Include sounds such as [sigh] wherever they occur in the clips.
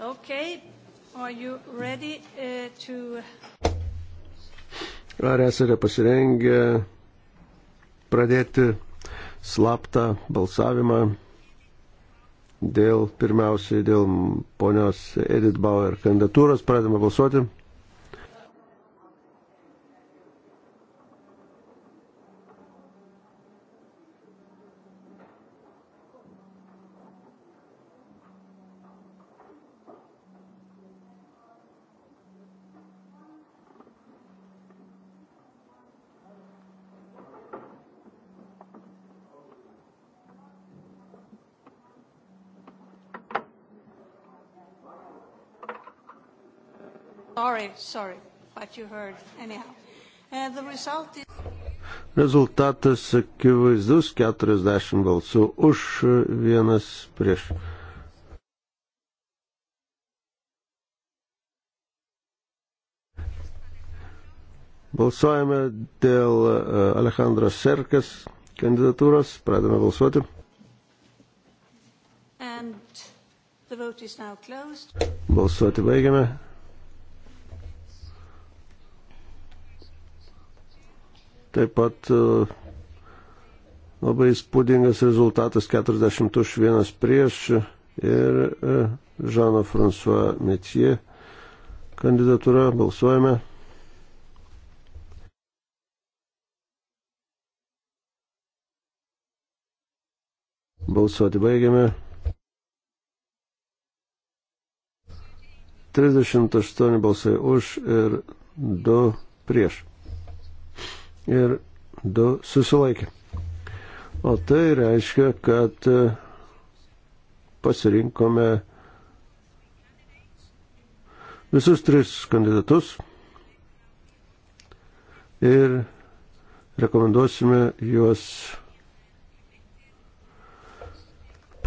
Okay. Are you ready uh, to... Ar esate pasirengę pradėti slaptą balsavimą dėl, pirmiausiai, dėl ponios Edith Bauer kandidatūros? Pradame balsuoti. you heard anyhow. Uh, the result is... Rezultatas akivaizdus 40 balsų už vienas prieš. Balsuojame dėl e, Alejandro Serkas kandidatūros. Pradame balsuoti. Balsuoti baigiame. Taip pat e, labai spūdingas rezultatas 40 už 1 prieš ir Žano e, François Metie kandidatūra. Balsuojame. Balsuoti baigiame. 38 balsai už ir 2 prieš ir 2 susilaikė. O tai reiškia, kad e, pasirinkome visus tris kandidatus ir rekomenduosime juos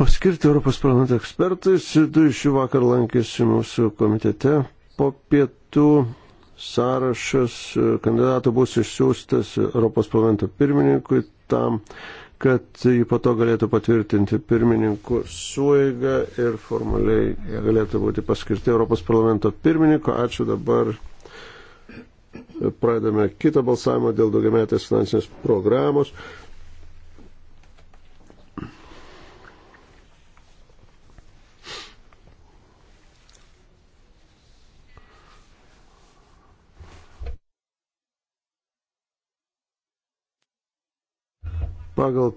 paskirti Europos parlamento ekspertais. Du iš jų vakar lankėsi mūsų komitete po pietų sąrašas e, kandidatų bus išsiųstas Europos parlamento pirmininkui tam, kad jį po to galėtų patvirtinti pirmininkų suėga ir formaliai jie galėtų būti paskirti Europos parlamento pirmininko. Ačiū dabar. Pradame kitą balsavimą dėl daugiametės finansinės programos. pagal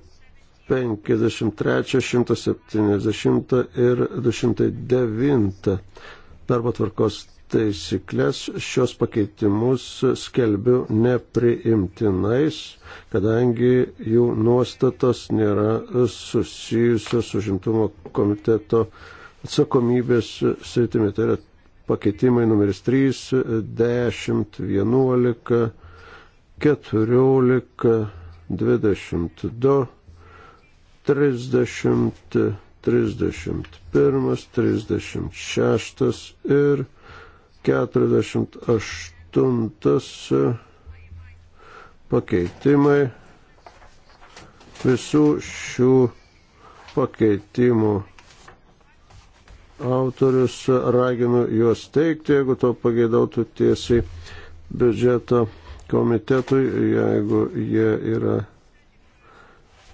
53, 170 ir 209 darbo tvarkos taisyklės šios pakeitimus skelbiu nepriimtinais, kadangi jų nuostatos nėra susijusios užimtumo komiteto atsakomybės sritimi. Tai yra pakeitimai numeris 3, 10, 11, 14, 22, 30, 31, 36 ir 48 pakeitimai visų šių pakeitimų autorius raginu juos teikti, jeigu to pageidautų tiesiai biudžeto komitetui, jeigu jie yra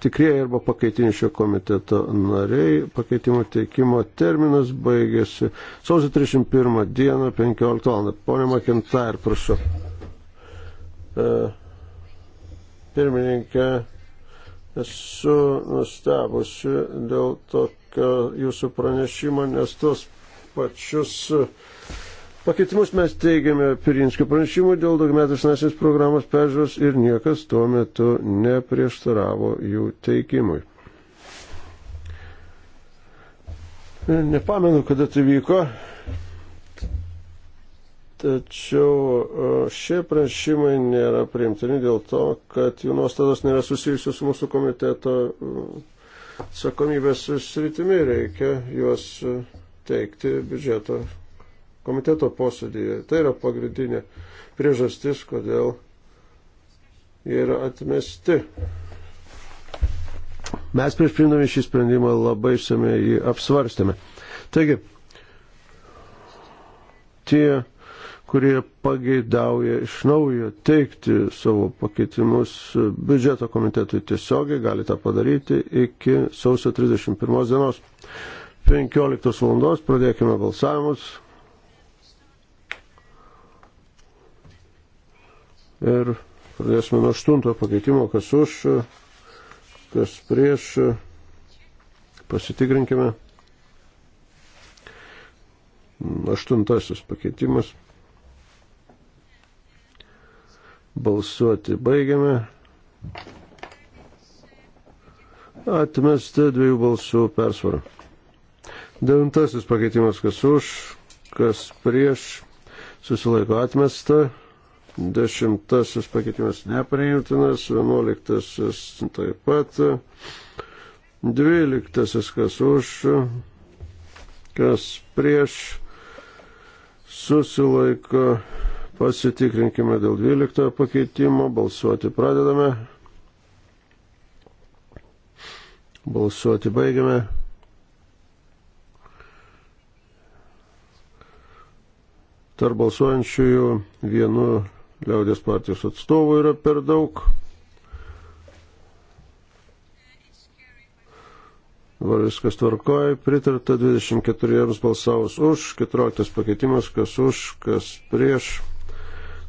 tikrieji arba pakaitiniai šio komiteto nariai. Pakeitimo teikimo terminas baigėsi sausio 31 dieną 15 val. Pone Makintar, prašau. E, pirmininkė, esu nustebusi dėl tokio jūsų pranešimo, nes tuos pačius uh, Pakeitimus mes teigiame Pirinskio pranešimui dėl daugmetės nasinės programos peržiūros ir niekas tuo metu neprieštaravo jų teikimui. Nepamenu, kada tai vyko, tačiau e, šie prašymai nėra priimtini dėl to, kad jų nuostatos nėra susijusios su mūsų komiteto e, atsakomybės sritimi, reikia juos e, teikti biudžeto komiteto posėdėje. Tai yra pagrindinė priežastis, kodėl jie yra atmesti. Mes prieš priimdami šį sprendimą labai išsamei jį apsvarstėme. Taigi, tie, kurie pageidauja iš naujo teikti savo pakeitimus biudžeto komitetui tiesiogiai, gali tą padaryti iki sausio 31 dienos 15 valandos. Pradėkime balsavimus. Ir pradėsime nuo aštunto pakeitimo, kas už, kas prieš. Pasitikrinkime. Aštuntasis pakeitimas. Balsuoti baigiame. Atmesti dviejų balsų persvarą. Devintasis pakeitimas, kas už, kas prieš, susilaiko atmesta. Dešimtasis pakeitimas nepriimtinas, vienuoliktasis taip pat, dvyliktasis kas už, kas prieš, susilaiko, pasitikrinkime dėl dvyliktojo pakeitimo, balsuoti pradedame, balsuoti baigiame. Tarp balsuojančiųjų vienu liaudės partijos atstovų yra per daug. Dabar viskas tvarkoja, pritarta 24 balsavus už, 14 pakeitimas, kas už, kas prieš,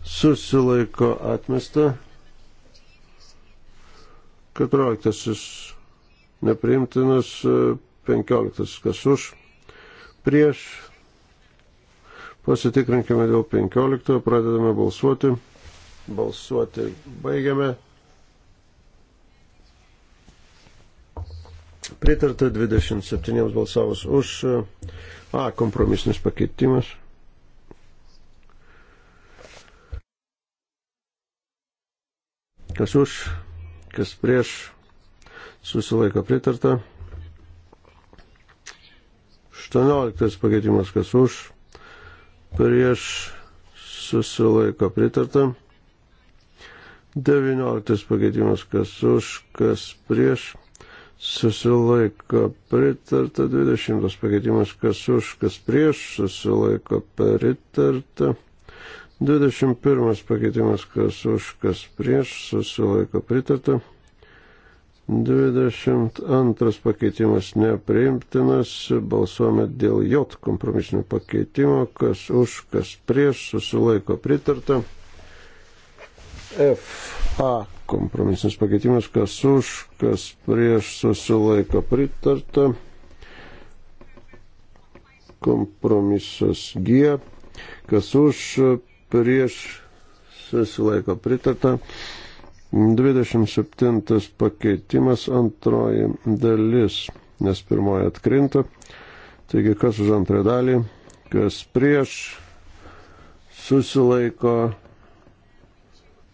susilaiko atmesta, 14 nepriimtinas, 15 kas už, prieš, Pasitikrinkime dėl 15, pradedame balsuoti. Balsuoti baigiame. Pritarta 27 balsavus už. A, kompromisinis pakeitimas. Kas už, kas prieš, susilaiko pritarta. 18 pakeitimas, kas už, prieš susilaiko pritarta. 19 pakeitimas, kas už, kas prieš susilaiko pritarta. 20 pakeitimas, kas už, kas prieš susilaiko pritarta. 21 pakeitimas, kas už, kas prieš susilaiko pritarta. 22 pakeitimas nepriimtinas, balsuojame dėl J kompromisinio pakeitimo, kas už, kas prieš, susilaiko pritarta. FA kompromisinis pakeitimas, kas už, kas prieš, susilaiko pritarta. Kompromisas G, kas už, prieš, susilaiko pritarta. 27 pakeitimas antroji dalis, nes pirmoji atkrinta. Taigi, kas už antrąją dalį, kas prieš, susilaiko,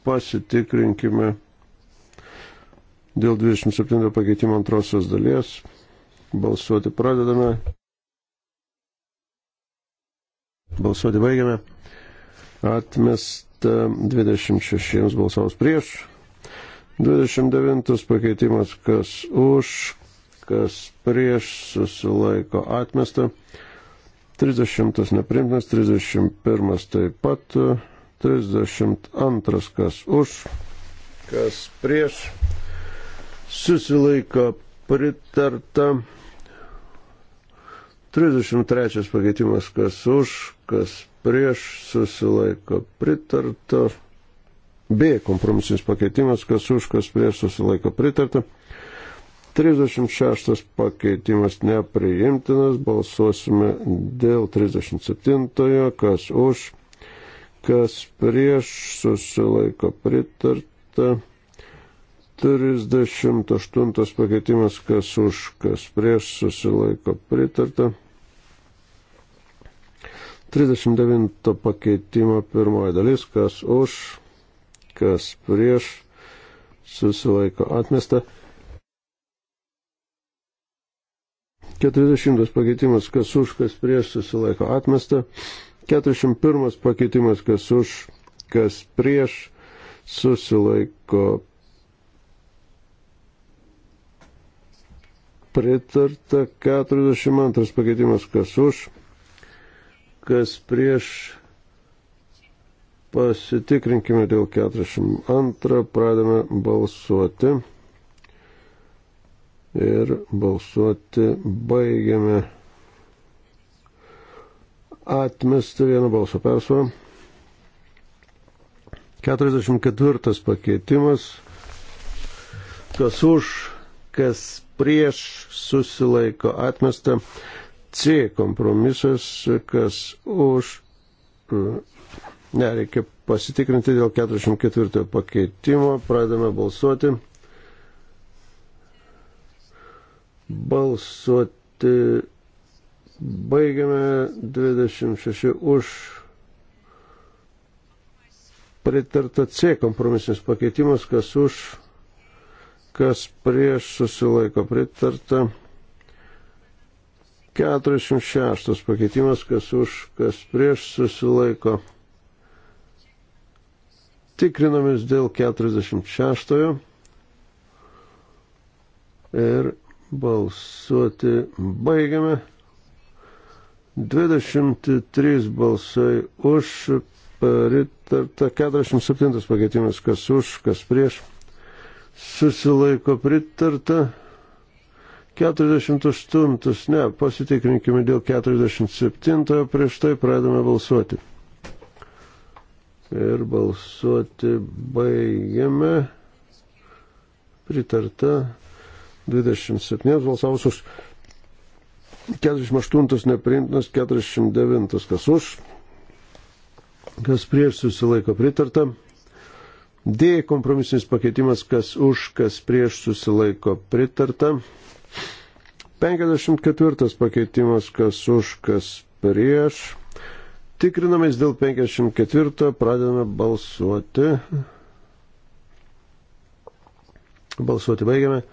pasitikrinkime dėl 27 pakeitimo antrosios dalies. Balsuoti pradedame. Balsuoti baigiame. Atmesta 26 balsavus prieš, 29 pakeitimas, kas už, kas prieš, susilaiko atmesta. 30 neprimtas, 31 taip pat, 32 kas už, kas prieš, susilaiko pritarta. 33 pakeitimas, kas už, kas prieš, susilaiko pritarta. B kompromisinis pakeitimas, kas už, kas prieš susilaiko pritarta. 36 pakeitimas nepriimtinas, balsuosime dėl 37, kas už, kas prieš susilaiko pritarta. 38 pakeitimas, kas už, kas prieš susilaiko pritarta. 39 pakeitimo pirmoji dalis, kas už, kas prieš susilaiko atmesta. 40 pakeitimas, kas už, kas prieš susilaiko atmesta. 41 pakeitimas, kas už, kas prieš susilaiko pritarta. 42 pakeitimas, kas už, kas prieš Pasitikrinkime dėl 42, pradame balsuoti ir balsuoti baigiame. Atmesti vieno balso persvarą. 44 pakeitimas. Kas už, kas prieš susilaiko atmesta. C kompromisas, kas už Ne, reikia pasitikrinti dėl 44 pakeitimo. Pradame balsuoti. Balsuoti baigiame 26 už pritarta C kompromisinis pakeitimas, kas už, kas prieš susilaiko pritarta. 46 pakeitimas, kas už, kas prieš susilaiko pritarta. Tikrinamės dėl 46 ir balsuoti baigiame. 23 balsai už, pritarta 47 pakeitimas, kas už, kas prieš. Susilaiko pritarta. 48, ne, pasitikrinkime dėl 47, prieš tai pradame balsuoti. Ir balsuoti baigiame. Pritarta 27 balsavusius. 48 nepriimtinas, 49 kas už, kas prieš susilaiko pritarta. D kompromisinis pakeitimas, kas už, kas prieš susilaiko pritarta. 54 pakeitimas, kas už, kas prieš Tikrinamės dėl 54, pradedame balsuoti. Balsuoti baigiame.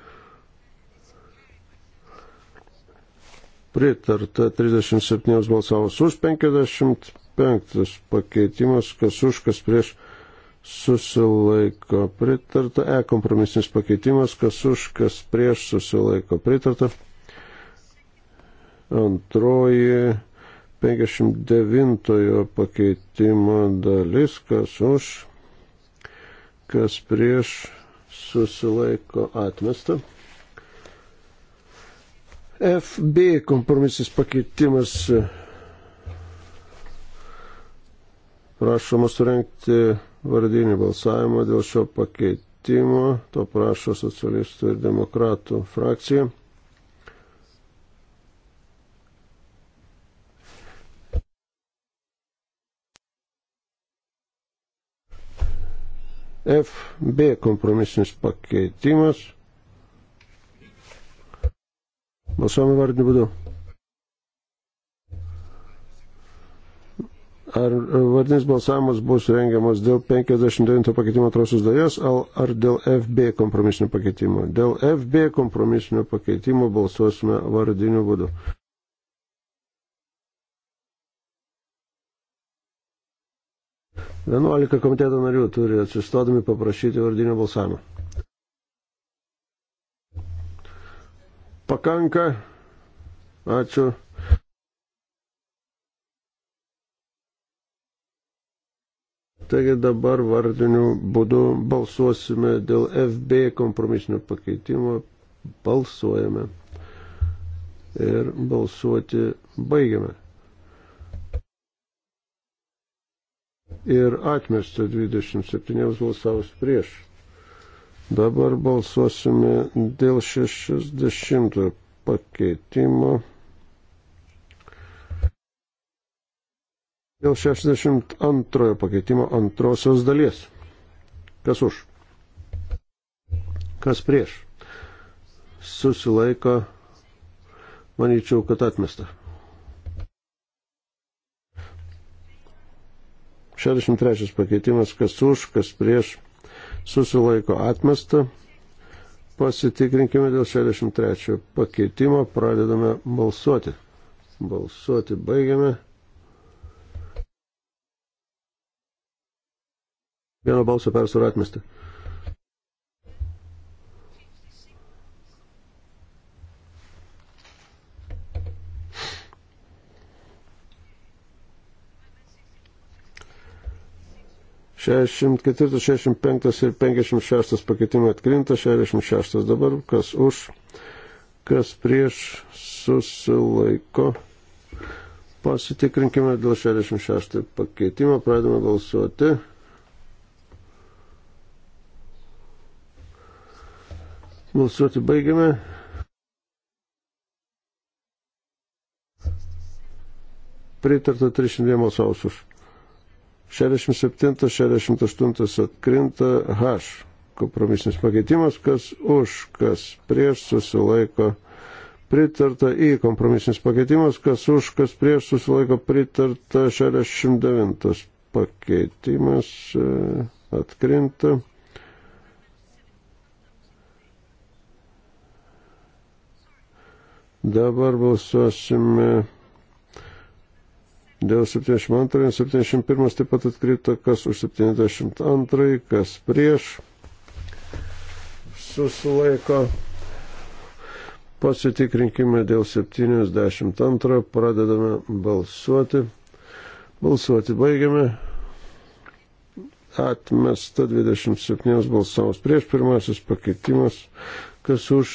Pritarta 37 balsavus už 55 pakeitimas, kas už, kas prieš susilaiko pritarta. E kompromisinis pakeitimas, kas už, kas prieš susilaiko pritarta. Antroji 59 pakeitimo dalis, kas už, kas prieš susilaiko atmestą. FB kompromisis pakeitimas prašoma surenkti vardinį balsavimą dėl šio pakeitimo, to prašo socialistų ir demokratų frakcija. FB kompromisinis pakeitimas. Balsuojame vardiniu būdu. Ar vardinis balsavimas bus rengiamas dėl 59 pakeitimo antrosios dalies, ar dėl FB kompromisinio pakeitimo? Dėl FB kompromisinio pakeitimo balsuosime vardiniu būdu. 11 komiteto narių turi atsistodami paprašyti vardinio balsavimo. Pakanka. Ačiū. Taigi dabar vardiniu būdu balsuosime dėl FB kompromisinio pakeitimo. Balsuojame. Ir balsuoti baigiame. ir atmesta 27 balsavus prieš. Dabar balsuosime dėl 60 pakeitimo. Dėl 62 pakeitimo antrosios dalies. Kas už? Kas prieš? Susilaiko, manyčiau, kad atmesta. 63 pakeitimas, kas už, kas prieš, susilaiko atmesta. Pasitikrinkime dėl 63 pakeitimo, pradedame balsuoti. Balsuoti baigiame. Vieno balso persvarą atmesti. 64, 65 ir 56 pakeitimai atkrinta, 66 dabar, kas už, kas prieš susilaiko. Pasitikrinkime dėl 66 pakeitimo, pradėme balsuoti. Balsuoti baigiame. Pritarta 302 balsaus už. 67, 68 atkrinta H. Kompromisinis pakeitimas, kas už, kas prieš susilaiko pritarta į kompromisinis pakeitimas, kas už, kas prieš susilaiko pritarta 69 pakeitimas e, atkrinta. Dabar balsuosime Dėl 72 ir 71 taip pat atkrito, kas už 72, kas prieš. Susilaiko. Pasitikrinkime dėl 72, pradedame balsuoti. Balsuoti baigiame. Atmesta 27 balsavus prieš pirmasis pakeitimas, kas už,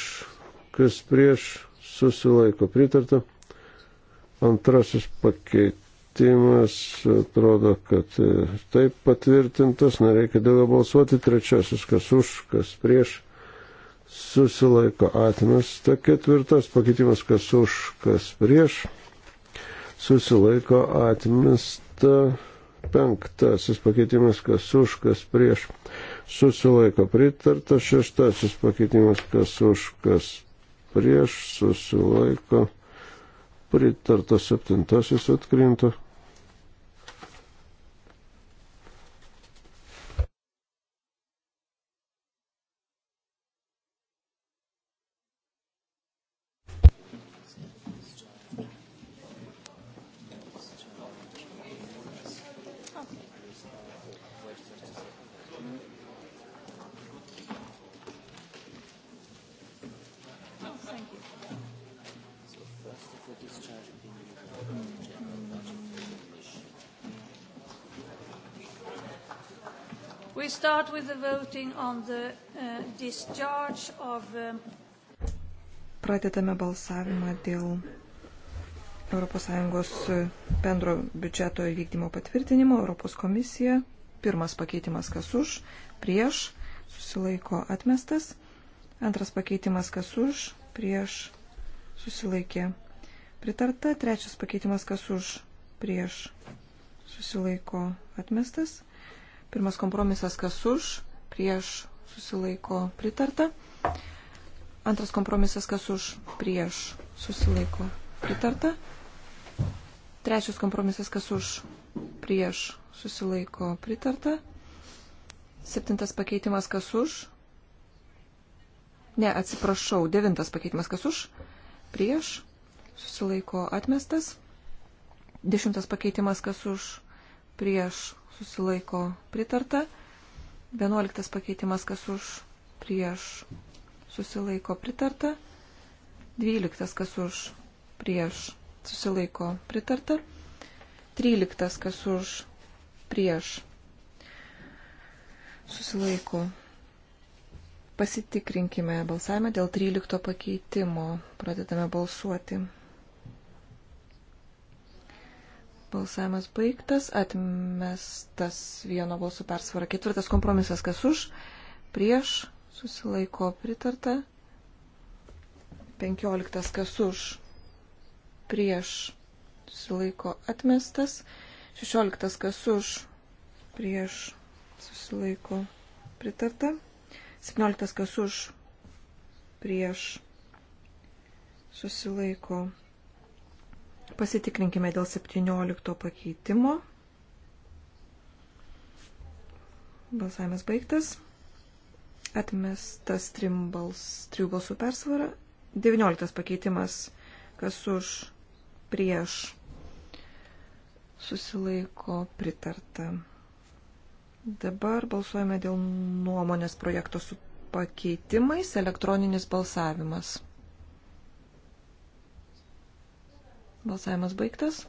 kas prieš, susilaiko pritarta. Antrasis pakeitimas pakeitimas atrodo, kad e, taip patvirtintas, nereikia dėl jo balsuoti. Trečiasis, kas už, kas prieš, susilaiko atmesta. Ketvirtas pakeitimas, kas už, kas prieš, susilaiko atmesta. Penktasis pakeitimas, kas už, kas prieš, susilaiko pritarta. Šeštasis pakeitimas, kas už, kas prieš, susilaiko pritarta pritarta septintasis atkrinta. voting on the uh, discharge of. Um... Pradedame balsavimą dėl ES uh, bendro biudžeto įvykdymo patvirtinimo. Europos komisija. Pirmas pakeitimas kas už, prieš, susilaiko atmestas. Antras pakeitimas kas už, prieš, susilaikė. Pritarta. Trečias pakeitimas kas už, prieš, susilaiko atmestas. Pirmas kompromisas kas už, prieš susilaiko pritarta. Antras kompromisas, kas už prieš susilaiko pritarta. Trečias kompromisas, kas už prieš susilaiko pritarta. Septintas pakeitimas, kas už. Ne, atsiprašau, devintas pakeitimas, kas už. Prieš susilaiko atmestas. Dešimtas pakeitimas, kas už prieš susilaiko pritarta. 11 pakeitimas, kas už, prieš, susilaiko pritarta. 12 kas už, prieš, susilaiko pritarta. 13 kas už, prieš, susilaiko. Pasitikrinkime balsavimą dėl 13 pakeitimo. Pradedame balsuoti. Balsavimas baigtas, atmestas vieno balsų persvara. Ketvirtas kompromisas, kas už, prieš, susilaiko pritarta. Penkioliktas, kas už, prieš, susilaiko atmestas. Šešioliktas, kas už, prieš, susilaiko pritarta. Septynioliktas, kas už, prieš, susilaiko pritarta susilaiko Pasitikrinkime dėl 17 pakeitimo. Balsavimas baigtas. Atmestas trimbals, trijų balsų persvara. 19 pakeitimas. Kas už prieš susilaiko pritarta. Dabar balsuojame dėl nuomonės projekto su pakeitimais elektroninis balsavimas. Balsavimas baigtas.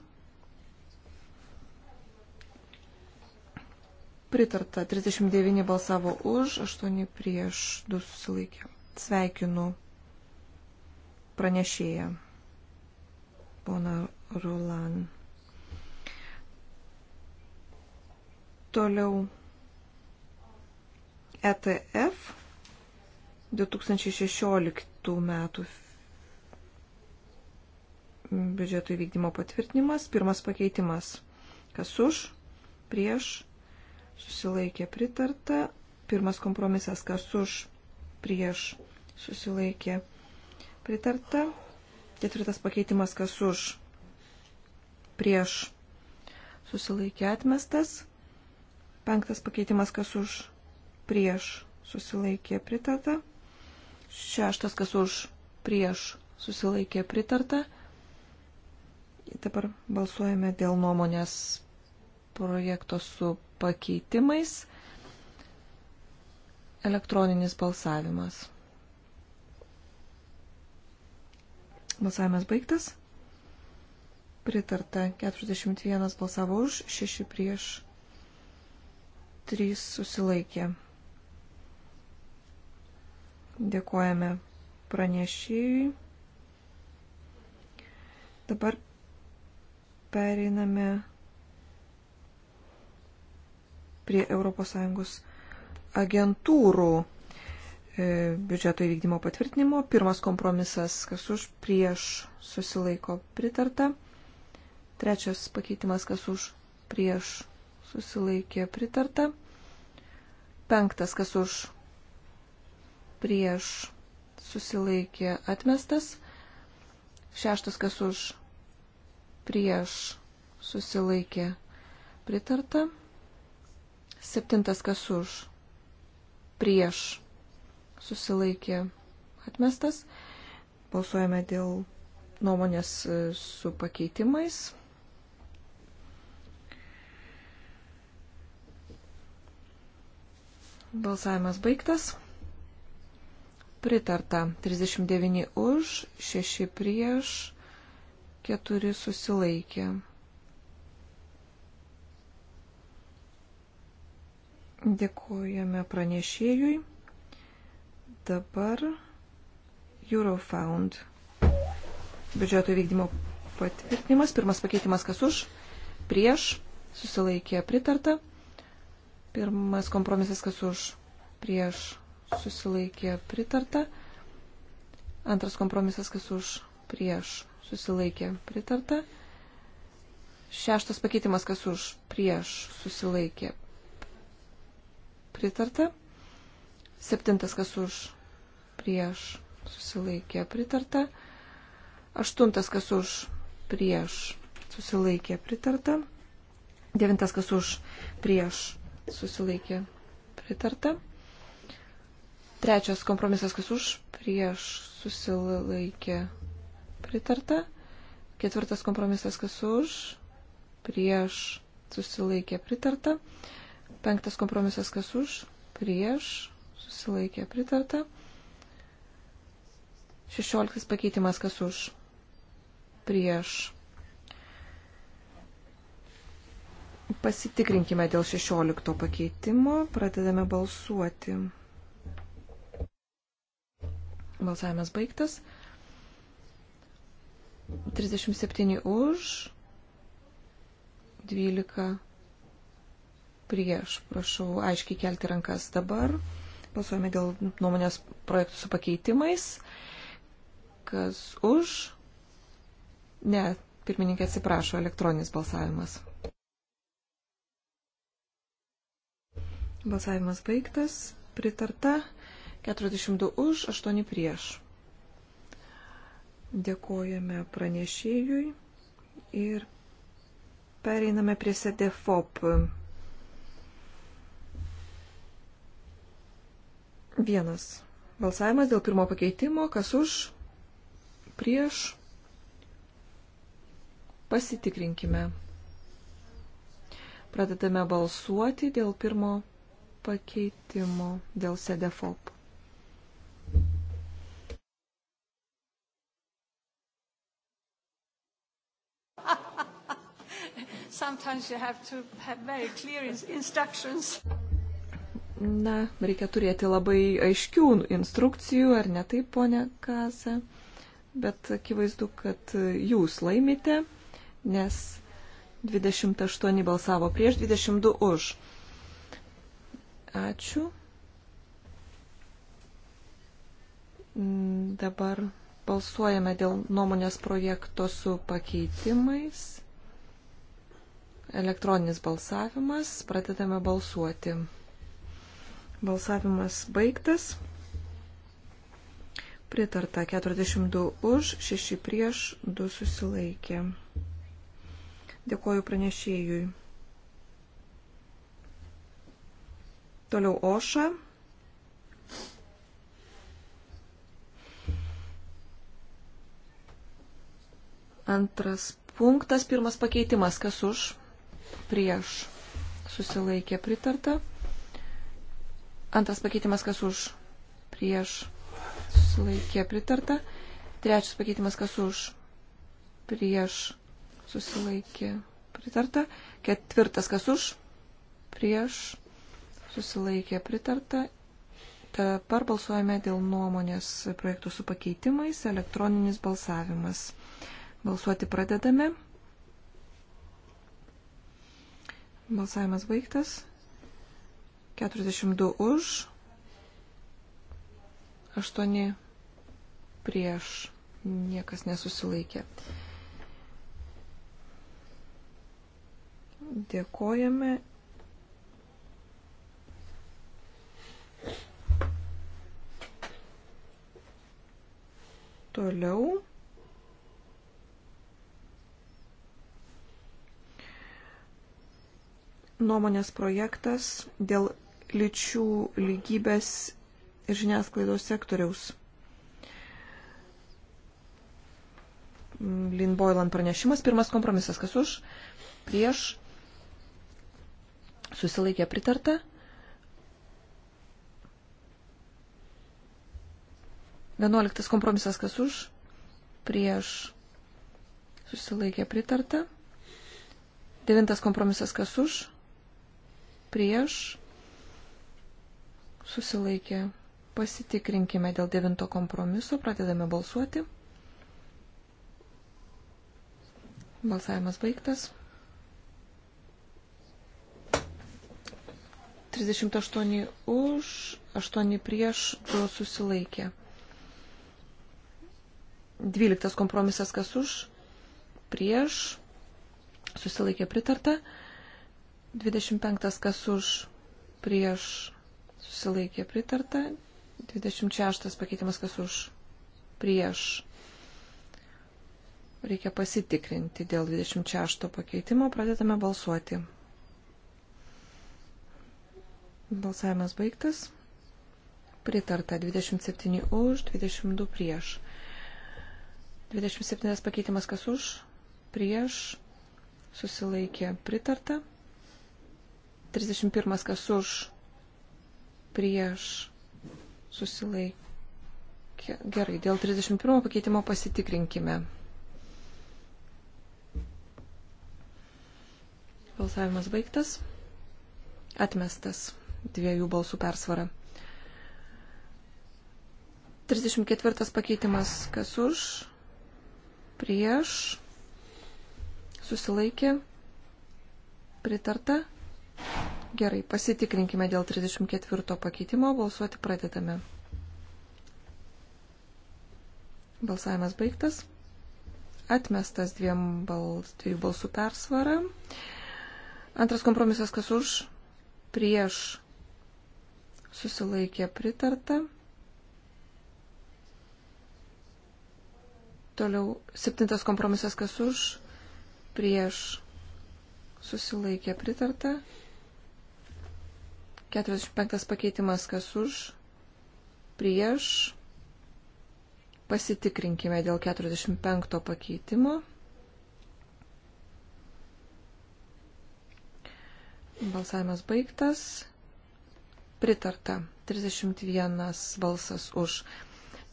Pritarta. 39 balsavo už, 8 prieš, 2 susilaikė. Sveikinu pranešėją, pona Rulan. Toliau ETF 2016 metų biudžeto įvykdymo patvirtinimas. Pirmas pakeitimas. Kas už, prieš, susilaikė pritarta. Pirmas kompromisas. Kas už, prieš, susilaikė pritarta. Ketvirtas pakeitimas. Kas už, prieš, susilaikė atmestas. Penktas pakeitimas. Kas už, prieš, susilaikė pritarta. Šeštas. Kas už, prieš, susilaikė pritarta. Dabar balsuojame dėl nuomonės projekto su pakeitimais. Elektroninis balsavimas. Balsavimas baigtas. Pritarta 41 balsavo už, 6 prieš, 3 susilaikė. Dėkojame pranešėjui. Dabar pereiname prie ES agentūrų e, biudžeto įvykdymo patvirtinimo. Pirmas kompromisas, kas už prieš susilaiko pritarta. Trečias pakeitimas, kas už prieš susilaikė pritarta. Penktas, kas už prieš susilaikė atmestas. Šeštas, kas už prieš susilaikė pritarta. Septintas kas už prieš susilaikė atmestas. Balsuojame dėl nuomonės e, su pakeitimais. Balsavimas baigtas. Pritarta 39 už, 6 prieš 4 susilaikė. Dėkojame pranešėjui. Dabar Eurofound. Biudžeto vykdymo patvirtinimas. Pirmas pakeitimas kas už. Prieš. Susilaikė pritarta. Pirmas kompromisas kas už. Prieš. Susilaikė pritarta. Antras kompromisas kas už. Prieš susilaikė pritarta. Šeštas pakeitimas, kas už, prieš susilaikė pritarta. Septintas, kas už, prieš susilaikė pritarta. Aštuntas, kas už, prieš susilaikė pritarta. Devintas, kas už, prieš susilaikė pritarta. Trečias kompromisas, kas už, prieš susilaikė pritarta pritarta. Ketvirtas kompromisas, kas už, prieš, susilaikė pritarta. Penktas kompromisas, kas už, prieš, susilaikė pritarta. Šešioliktas pakeitimas, kas už, prieš. Pasitikrinkime dėl šešiolikto pakeitimo, pradedame balsuoti. Balsavimas baigtas. 37 už, 12 prieš. Prašau aiškiai kelti rankas dabar. Balsuojame dėl nuomonės projektų su pakeitimais. Kas už? Ne, pirmininkė atsiprašo, elektroninis balsavimas. Balsavimas baigtas. Pritarta. 42 už, 8 prieš. Dėkojame pranešėjui ir pereiname prie SEDEFOP. Vienas. Balsavimas dėl pirmo pakeitimo. Kas už? Prieš? Pasitikrinkime. Pradedame balsuoti dėl pirmo pakeitimo, dėl SEDEFOP. sometimes you have to have very clear instructions. Na, reikia turėti labai aiškių instrukcijų, ar ne taip, ponia Kaza, bet akivaizdu, kad jūs laimite, nes 28 balsavo prieš, 22 už. Ačiū. Mm, dabar balsuojame dėl nuomonės projekto su pakeitimais. Elektroninis balsavimas. Pradedame balsuoti. Balsavimas baigtas. Pritarta 42 už, 6 prieš, 2 susilaikė. Dėkoju pranešėjui. Toliau Oša. Antras punktas, pirmas pakeitimas, kas už? prieš susilaikė pritarta. Antras pakeitimas, kas už prieš susilaikė pritarta. Trečias pakeitimas, kas už prieš susilaikė pritarta. Ketvirtas, kas už prieš susilaikė pritarta. Dabar balsuojame dėl nuomonės projektų su pakeitimais, elektroninis balsavimas. Balsuoti pradedame. Balsavimas baigtas. 42 už, 8 prieš, niekas nesusilaikė. Dėkojame. Toliau. nuomonės projektas dėl lyčių lygybės ir žiniasklaidos sektoriaus. Lin Boylan pranešimas, pirmas kompromisas, kas už, prieš, susilaikė pritarta. Vienuoliktas kompromisas, kas už, prieš, susilaikė pritarta. Devintas kompromisas, kas už, prieš, susilaikė. Pasitikrinkime dėl devinto kompromiso, pradedame balsuoti. Balsavimas baigtas. 38 už, 8 prieš, 2 susilaikė. 12 kompromisas kas už, prieš, susilaikė pritarta. 25 kas už prieš susilaikė pritarta. 26 pakeitimas kas už prieš. Reikia pasitikrinti dėl 26 pakeitimo. Pradedame balsuoti. Balsavimas baigtas. Pritarta 27 už, 22 prieš. 27 pakeitimas kas už, prieš, susilaikė pritarta. 31 kas už, prieš, susilaikė. Gerai, dėl 31 pakeitimo pasitikrinkime. Balsavimas baigtas. Atmestas dviejų balsų persvara. 34 pakeitimas kas už, prieš, susilaikė, pritarta. Gerai, pasitikrinkime dėl 34 pakeitimo, balsuoti pradedame. Balsavimas baigtas. Atmestas dviem bals, dviejų balsų persvarą. Antras kompromisas, kas už, prieš susilaikė pritarta. Toliau septintas kompromisas, kas už, prieš susilaikė pritarta. 45 pakeitimas kas už, prieš. Pasitikrinkime dėl 45 pakeitimo. Balsavimas baigtas. Pritarta. 31 balsas už.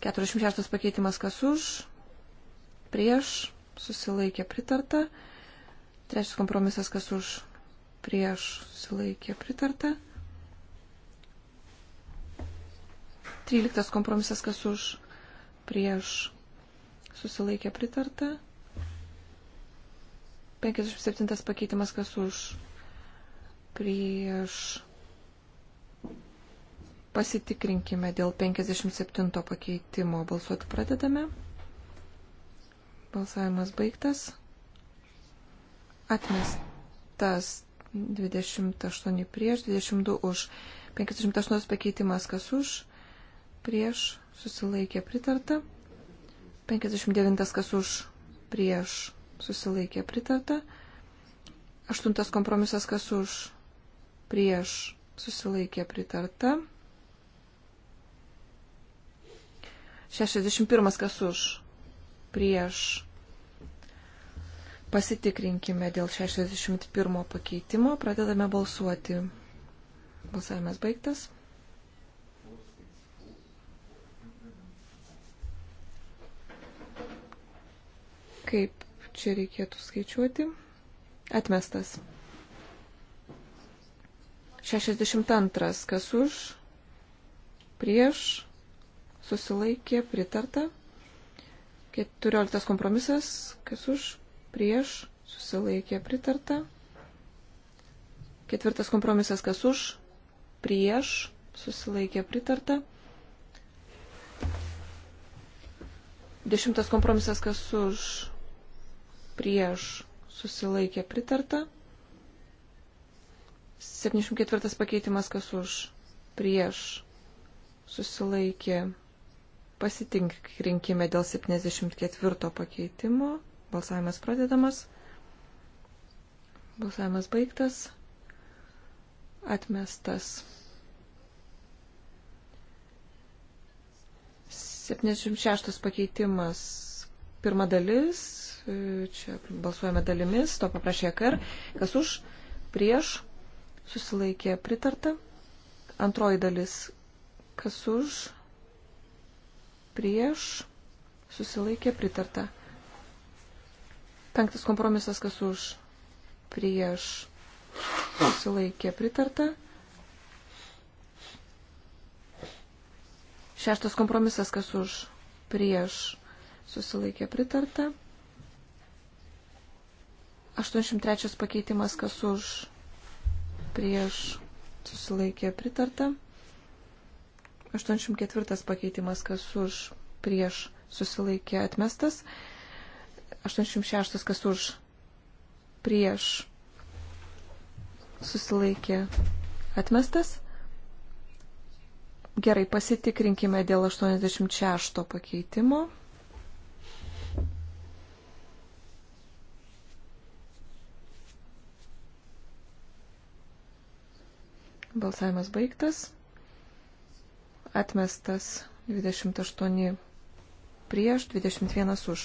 46 pakeitimas kas už, prieš, susilaikė pritarta. Trečias kompromisas kas už, prieš, susilaikė pritarta. 13 kompromisas, kas už, prieš, susilaikė pritarta. 57 pakeitimas, kas už, prieš. Pasitikrinkime dėl 57 pakeitimo. Balsuoti pradedame. Balsavimas baigtas. Atmestas 28 prieš, 22 už. 58 pakeitimas kas už, prieš susilaikė pritarta. 59 kas už prieš susilaikė pritarta. 8 kompromisas kas už prieš susilaikė pritarta. 61 kas už prieš pasitikrinkime dėl 61 pakeitimo. Pradedame balsuoti. Balsavimas baigtas. Kaip čia reikėtų skaičiuoti? Atmestas. 62. Kas už? Prieš? Susilaikė? Pritarta? 14 kompromisas, kas už, prieš, susilaikė, pritarta. Ketvirtas kompromisas, kas už, prieš, susilaikė, pritarta. Dešimtas kompromisas, kas už, prieš susilaikė pritarta. 74 pakeitimas kas už prieš susilaikė pasitinkrinkime dėl 74 pakeitimo. Balsavimas pradedamas. Balsavimas baigtas. Atmestas. 76 pakeitimas. Pirma dalis Čia balsuojame dalimis, to paprašė KR. Kas už, prieš, susilaikė pritarta. Antroji dalis, kas už, prieš, susilaikė pritarta. Penktas kompromisas, kas už, prieš, susilaikė pritarta. Šeštas kompromisas, kas už prieš susilaikė pritarta. 83 pakeitimas, kas už, prieš, susilaikė pritarta. 84 pakeitimas, kas už, prieš, susilaikė atmestas. 86 kas už, prieš, susilaikė atmestas. Gerai, pasitikrinkime dėl 86 pakeitimo. Balsavimas baigtas. Atmestas 28 prieš, 21 už.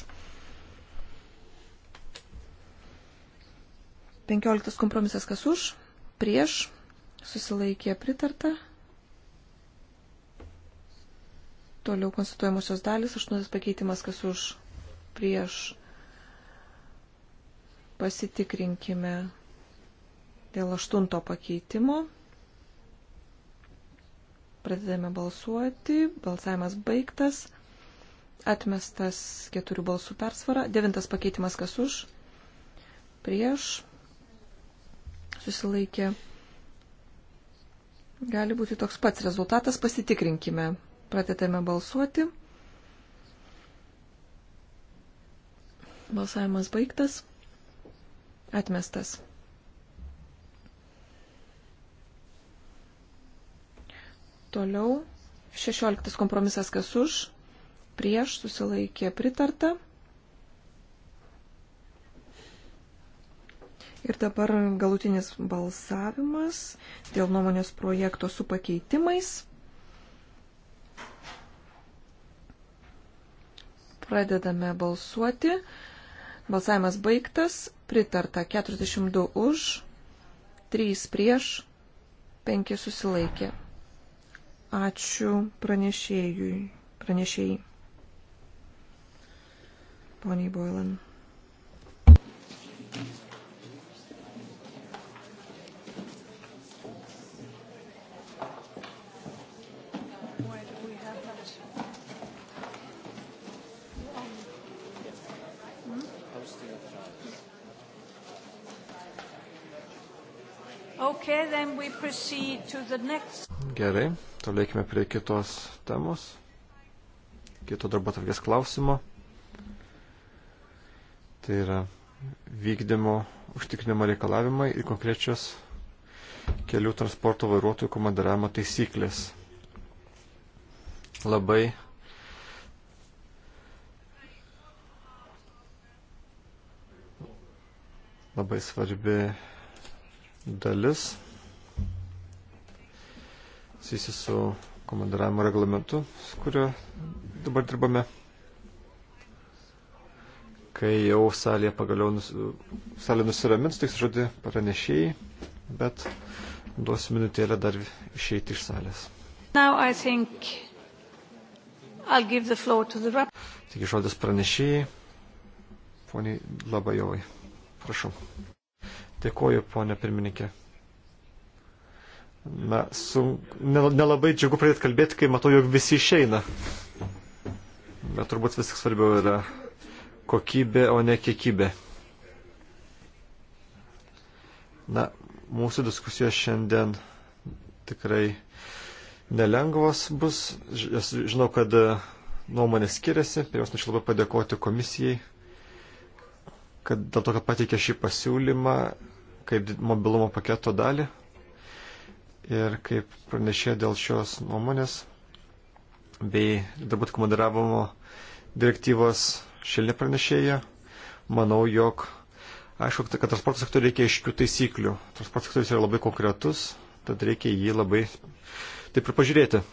15 kompromisas kas už, prieš, susilaikė pritarta. Toliau konstatuojamosios dalis, 8 pakeitimas kas už, prieš. Pasitikrinkime dėl 8 pakeitimo. Pradedame balsuoti. Balsavimas baigtas. Atmestas keturių balsų persvara. Devintas pakeitimas kas už. Prieš. Susilaikė. Gali būti toks pats rezultatas. Pasitikrinkime. Pradedame balsuoti. Balsavimas baigtas. Atmestas. Toliau 16 kompromisas kas už, prieš susilaikė pritarta. Ir dabar galutinis balsavimas dėl nuomonės projekto su pakeitimais. Pradedame balsuoti. Balsavimas baigtas. Pritarta 42 už, 3 prieš, 5 susilaikė. Ačiū pranešėjui. Pranešėjai. Poniai Boilan. Thank you. Okay, next... Gerai, tolėkime prie kitos temos, kito darbo tarkės klausimo. Tai yra vykdymo užtikrinimo reikalavimai ir konkrečios kelių transporto vairuotojų komandaravimo taisyklės. Labai labai svarbi dalis susijusi su komandiravimo reglamentu, su kuriuo dabar dirbame. Kai jau salėje pagaliau nus, salė nusiramins, tik žodį pranešėjai, bet duosiu minutėlę dar išeiti iš salės. Now I think I'll give the floor to the rap. Taigi žodis pranešėjai, poniai Labajovai. Prašau. Dėkuoju, ponė pirmininkė. Na, sun... nelabai džiugu pradėti kalbėti, kai matau, jog visi išeina. Bet turbūt vis tik svarbiau yra kokybė, o ne kiekybė. Na, mūsų diskusijos šiandien tikrai nelengvos bus. Žinau, kad e, nuomonės skiriasi. Pirmiausia, norėčiau labai padėkoti komisijai, kad dėl to, kad pateikė šį pasiūlymą, kaip mobilumo paketo dalį. Ir kaip pranešė dėl šios nuomonės bei darbūt komandiravimo direktyvos šalia pranešėja, manau, jog aišku, kad transporto sektoriui reikia iškių taisyklių. Transporto sektorius yra labai konkretus, tad reikia jį labai taip ir pažiūrėti.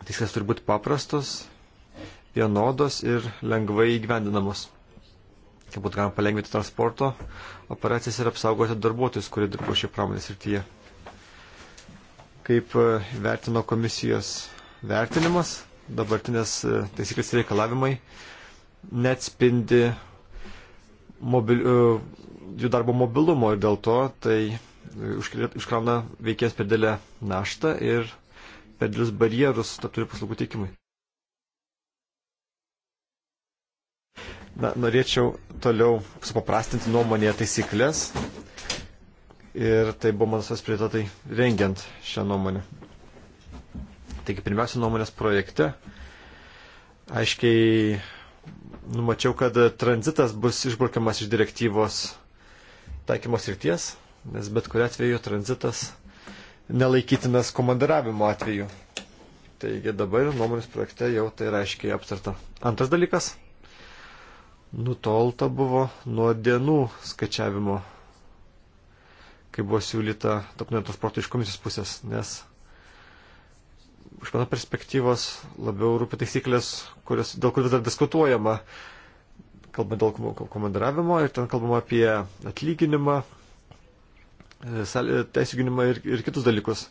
Taisyklės turi būti paprastos, vienodos ir lengvai įgyvendinamos kaip būtų galima palengvinti transporto operacijas ir apsaugoti darbuotojus, kurie dirbo šį pramonės rytyje. Kaip e, vertino komisijos vertinimas, dabartinės e, taisyklės reikalavimai neatspindi mobil, e, jų darbo mobilumo ir dėl to tai užkrauna veikės per dėlę naštą ir per dėlis barjerus tarptautinių paslaugų teikimui. Na, norėčiau toliau supaprastinti nuomonėje taisyklės ir tai buvo mano sasprietai rengiant šią nuomonę. Taigi pirmiausia nuomonės projekte aiškiai numačiau, kad tranzitas bus išbraukiamas iš direktyvos taikymos ryties, nes bet kuriu atveju tranzitas nelaikytinas komandiravimo atveju. Taigi dabar nuomonės projekte jau tai yra aiškiai aptarta. Antras dalykas nutolta buvo nuo dienų skaičiavimo, kai buvo siūlyta tarptautinio transporto iš komisijos pusės, nes iš mano perspektyvos labiau rūpi taisyklės, kurios, dėl kurių vis dar diskutuojama, kalbant dėl komandiravimo ir ten kalbama apie atlyginimą, e, e, teisų gynimą ir, ir kitus dalykus.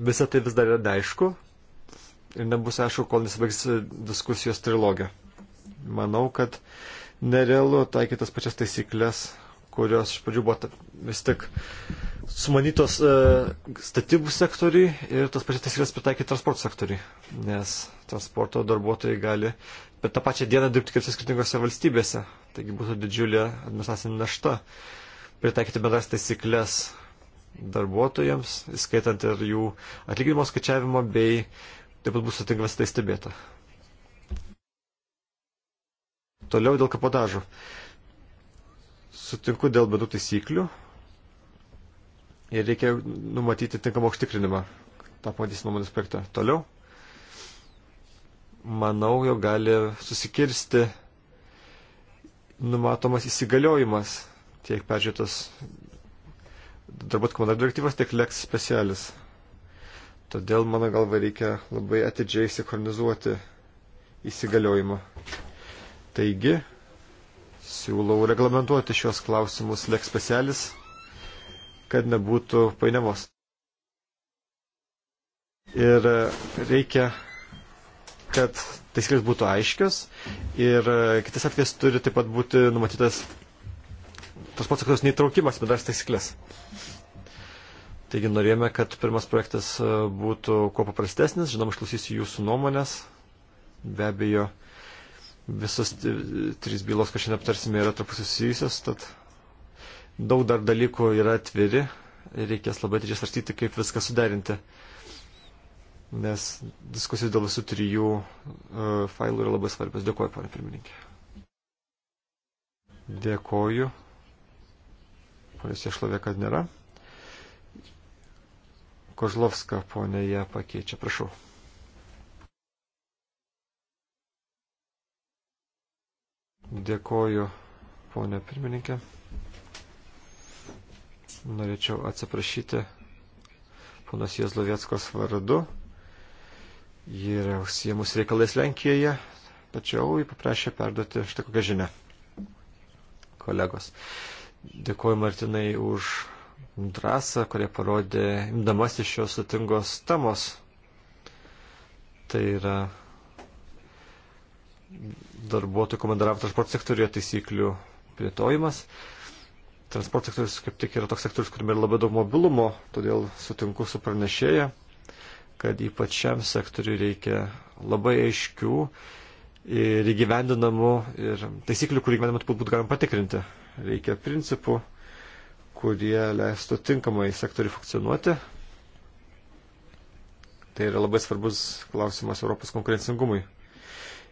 Visa tai vis dar yra neaišku ir nebus aišku, kol nesibaigs diskusijos trilogija manau, kad nerealu taikyti tas pačias taisyklės, kurios iš pradžių buvo vis tik sumanytos e, statybų sektoriui ir tas pačias taisyklės pritaikyti transporto sektoriui, nes transporto darbuotojai gali per tą pačią dieną dirbti kitose skirtingose valstybėse, taigi būtų didžiulė administracinė našta pritaikyti bendras taisyklės darbuotojams, įskaitant ir jų atlyginimo skaičiavimo bei taip pat bus sutinkamas tai stebėta. Toliau dėl kapodažo. Sutinku dėl bendrų taisyklių ir reikia numatyti tinkamą užtikrinimą. Ta pamatys nuomonės projekte. Toliau. Manau, jo gali susikirsti numatomas įsigaliojimas tiek peržiūrėtas darbot komandar direktyvas, tiek leks specialis. Todėl, mano galva, reikia labai atidžiai sinchronizuoti įsigaliojimą. Taigi, siūlau reglamentuoti šios klausimus leks specialis, kad nebūtų painiavos. Ir reikia, kad taisyklės būtų aiškios ir kitas atvejs turi taip pat būti numatytas tos pats neįtraukimas bendras taisyklės. Taigi norėjome, kad pirmas projektas e, būtų kuo paprastesnis, žinoma, išklausysiu jūsų nuomonės, be abejo, Visas trys bylos, ką šiandien aptarsime, yra truputį susijusios, tad daug dar dalykų yra atviri ir reikės labai atidžiai svarstyti, kaip viską suderinti. Nes diskusijos dėl visų trijų uh, failų yra labai svarbios. Dėkuoju, ponė pirmininkė. Dėkuoju. Ponės išlovė, kad nėra. Kožlovska ponė ją pakeičia. Prašau. Dėkoju, ponė pirmininkė. Norėčiau atsiprašyti ponas Jezlovieckos vardu. Ji yra užsiemus reikalais Lenkijoje, tačiau jį paprašė perduoti štai kokią žinę. Kolegos, dėkoju Martinai už drąsą, kurie parodė imdamas iš šios sutingos temos. Tai yra darbuotojų komandaravimo transporto sektoriuje taisyklių plėtojimas. Transporto sektorius kaip tik yra toks sektorius, kuriame yra labai daug mobilumo, todėl sutinku su pranešėja, kad ypač šiam sektoriui reikia labai aiškių ir įgyvendinamų ir taisyklių, kurį įgyvendinamą turbūt galim patikrinti. Reikia principų, kurie leistų tinkamai sektoriui funkcionuoti. Tai yra labai svarbus klausimas Europos konkurencingumui.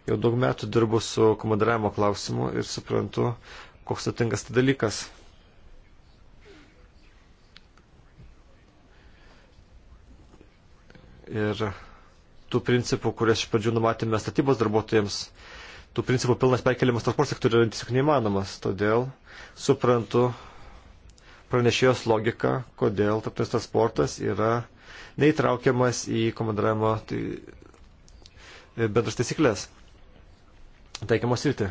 Jau daug metų dirbu su komandaravimo klausimu ir suprantu, koks atingas tai dalykas. Ir tų principų, kurias iš pradžių numatėme statybos darbuotojams, tų principų pilnas perkeliamas transporto sektoriuje yra tiesiog neįmanomas. Todėl suprantu pranešėjos logiką, kodėl tarptautinis transportas yra neįtraukiamas į komandaravimo tai, e, bendras taisyklės taikiamos rytį.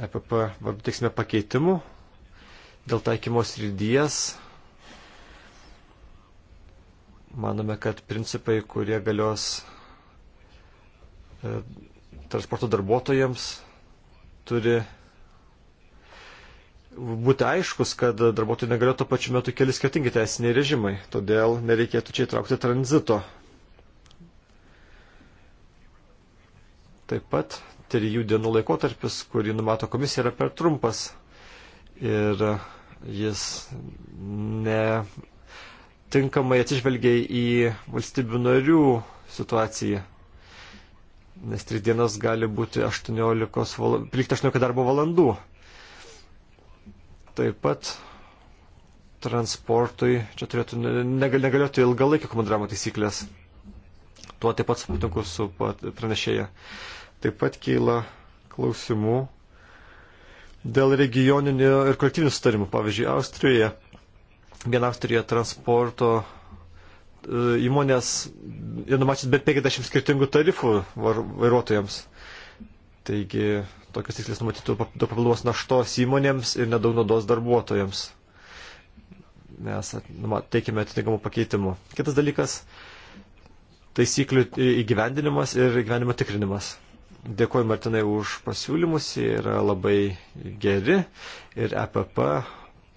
EPP vardu teiksime pakeitimų dėl taikymos rydies. Manome, kad principai, kurie galios e, transporto darbuotojams, turi būti aiškus, kad darbuotojai negalėtų pačiu metu keli skirtingi teisiniai režimai, todėl nereikėtų čia įtraukti tranzito Taip pat trijų dienų laikotarpis, kurį numato komisija, yra per trumpas ir jis netinkamai atsižvelgia į valstybių narių situaciją, nes trys dienas gali būti 18, val... 18 darbo valandų. Taip pat transportui čia turėtų negal, negalioti ilgalaikio komandravimo taisyklės. Tuo taip pat sutinku su pranešėja. Taip pat keila klausimų dėl regioninių ir kolektyvinių sutarimų. Pavyzdžiui, Austrijoje, viena Austrijoje transporto e, įmonės yra numačiusi bet 50 skirtingų tarifų vairuotojams. Taigi tokias tikslės numatytų daug papildomos naštos įmonėms ir nedaug naudos darbuotojams. Mes teikime atitinkamų pakeitimų. Kitas dalykas - taisyklių įgyvendinimas ir įgyvendinimo tikrinimas. Dėkuoju Martinai už pasiūlymus, jie yra labai geri ir EPP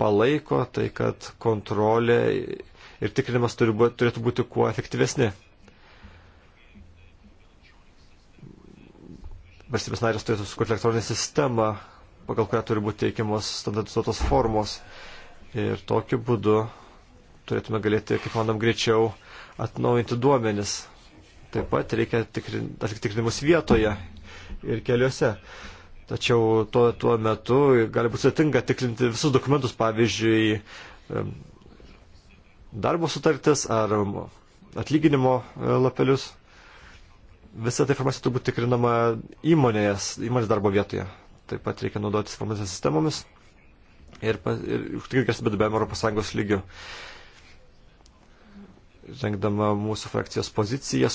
palaiko tai, kad kontrolė ir tikrinimas turi, turėtų būti kuo efektyvesni. Valstybės narės turėtų sukurti elektroninę sistemą, pagal kurią turi būti teikiamos standartizuotos formos. Ir tokiu būdu turėtume galėti, kaip manom, greičiau atnaujinti duomenis. Taip pat reikia tikrin, atlikti tikrinimus vietoje ir keliuose. Tačiau tuo, tuo metu gali būti sėtinga tikrinti visus dokumentus, pavyzdžiui, darbo sutartis ar atlyginimo e, lapelius. Visa ta informacija turbūt tikrinama įmonės, įmonės darbo vietoje. Taip pat reikia naudotis informacijos sistemomis ir, ir užtikrinti geresnį bedabėjimą ES lygių. Uh, Rengdama mūsų frakcijos poziciją,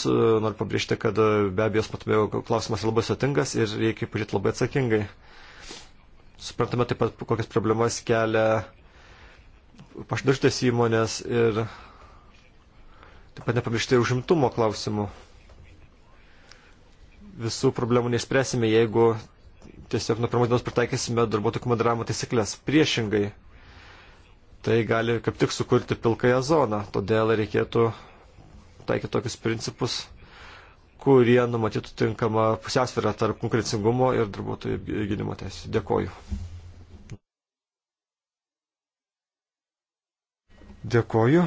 noriu pabrėžti, kad e, be abejo, patumėjau, klausimas labai sutingas ir reikia pažiūrėti labai atsakingai. Suprantame taip pat, kokias problemas kelia pašdažtės įmonės ir taip pat nepamiršti ir užimtumo klausimų. Visų problemų neįspręsime, jeigu tiesiog nuo pirmos dienos pritaikysime darbuotojų komandravimo taisyklės. Priešingai, tai gali kaip tik sukurti pilkąją zoną. Todėl reikėtų taikyti tokius principus, kurie numatytų tinkamą pusiausvyrą tarp konkurencingumo ir darbuotojų gynimo teisų. Dėkoju. Dėkoju.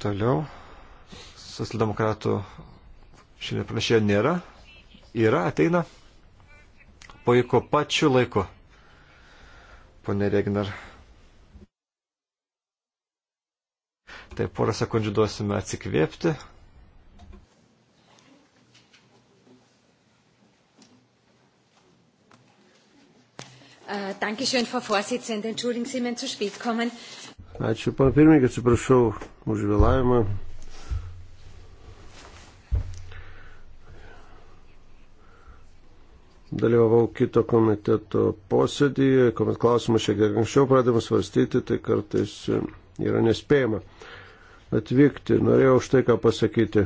Toliau. Socialdemokratų šiandien pranešėjo nėra. Yra, ateina. Puiku, pačiu laiku. Pone Regnar. Tai porą sekundžių duosime atsikvėpti. Äh, Dankeschön, Frau Vorsitzende. Entschuldigen Sie mein zu spät kommen. Ačiū, pana pirmininkė, atsiprašau už vėlavimą. Dalyvavau kito komiteto posėdyje, kuomet klausimas šiek tiek anksčiau pradėmas svarstyti, tai kartais yra nespėjama. Uh, atvykti. Norėjau štai ką pasakyti.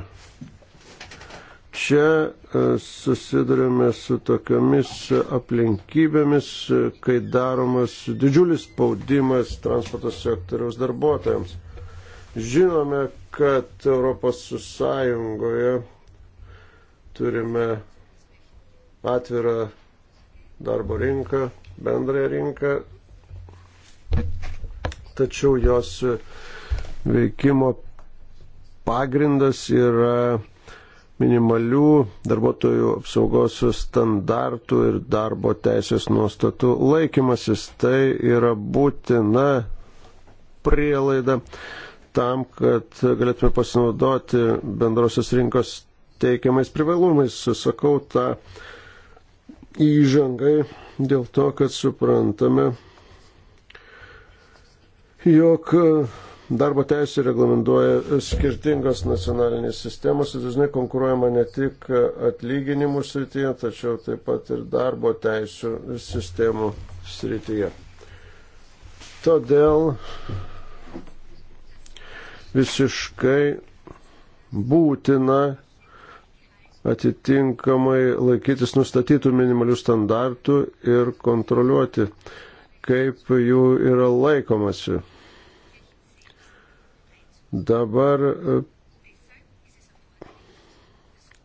Čia e, susidurime su tokiamis aplinkybėmis, kai daromas didžiulis spaudimas transporto sektoriaus darbuotojams. Žinome, kad Europos Sąjungoje turime atvirą darbo rinką, bendrąją rinką, tačiau jos veikimo pagrindas yra minimalių darbuotojų apsaugos standartų ir darbo teisės nuostatų laikymasis. Tai yra būtina prielaida tam, kad galėtume pasinaudoti bendrosios rinkos teikiamais privalumais. Sakau tą įžangai dėl to, kad suprantame, jog Darbo teisė reglamentuoja skirtingas nacionalinės sistemas ir dažnai konkuruojama ne tik atlyginimų srityje, tačiau taip pat ir darbo teisų sistemų srityje. Todėl visiškai būtina atitinkamai laikytis nustatytų minimalių standartų ir kontroliuoti, kaip jų yra laikomasi Dabar e,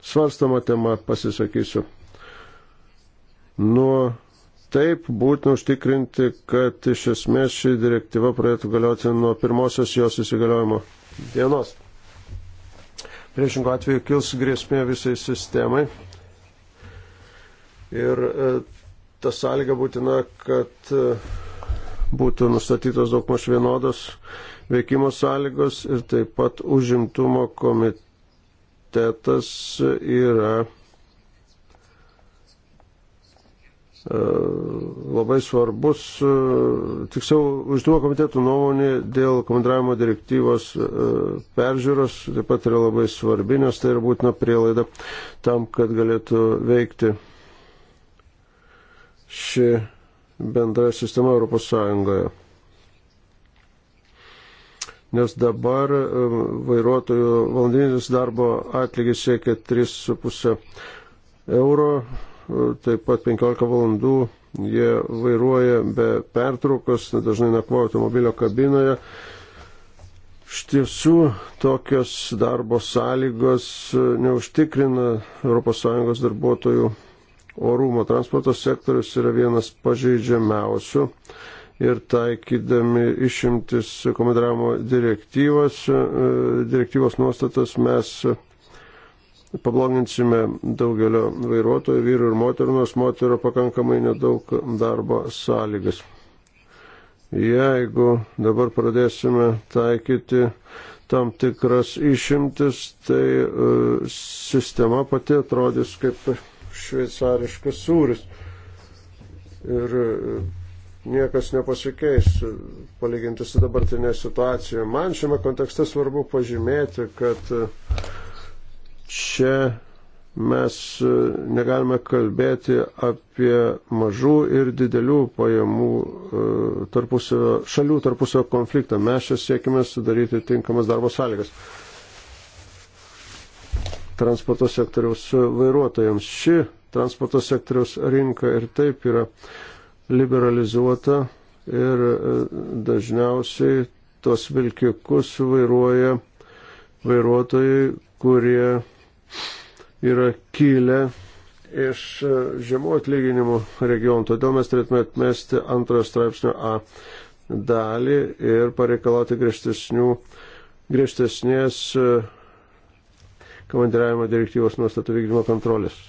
svarstama tema pasisakysiu. Nuo taip būtina užtikrinti, kad iš esmės ši direktyva pradėtų galioti nuo pirmosios jos įsigaliojimo dienos. Priešingų atveju kils grėsmė visai sistemai. Ir e, ta sąlyga būtina, kad e, būtų nustatytos daugmaž vienodos veikimo sąlygos ir taip pat užimtumo komitetas yra e, labai svarbus, e, tiksliau, užduo komitetų nuomonė dėl komandravimo direktyvos e, peržiūros taip pat yra labai svarbi, nes tai yra būtina prielaida tam, kad galėtų veikti ši bendra sistema Europos Sąjungoje nes dabar vairuotojų valandinis darbo atlygis siekia 3,5 euro, e, taip pat 15 valandų jie vairuoja be pertraukos, dažnai nakvoja automobilio kabinoje. Iš tiesų tokios darbo sąlygos e, neužtikrina ES darbuotojų orumo. Transporto sektorius yra vienas pažeidžiamiausių ir taikydami išimtis komandiravimo direktyvos, e, direktyvos nuostatas mes pabloginsime daugelio vairuotojų, vyrų ir moterų, nors moterų pakankamai nedaug darbo sąlygas. Jeigu dabar pradėsime taikyti tam tikras išimtis, tai e, sistema pati atrodys kaip šveicariškas sūris. Ir e, niekas nepasikeis, palyginti su dabartinė situacija. Man šiame kontekste svarbu pažymėti, kad čia mes negalime kalbėti apie mažų ir didelių pajamų e, tarpusio, šalių tarpusio konfliktą. Mes čia siekime sudaryti tinkamas darbo sąlygas transporto sektoriaus vairuotojams. Ši transporto sektoriaus rinka ir taip yra liberalizuota ir e, dažniausiai tos vilkikus vairuoja vairuotojai, kurie yra kilę iš e, žemų atlyginimų regionų. Todėl mes turėtume atmesti antrojo straipsnio A dalį ir pareikalauti griežtesnės e, komandiravimo direktyvos nuostatų vykdymo kontrolės.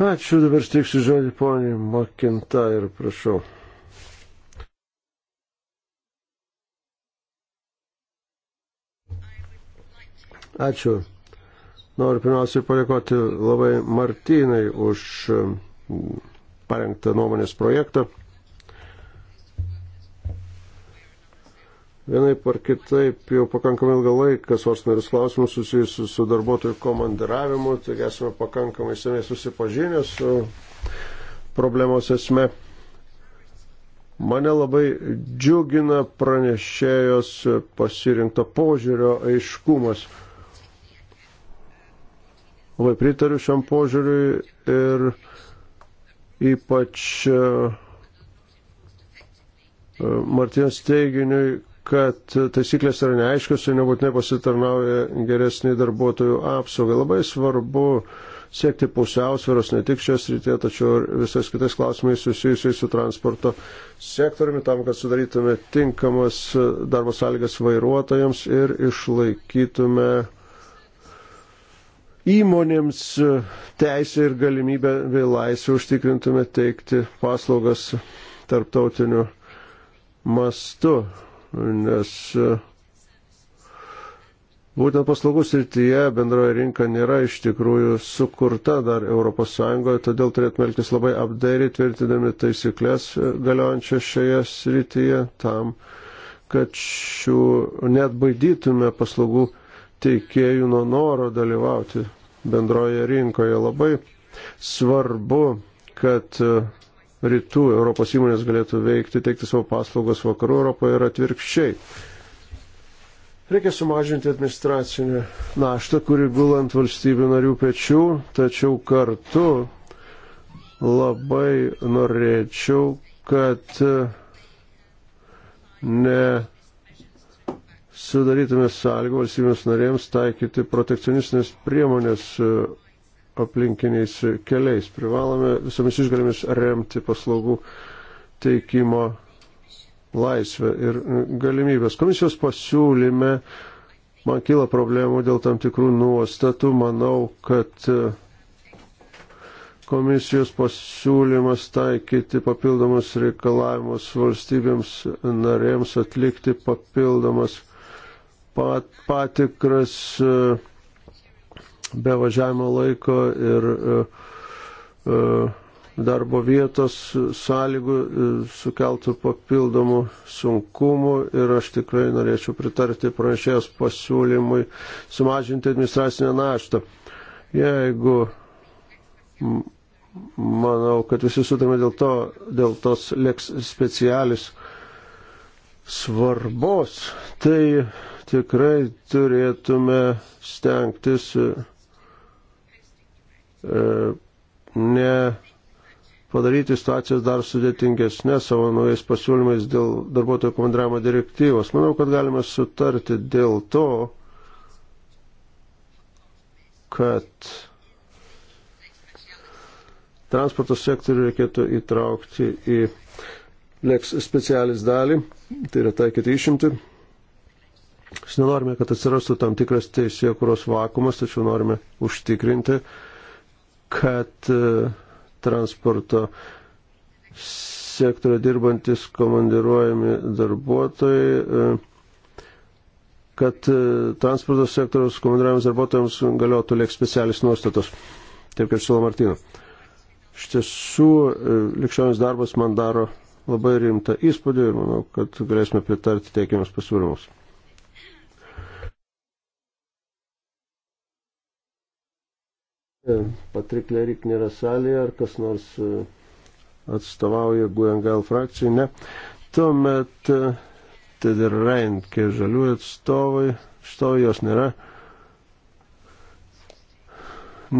Ačiū, dabar steiksiu žodį poniai Makinta ir prašau. Ačiū. Noriu pirmiausiai padėkoti labai Martynai už um, parengtą nuomonės projektą. vienai par kitaip jau pakankamai ilgą laiką svarstnarius klausimus susijusius su darbuotojų komandiravimu, taigi esame pakankamai seniai susipažinę su problemos esme. Mane labai džiugina pranešėjos pasirinkto požiūrio aiškumas. Labai pritariu šiam požiūriui ir ypač e, Martins teiginiui, kad taisyklės yra neaiškios ir nebūtinai pasitarnauja geresnį darbuotojų apsaugą. Labai svarbu siekti pusiausvėros ne tik šios rytė, tačiau ir visais kitais klausimais susijusiais su transporto sektoriumi, tam, kad sudarytume tinkamas darbo sąlygas vairuotojams ir išlaikytume įmonėms teisę ir galimybę bei laisvę užtikrintume teikti paslaugas tarptautiniu mastu nes e, būtent paslaugų srityje bendroje rinka nėra iš tikrųjų sukurta dar ES, todėl turėtume elgtis labai apdairiai, tvirtindami taisyklės e, galiojančias šioje srityje tam, kad šių net baidytume paslaugų teikėjų nuo noro dalyvauti bendroje rinkoje. Labai svarbu, kad e, rytų Europos įmonės galėtų veikti, teikti savo paslaugas vakarų Europoje ir atvirkščiai. Reikia sumažinti administracinę naštą, kuri gulant valstybių narių pečių, tačiau kartu labai norėčiau, kad ne sudarytume sąlygų valstybėms narėms taikyti protekcionistinės priemonės aplinkiniais keliais. Privalome visomis išgalėmis remti paslaugų teikimo laisvę ir galimybės. Komisijos pasiūlyme man kyla problemų dėl tam tikrų nuostatų. Manau, kad e, komisijos pasiūlymas taikyti papildomus reikalavimus valstybėms narėms atlikti papildomas pat, patikras uh, be važiavimo laiko ir e, e, darbo vietos sąlygų e, sukeltų papildomų sunkumų ir aš tikrai norėčiau pritarti pranešėjos pasiūlymui sumažinti administracinę naštą. Jeigu manau, kad visi sutarime dėl, to, dėl tos leks specialis svarbos, tai tikrai turėtume stengtis E, ne padaryti situacijas dar sudėtingesnės savo naujais pasiūlymais dėl darbuotojų komandiravimo direktyvos. Manau, kad galime sutarti dėl to, kad transporto sektorių reikėtų įtraukti į leks specialis dalį, tai yra taikyti išimti. Mes nenorime, kad atsirastų tam tikras teisėjų kuros vakumas, tačiau norime užtikrinti, kad e, transporto sektorio dirbantis komandiruojami darbuotojai, e, kad e, transporto sektoriaus komandiruojams darbuotojams galiotų liek specialis nuostatos, taip kaip siūlo Martino. Iš tiesų, likščionis darbas man daro labai rimtą įspūdį ir manau, kad galėsime pritarti teikiamus pasiūlymus. E, Patrik Lerik nėra salėje, ar kas nors e, atstovauja Guengel frakcijai, ne. Tuomet e, Ted ir Reinkė žaliųjų atstovai, šito jos nėra.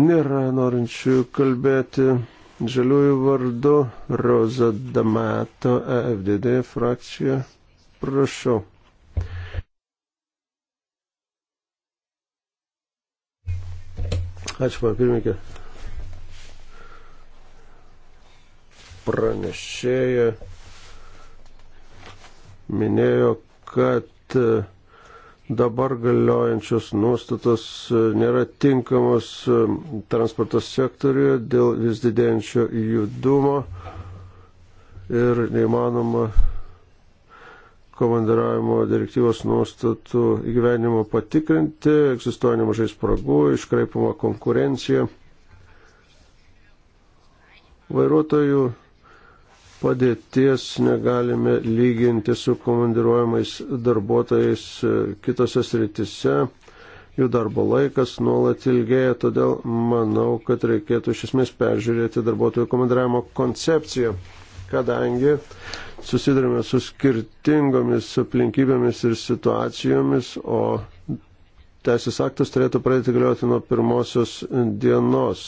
Nėra norinčių kalbėti žaliųjų vardu Roza Damato EFDD frakcija. Prašau. Ačiū, man pirmininkė. Pranešėja minėjo, kad e, dabar galiojančios nuostatos e, nėra tinkamos e, transporto sektoriuje dėl vis didėjančio judumo ir neįmanoma komandiravimo direktyvos nuostatų įgyvenimo patikrinti, egzistuoja nemažai spragų, iškraipama konkurencija. Vairuotojų padėties negalime lyginti su komandiruojamais darbuotojais kitose sritise. Jų darbo laikas nuolat ilgėja, todėl manau, kad reikėtų iš esmės peržiūrėti darbuotojų komandiravimo koncepciją, kadangi susidurime su skirtingomis aplinkybėmis ir situacijomis, o teisės aktas turėtų pradėti galioti nuo pirmosios dienos.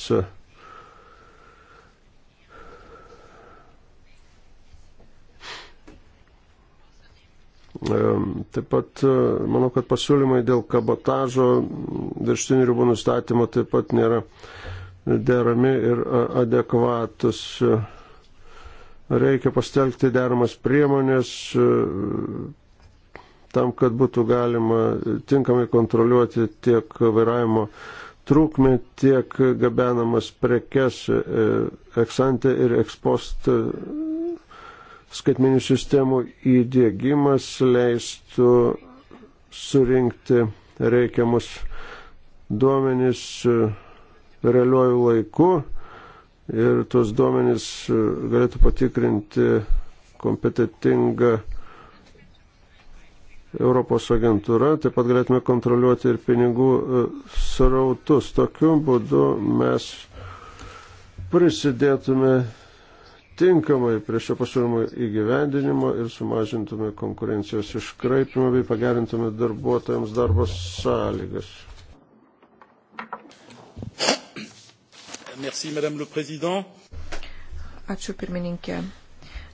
Ehm, taip pat e, manau, kad pasiūlymai dėl kabotažo virštinių ribų nustatymo taip pat nėra derami ir e, adekvatus. Reikia pastelgti deramas priemonės e, tam, kad būtų galima tinkamai kontroliuoti tiek vairavimo trukmę, tiek gabenamas prekes e, eksante ir ekspost e, skaitmenių sistemų įdėgymas leistų surinkti reikiamus duomenys realiuoju laiku ir tuos duomenys e, galėtų patikrinti kompetitinga Europos agentūra, taip pat galėtume kontroliuoti ir pinigų e, srautus. Tokiu būdu mes prisidėtume tinkamai prie šio pasiūlymo įgyvendinimo ir sumažintume konkurencijos iškraipimą bei pagerintume darbuotojams darbo sąlygas. Merci, Madame le Président. Ačiū pirmininkė.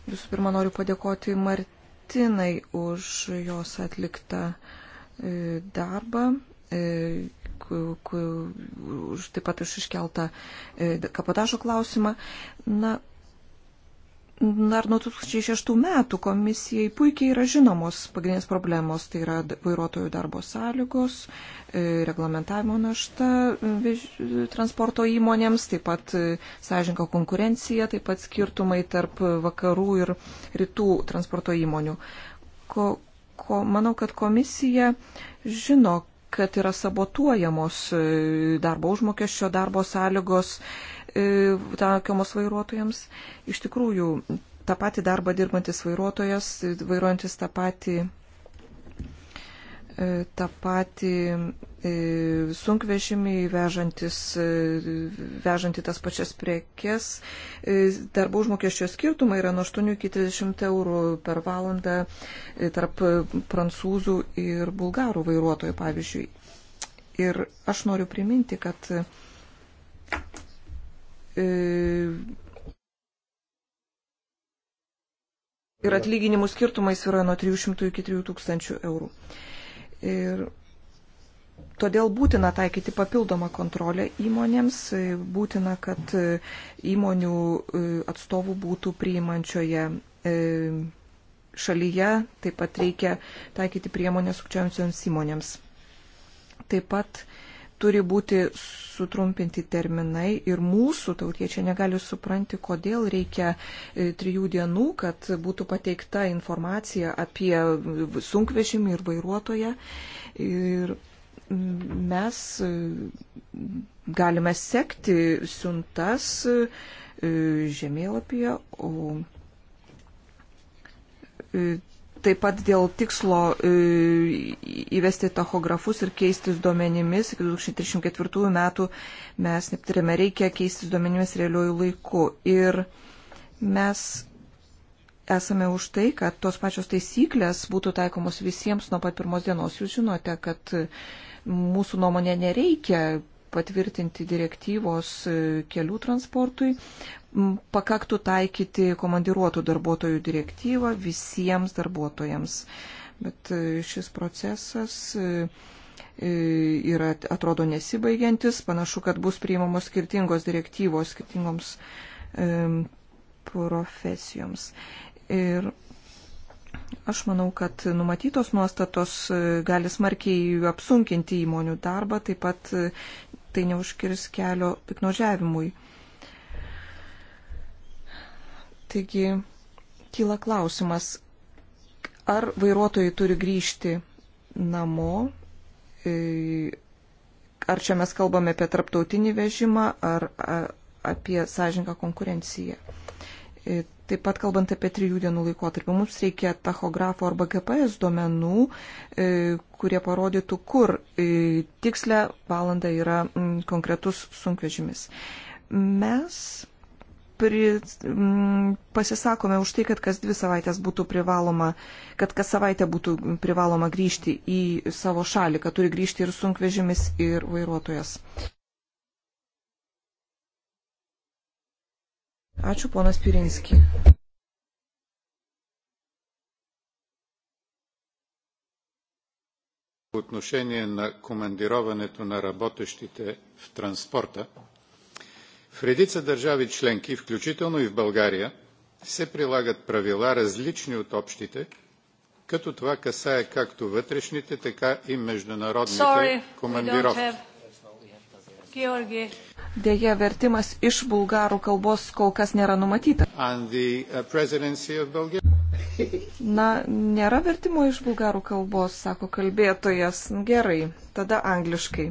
Visų pirma, noriu padėkoti Martinai už jos atliktą e, darbą e, už taip pat už iškeltą e, kapotažo klausimą. Na, Dar nuo 2006 metų komisijai puikiai yra žinomos pagrindinės problemos, tai yra vairuotojų darbo sąlygos, e, reglamentavimo našta e, e, transporto įmonėms, taip pat sąžinka konkurencija, taip pat skirtumai tarp vakarų ir rytų transporto įmonių. Ko, ko, manau, kad komisija žino, kad yra sabotuojamos darbo užmokesčio, darbo sąlygos E, taikiamos vairuotojams. Iš tikrųjų, tą patį darbą dirbantis vairuotojas, vairuojantis tą patį e, tą patį e, sunkvežimį, vežantis, vežantį tas pačias prekes. Darbo užmokesčio skirtumai yra nuo 8 iki 30 eurų per valandą tarp prancūzų ir bulgarų vairuotojų, pavyzdžiui. Ir aš noriu priminti, kad E, ir atlyginimų skirtumai svyruoja nuo 300 iki 3000 eurų. Ir todėl būtina taikyti papildomą kontrolę įmonėms, e, būtina, kad e, įmonių atstovų būtų priimančioje šalyje, taip pat reikia taikyti priemonės sukčiaujančioms įmonėms. Taip pat e, turi būti sutrumpinti terminai ir mūsų tautiečiai negali supranti, kodėl reikia e, trijų dienų, kad būtų pateikta informacija apie sunkvežimį ir vairuotoją. Ir mes e, galime sekti siuntas e, žemėlapyje, o Taip pat dėl tikslo e, įvesti tachografus ir keistis duomenimis iki 2034 metų mes neaptarėme, reikia keistis duomenimis realiuoju laiku. Ir mes esame už tai, kad tos pačios taisyklės būtų taikomos visiems nuo pat pirmos dienos. Jūs žinote, kad mūsų nuomonė nereikia patvirtinti direktyvos e, kelių transportui, pakaktų taikyti komandiruotų darbuotojų direktyvą visiems darbuotojams. Bet e, šis procesas e, yra, atrodo, nesibaigiantis. Panašu, kad bus priimamos skirtingos direktyvos skirtingoms profesijoms. Ir Aš manau, kad numatytos nuostatos gali smarkiai apsunkinti įmonių darbą, taip pat tai neužkirs kelio piknožiavimui. Taigi, kyla klausimas, ar vairuotojai turi grįžti namo, e, ar čia mes kalbame apie tarptautinį vežimą, ar apie sąžinką konkurenciją. E, taip pat kalbant apie trijų dienų laikotarpį, mums reikia tachografo arba GPS duomenų, e, kurie parodytų, kur e, tikslę valandą yra konkretus sunkvežimis. Mes pri, pasisakome už tai, kad kas dvi savaitės būtų privaloma, kad kas savaitę būtų privaloma grįžti į savo šalį, kad turi grįžti ir sunkvežimis, ir vairuotojas. Ačiū, ponas Pirinski. По отношение на командироването на работещите в транспорта, в редица държави членки, включително и в България, се прилагат правила различни от общите, като това касае както вътрешните, така и международните Sorry, командировки. Georgi. Deja, vertimas iš bulgarų kalbos kol kas nėra numatyta. Uh, [laughs] Na, nėra vertimo iš bulgarų kalbos, sako kalbėtojas. Gerai, tada angliškai.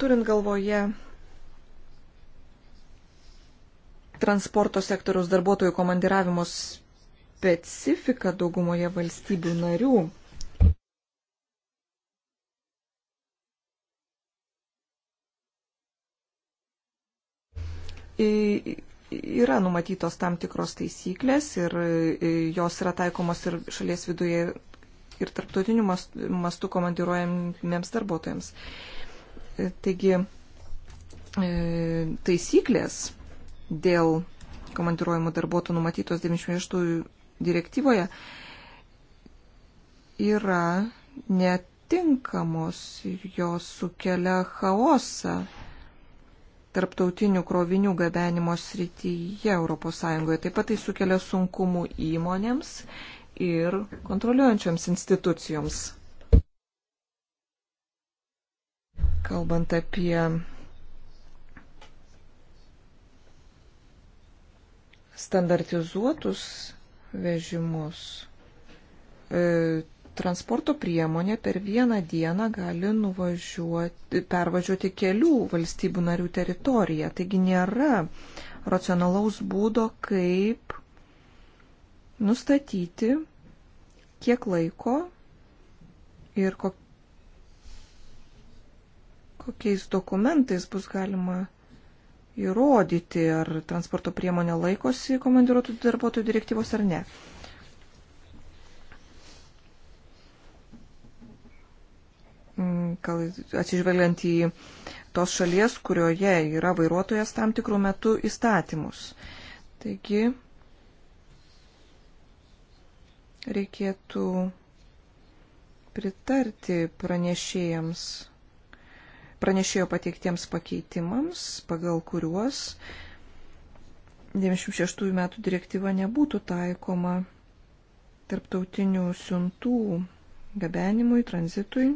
Turint galvoje transporto sektoriaus darbuotojų komandiravimo specifiką daugumoje valstybių narių, yra numatytos tam tikros taisyklės ir e, jos yra taikomos ir šalies viduje ir tarptautiniu mastu komandiruojamiems darbuotojams. E, taigi e, taisyklės dėl komandiruojamų darbuotojų numatytos 96 direktyvoje yra netinkamos ir jos sukelia chaosą tarptautinių krovinių gabenimo srityje ES. Taip pat tai sukelia sunkumų įmonėms ir kontroliuojančioms institucijoms. Kalbant apie standartizuotus vežimus, e, transporto priemonė per vieną dieną gali nuvažiuoti, pervažiuoti kelių valstybių narių teritoriją. Taigi nėra racionalaus būdo, kaip nustatyti, kiek laiko ir kokie kokiais dokumentais bus galima įrodyti, ar transporto priemonė laikosi komandiruotų darbuotojų direktyvos ar ne. Mm, atsižvelgiant į tos šalies, kurioje yra vairuotojas tam tikrų metų įstatymus. Taigi reikėtų pritarti pranešėjams, pranešėjo pateiktiems pakeitimams, pagal kuriuos 96 metų direktyva nebūtų taikoma tarptautinių siuntų gabenimui, tranzitui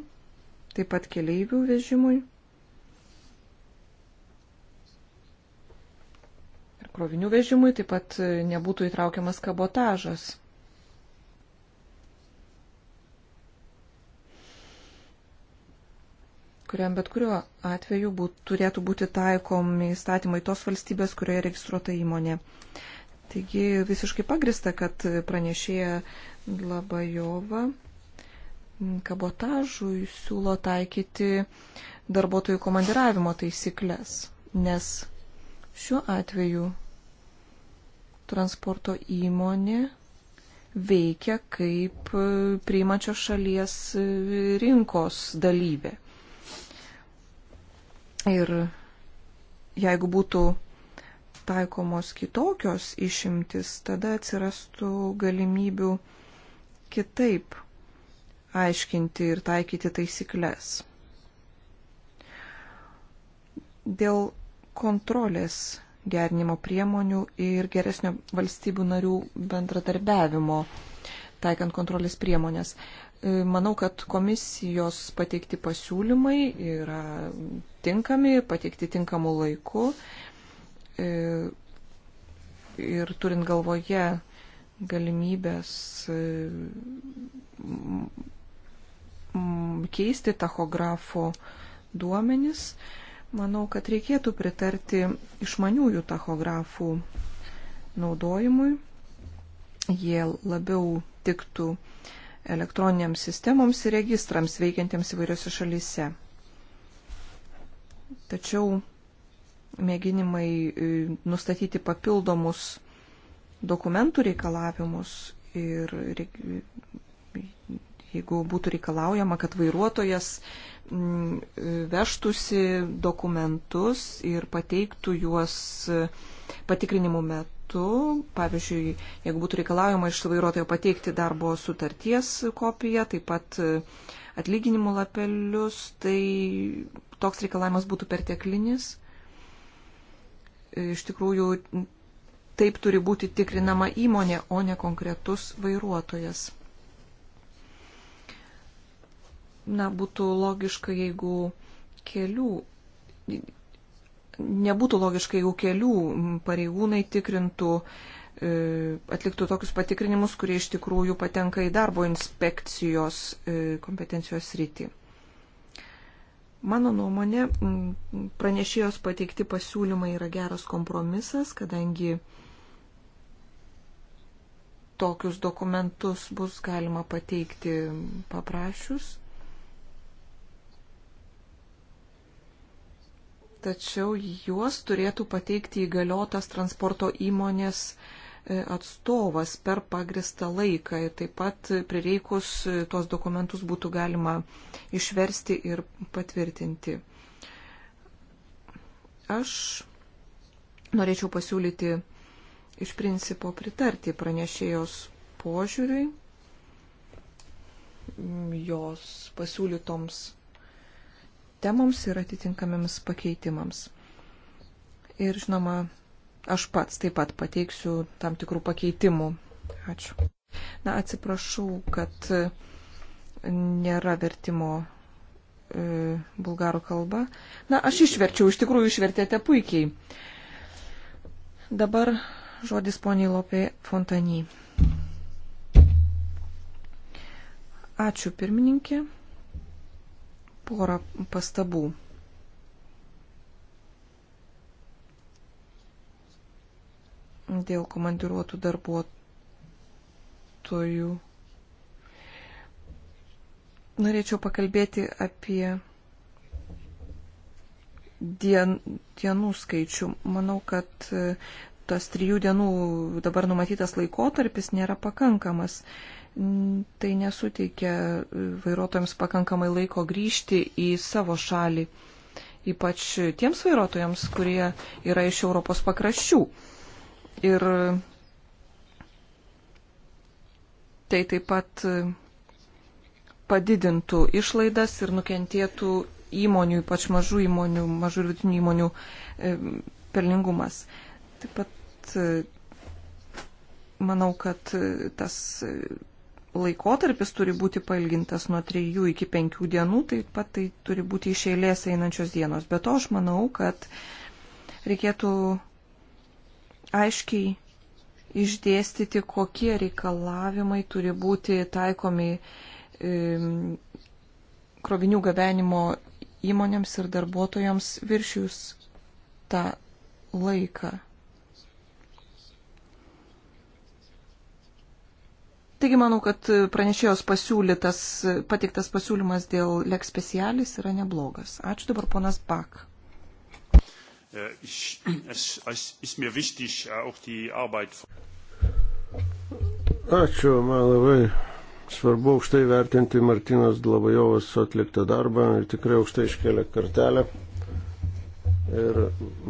taip pat keleivių vežimui ir krovinių vežimui, taip pat nebūtų įtraukiamas kabotažas. kuriam bet kuriuo atveju būt, turėtų būti taikomi įstatymai tos valstybės, kurioje registruota įmonė. Taigi visiškai pagrista, kad pranešėja Labajova kabotažui siūlo taikyti darbuotojų komandiravimo taisyklės, nes šiuo atveju transporto įmonė veikia kaip priimančios šalies rinkos dalyvė. Ir jeigu būtų taikomos kitokios išimtis, tada atsirastų galimybių kitaip aiškinti ir taikyti taisyklės. Dėl kontrolės gerinimo priemonių ir geresnio valstybių narių bendradarbiavimo, taikant kontrolės priemonės. E, manau, kad komisijos pateikti pasiūlymai yra tinkami, pateikti tinkamu laiku. E, ir turint galvoje galimybės e, keisti tachografo duomenis. Manau, kad reikėtų pritarti išmaniųjų tachografų naudojimui. Jie labiau tiktų elektroniniams sistemoms ir registrams veikiantiems įvairiose šalyse. Tačiau mėginimai e, nustatyti papildomus dokumentų reikalavimus ir jeigu būtų reikalaujama, kad vairuotojas mm, veštųsi dokumentus ir pateiktų juos e, patikrinimų metu. Pavyzdžiui, jeigu būtų reikalaujama iš vairuotojo pateikti darbo sutarties kopiją, taip pat e, atlyginimų lapelius, tai toks reikalavimas būtų perteklinis. E, iš tikrųjų, taip turi būti tikrinama įmonė, o ne konkretus vairuotojas na, būtų logiška, jeigu kelių. Nebūtų logiška, jeigu kelių pareigūnai tikrintų, e, atliktų tokius patikrinimus, kurie iš tikrųjų patenka į darbo inspekcijos e, kompetencijos rytį. Mano nuomonė, pranešėjos pateikti pasiūlymai yra geras kompromisas, kadangi tokius dokumentus bus galima pateikti paprašius. tačiau juos turėtų pateikti įgaliotas transporto įmonės e, atstovas per pagristą laiką. Taip pat prireikus e, tuos dokumentus būtų galima išversti ir patvirtinti. Aš norėčiau pasiūlyti iš principo pritarti pranešėjos požiūriui, jos pasiūlytoms temoms ir atitinkamiems pakeitimams. Ir žinoma, aš pats taip pat pateiksiu tam tikrų pakeitimų. Ačiū. Na, atsiprašau, kad e, nėra vertimo e, bulgarų kalba. Na, aš išverčiau, iš tikrųjų išvertėte puikiai. Dabar žodis poniai Lopė Fontany. Ačiū pirmininkė porą pastabų. Dėl komandiruotų darbuotojų. Norėčiau pakalbėti apie dien, dienų skaičių. Manau, kad e, tas trijų dienų dabar numatytas laikotarpis nėra pakankamas. Uh, tai nesuteikia e, vairuotojams pakankamai laiko grįžti į savo šalį, ypač tiems vairuotojams, kurie yra iš Europos pakraščių. Ir tai taip pat e, padidintų išlaidas ir nukentėtų įmonių, ypač mažų įmonių, mažų ir vidutinių įmonių e, pelningumas. Taip pat manau, kad tas laikotarpis turi būti pailgintas nuo 3 iki 5 dienų, taip pat tai turi būti iš eilės einančios dienos. Bet to aš manau, kad reikėtų aiškiai išdėstyti, kokie reikalavimai turi būti taikomi krovinių gabenimo įmonėms ir darbuotojams viršius tą laiką. Taigi manau, kad pranešėjos pasiūlytas, patiktas pasiūlymas dėl leks specialis yra neblogas. Ačiū dabar ponas Bak. Äh, äh, Ačiū, man labai svarbu aukštai vertinti Martinas Dlabajovas atliktą darbą ir tikrai aukštai iškelia kartelę. Ir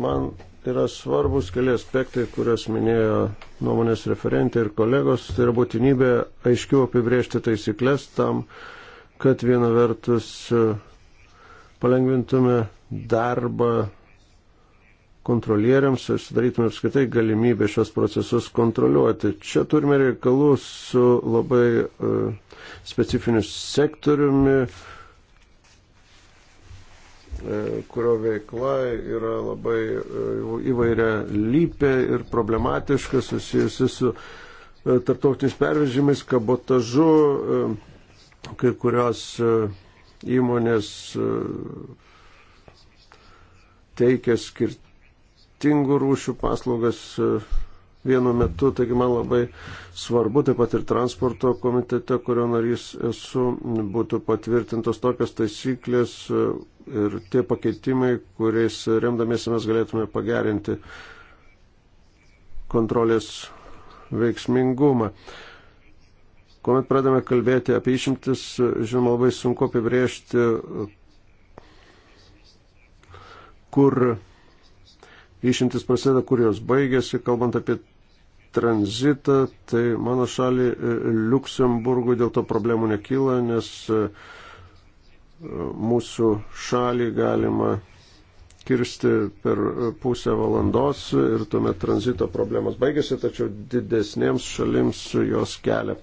man yra svarbus keli aspektai, kurias minėjo nuomonės referentė ir kolegos. Tai yra būtinybė aiškiau apibriežti taisyklės tam, kad viena vertus e, palengvintume darbą kontrolieriams ir sudarytume apskaitai galimybę šios procesus kontroliuoti. Čia turime reikalų su labai uh, specifiniu sektoriumi, uh, E, kurio veikla yra labai e, įvairia lypė ir problematiška susijusi su e, tarptautiniais pervežimais, kabotažu, kai kurios įmonės teikia skirtingų rūšių paslaugas vienu metu, taigi man labai svarbu, taip pat ir transporto komitete, kurio narys esu, būtų patvirtintos tokios taisyklės e, ir tie pakeitimai, kuriais remdamiesi mes galėtume pagerinti kontrolės veiksmingumą. Kuomet pradame kalbėti apie išimtis, žinoma, labai sunku apibrėžti, kur išimtis prasideda, kur jos baigėsi, kalbant apie tranzitą, tai mano šalį e, Luksemburgui dėl to problemų nekyla, nes e, mūsų šalį galima kirsti per pusę valandos ir tuomet tranzito problemos baigėsi, tačiau didesnėms šalims jos kelia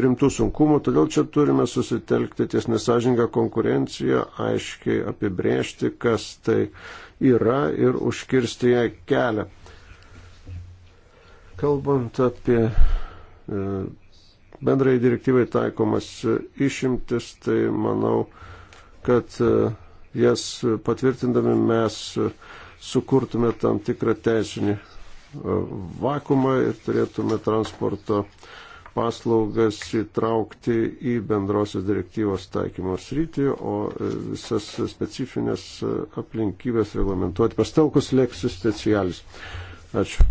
rimtų sunkumų, todėl čia turime susitelkti ties nesažingą konkurenciją, aiškiai apibrėžti, kas tai yra ir užkirsti ją kelią. Kalbant apie e, bendrai direktyvai taikomas išimtis, tai manau, kad e, jas patvirtindami mes sukurtume tam tikrą teisinį e, vakumą ir turėtume transporto paslaugas įtraukti į bendrosios direktyvos taikymos rytį, o visas specifines aplinkybės reglamentuoti pastelkus lėksius specialis. Ačiū.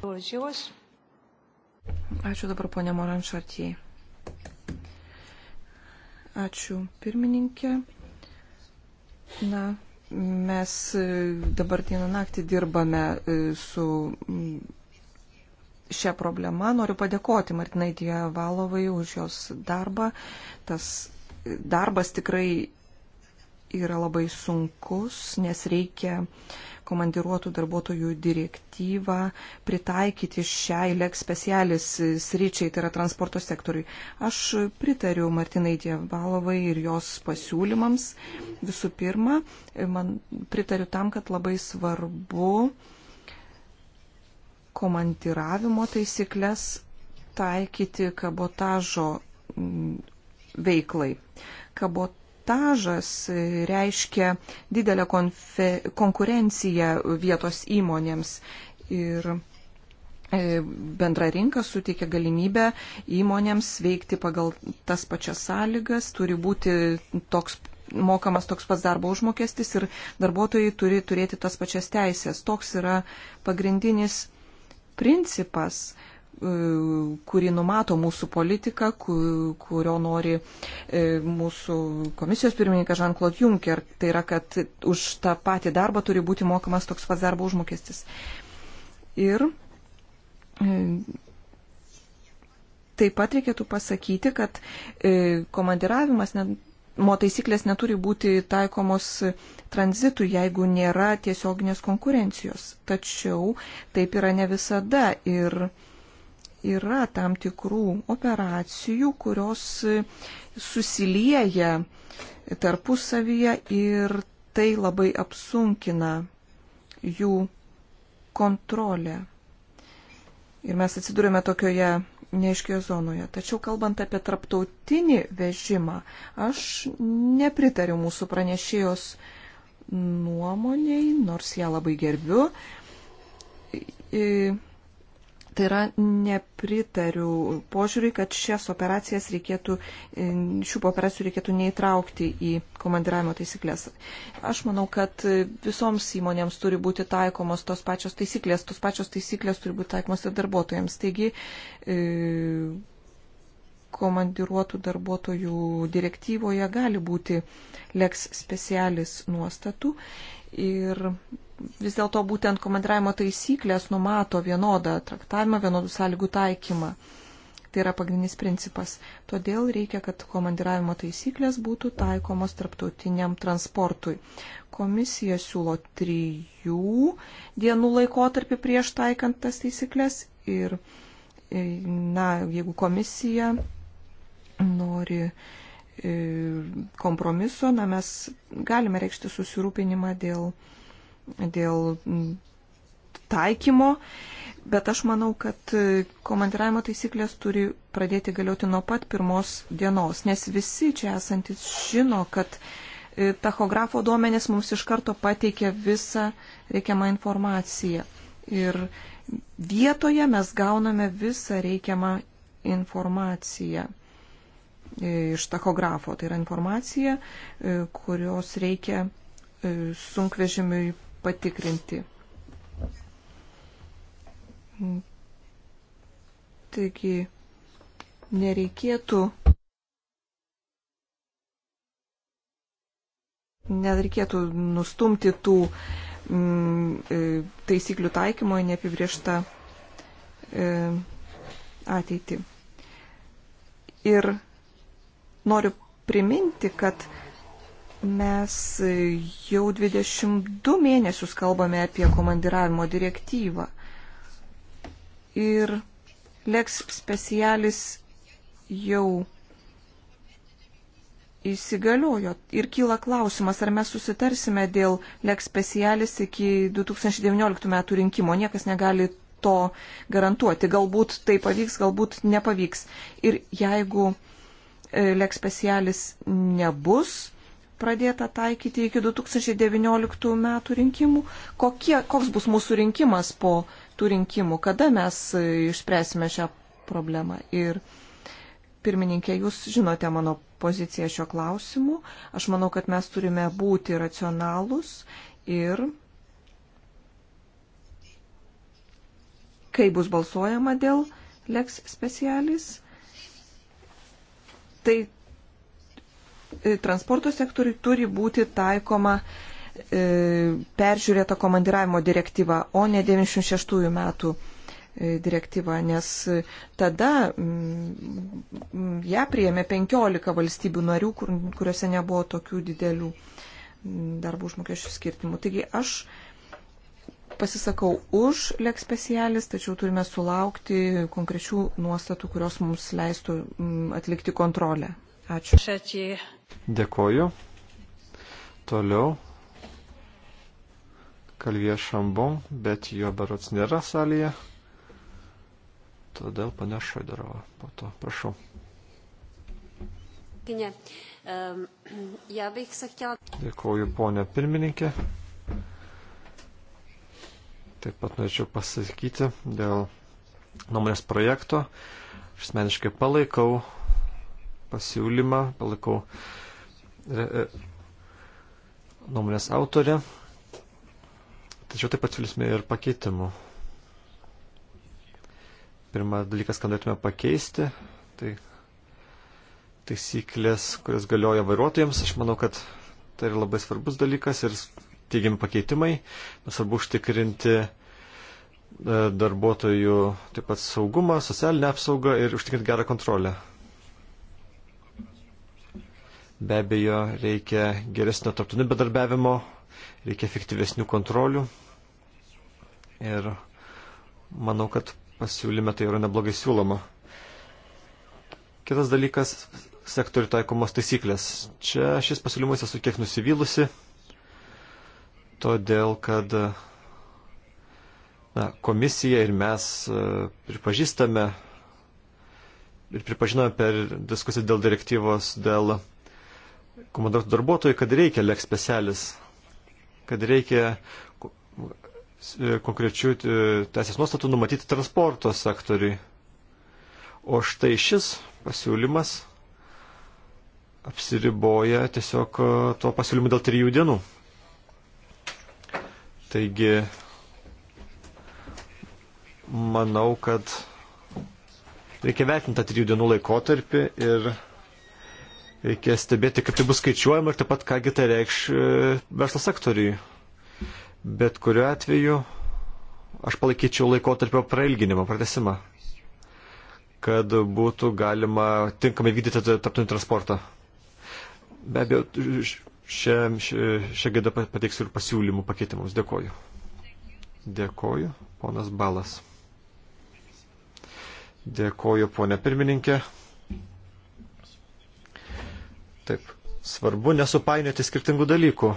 Ačiū dabar ponė Moran Šartijai. Ačiū pirmininkė. Na, mes e, dabar dieną naktį dirbame e, su šią problemą. Noriu padėkoti Martinai Dievalovai už jos darbą. Tas e, darbas tikrai yra labai sunkus, nes reikia komandiruotų darbuotojų direktyvą pritaikyti šiai leks specialis sričiai, tai yra transporto sektoriui. Aš pritariu Martinai Dievalovai ir jos pasiūlymams. Visų pirma, man pritariu tam, kad labai svarbu komandiravimo taisyklės taikyti kabotažo mm, veiklai. Kabot kabotažas reiškia didelę konfe, konkurenciją vietos įmonėms ir e, bendra rinka suteikia galimybę įmonėms veikti pagal tas pačias sąlygas, turi būti toks mokamas toks pats darbo užmokestis ir darbuotojai turi turėti tas pačias teisės. Toks yra pagrindinis principas E, kurį numato mūsų politika, kurio nori e, mūsų komisijos pirmininkas Jean-Claude Juncker. Tai yra, kad už tą patį darbą turi būti mokamas toks pats darbo užmokestis. Ir e, taip pat reikėtų pasakyti, kad komandiravimas net mo taisyklės neturi būti taikomos tranzitui, jeigu nėra tiesioginės konkurencijos. Tačiau taip yra ne visada ir yra tam tikrų operacijų, kurios susilieja tarpusavyje ir tai labai apsunkina jų kontrolę. Ir mes atsidūrėme tokioje neaiškioje zonoje. Tačiau kalbant apie traptautinį vežimą, aš nepritariu mūsų pranešėjos nuomoniai, nors ją labai gerbiu. Tai yra, nepritariu požiūriui, kad šias operacijas reikėtų, e, šių operacijų reikėtų neįtraukti į komandiravimo taisyklės. Aš manau, kad visoms įmonėms turi būti taikomos tos pačios taisyklės, tos pačios taisyklės turi būti taikomos ir darbuotojams. Taigi, e, komandiruotų darbuotojų direktyvoje gali būti leks specialis nuostatų ir vis dėlto būtent komandiravimo taisyklės numato vienodą traktavimą, vienodų sąlygų taikymą. Tai yra pagrindinis principas. Todėl reikia, kad komandiravimo taisyklės būtų taikomos tarptautiniam transportui. Komisija siūlo trijų dienų laikotarpį prieš taikant tas taisyklės ir, e, na, jeigu komisija nori e, kompromiso, na, mes galime reikšti susirūpinimą dėl dėl mm, taikymo, bet aš manau, kad e, komandiravimo taisyklės turi pradėti galioti nuo pat pirmos dienos, nes visi čia esantis žino, kad e, tachografo duomenys mums iš karto pateikia visą reikiamą informaciją. Ir vietoje mes gauname visą reikiamą informaciją e, iš tachografo. Tai yra informacija, kurios reikia sunkvežimiui patikrinti. Taigi nereikėtų. Nereikėtų nustumti tų mm, e, taisyklių taikymo į neapibrieštą e, ateitį. Ir noriu priminti, kad Mes jau 22 mėnesius kalbame apie komandiravimo direktyvą. Ir Lex specialis jau įsigaliojo. Ir kyla klausimas, ar mes susitarsime dėl Lex specialis iki 2019 metų rinkimo. Niekas negali to garantuoti. Galbūt tai pavyks, galbūt nepavyks. Ir jeigu e, Lex specialis nebus, pradėta taikyti iki 2019 metų rinkimų. Kokie, koks bus mūsų rinkimas po tų rinkimų? Kada mes e, išspręsime šią problemą? Ir pirmininkė, jūs žinote mano poziciją šio klausimu. Aš manau, kad mes turime būti racionalūs ir kai bus balsuojama dėl leks specialis, tai E, transporto sektoriui turi būti taikoma e, peržiūrėta komandiravimo direktyva, o ne 96 metų e, direktyva, nes tada mm, mm, ją priėmė 15 valstybių narių, kur, kuriuose nebuvo tokių didelių mm, darbų užmokesčių skirtimų. Taigi aš pasisakau už leks specialis, tačiau turime sulaukti konkrečių nuostatų, kurios mums leistų atlikti kontrolę. Ačiū. Šečiai. Dėkoju. Toliau. Kalvė Šambon, bet jo barots nėra salėje. Todėl panešo įdaravo. Po to, prašau. Dėkoju, ponė pirmininkė. Taip pat norėčiau pasakyti dėl nuomonės projekto. Aš asmeniškai palaikau pasiūlymą, palaikau uh, E, e, nuomonės autorė, tačiau taip pat siūlysime ir pakeitimų. Pirmas dalykas, ką norėtume pakeisti, tai taisyklės, kurios galioja vairuotojams. Aš manau, kad tai yra labai svarbus dalykas ir teigiami pakeitimai. Mes svarbu užtikrinti e, darbuotojų taip pat saugumą, socialinę apsaugą ir užtikrinti gerą kontrolę. Be abejo, reikia geresnio tarptautinio bedarbiavimo, reikia efektyvesnių kontrolių. Ir manau, kad pasiūlyme tai yra neblogai siūloma. Kitas dalykas - sektorių taikomos taisyklės. Čia šis pasiūlymas esu kiek nusivylusi, todėl kad na, komisija ir mes e, pripažįstame ir pripažinome per diskusiją dėl direktyvos dėl komanduotų darbuotojų, kad reikia leks specialis, kad reikia e, konkrečių e, teisės nuostatų numatyti transporto sektoriui. O štai šis pasiūlymas apsiriboja tiesiog e, tuo pasiūlymu dėl trijų dienų. Taigi, manau, kad reikia vertinti tą trijų dienų laikotarpį ir Reikia stebėti, kaip tai bus skaičiuojama ir taip pat, kągi tai reikš e, verslo sektoriui. Bet kuriu atveju aš palaikyčiau laikotarpio prailginimą, pratesimą, kad būtų galima tinkamai vykdyti tarptautinį transportą. Be abejo, šią gaidą pateiksiu ir pasiūlymų pakeitimams. Dėkoju. Dėkoju, ponas Balas. Dėkoju, ponė pirmininkė. Taip, svarbu nesupainioti skirtingų dalykų.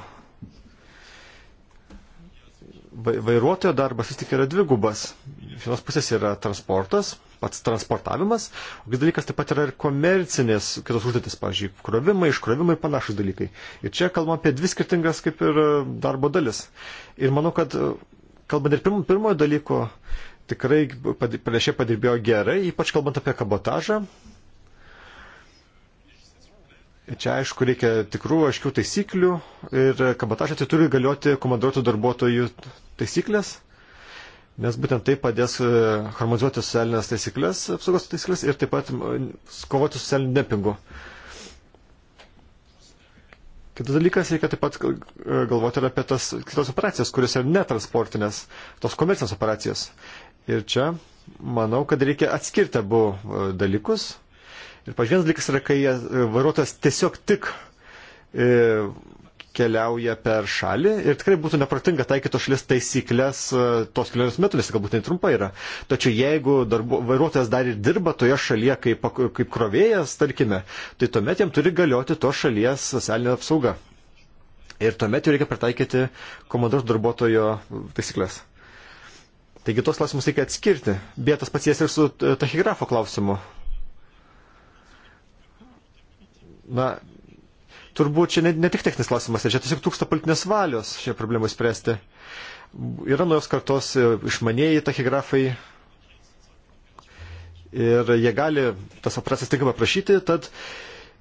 Vairuotojo darbas vis tik yra dvigubas. Iš vienos pusės yra transportas, pats transportavimas, o kitas dalykas taip pat yra ir komercinės kitos užduotis, pavyzdžiui, krovimai, iškrovimai ir panašus dalykai. Ir čia kalbam apie dvi skirtingas kaip ir e, darbo dalis. Ir manau, kad e, kalbant ir pirmo, pirmojo dalyko, tikrai pranešė padirbėjo gerai, ypač kalbant apie kabotažą, Čia aišku reikia tikrų aiškių taisyklių ir kabotažą tai turi galioti komanduotų darbuotojų taisyklės, nes būtent tai padės e, harmonizuoti socialinės taisyklės, apsaugos taisyklės ir taip pat kovoti su socialiniu dempingu. Kitas dalykas, reikia taip pat e, galvoti ir apie tas kitas operacijas, kuris yra netransportinės, tos komercinės operacijos. Ir čia manau, kad reikia atskirti abu e, dalykus Ir pažiūrės dalykas yra, kai e, vairuotojas tiesiog tik e, keliauja per šalį ir tikrai būtų nepratinga taikyti tos šalies taisyklės e, tos kelionės metu, nes galbūt tai trumpa yra. Tačiau jeigu darbu, vairuotojas dar ir dirba toje šalyje kaip, kaip krovėjas, tarkime, tai tuomet jam turi galioti tos šalies socialinė apsauga. Ir tuomet jau reikia pritaikyti komandos darbuotojo taisyklės. Taigi tos klausimus reikia atskirti. Bėtas pats jas ir su e, tachigrafo klausimu na, turbūt čia ne, ne tik techninis klausimas, čia tiesiog trūksta politinės valios šią problemą spręsti. Yra naujos kartos e, išmanėjai tachigrafai ir jie gali tas operacijas tinkamai prašyti, tad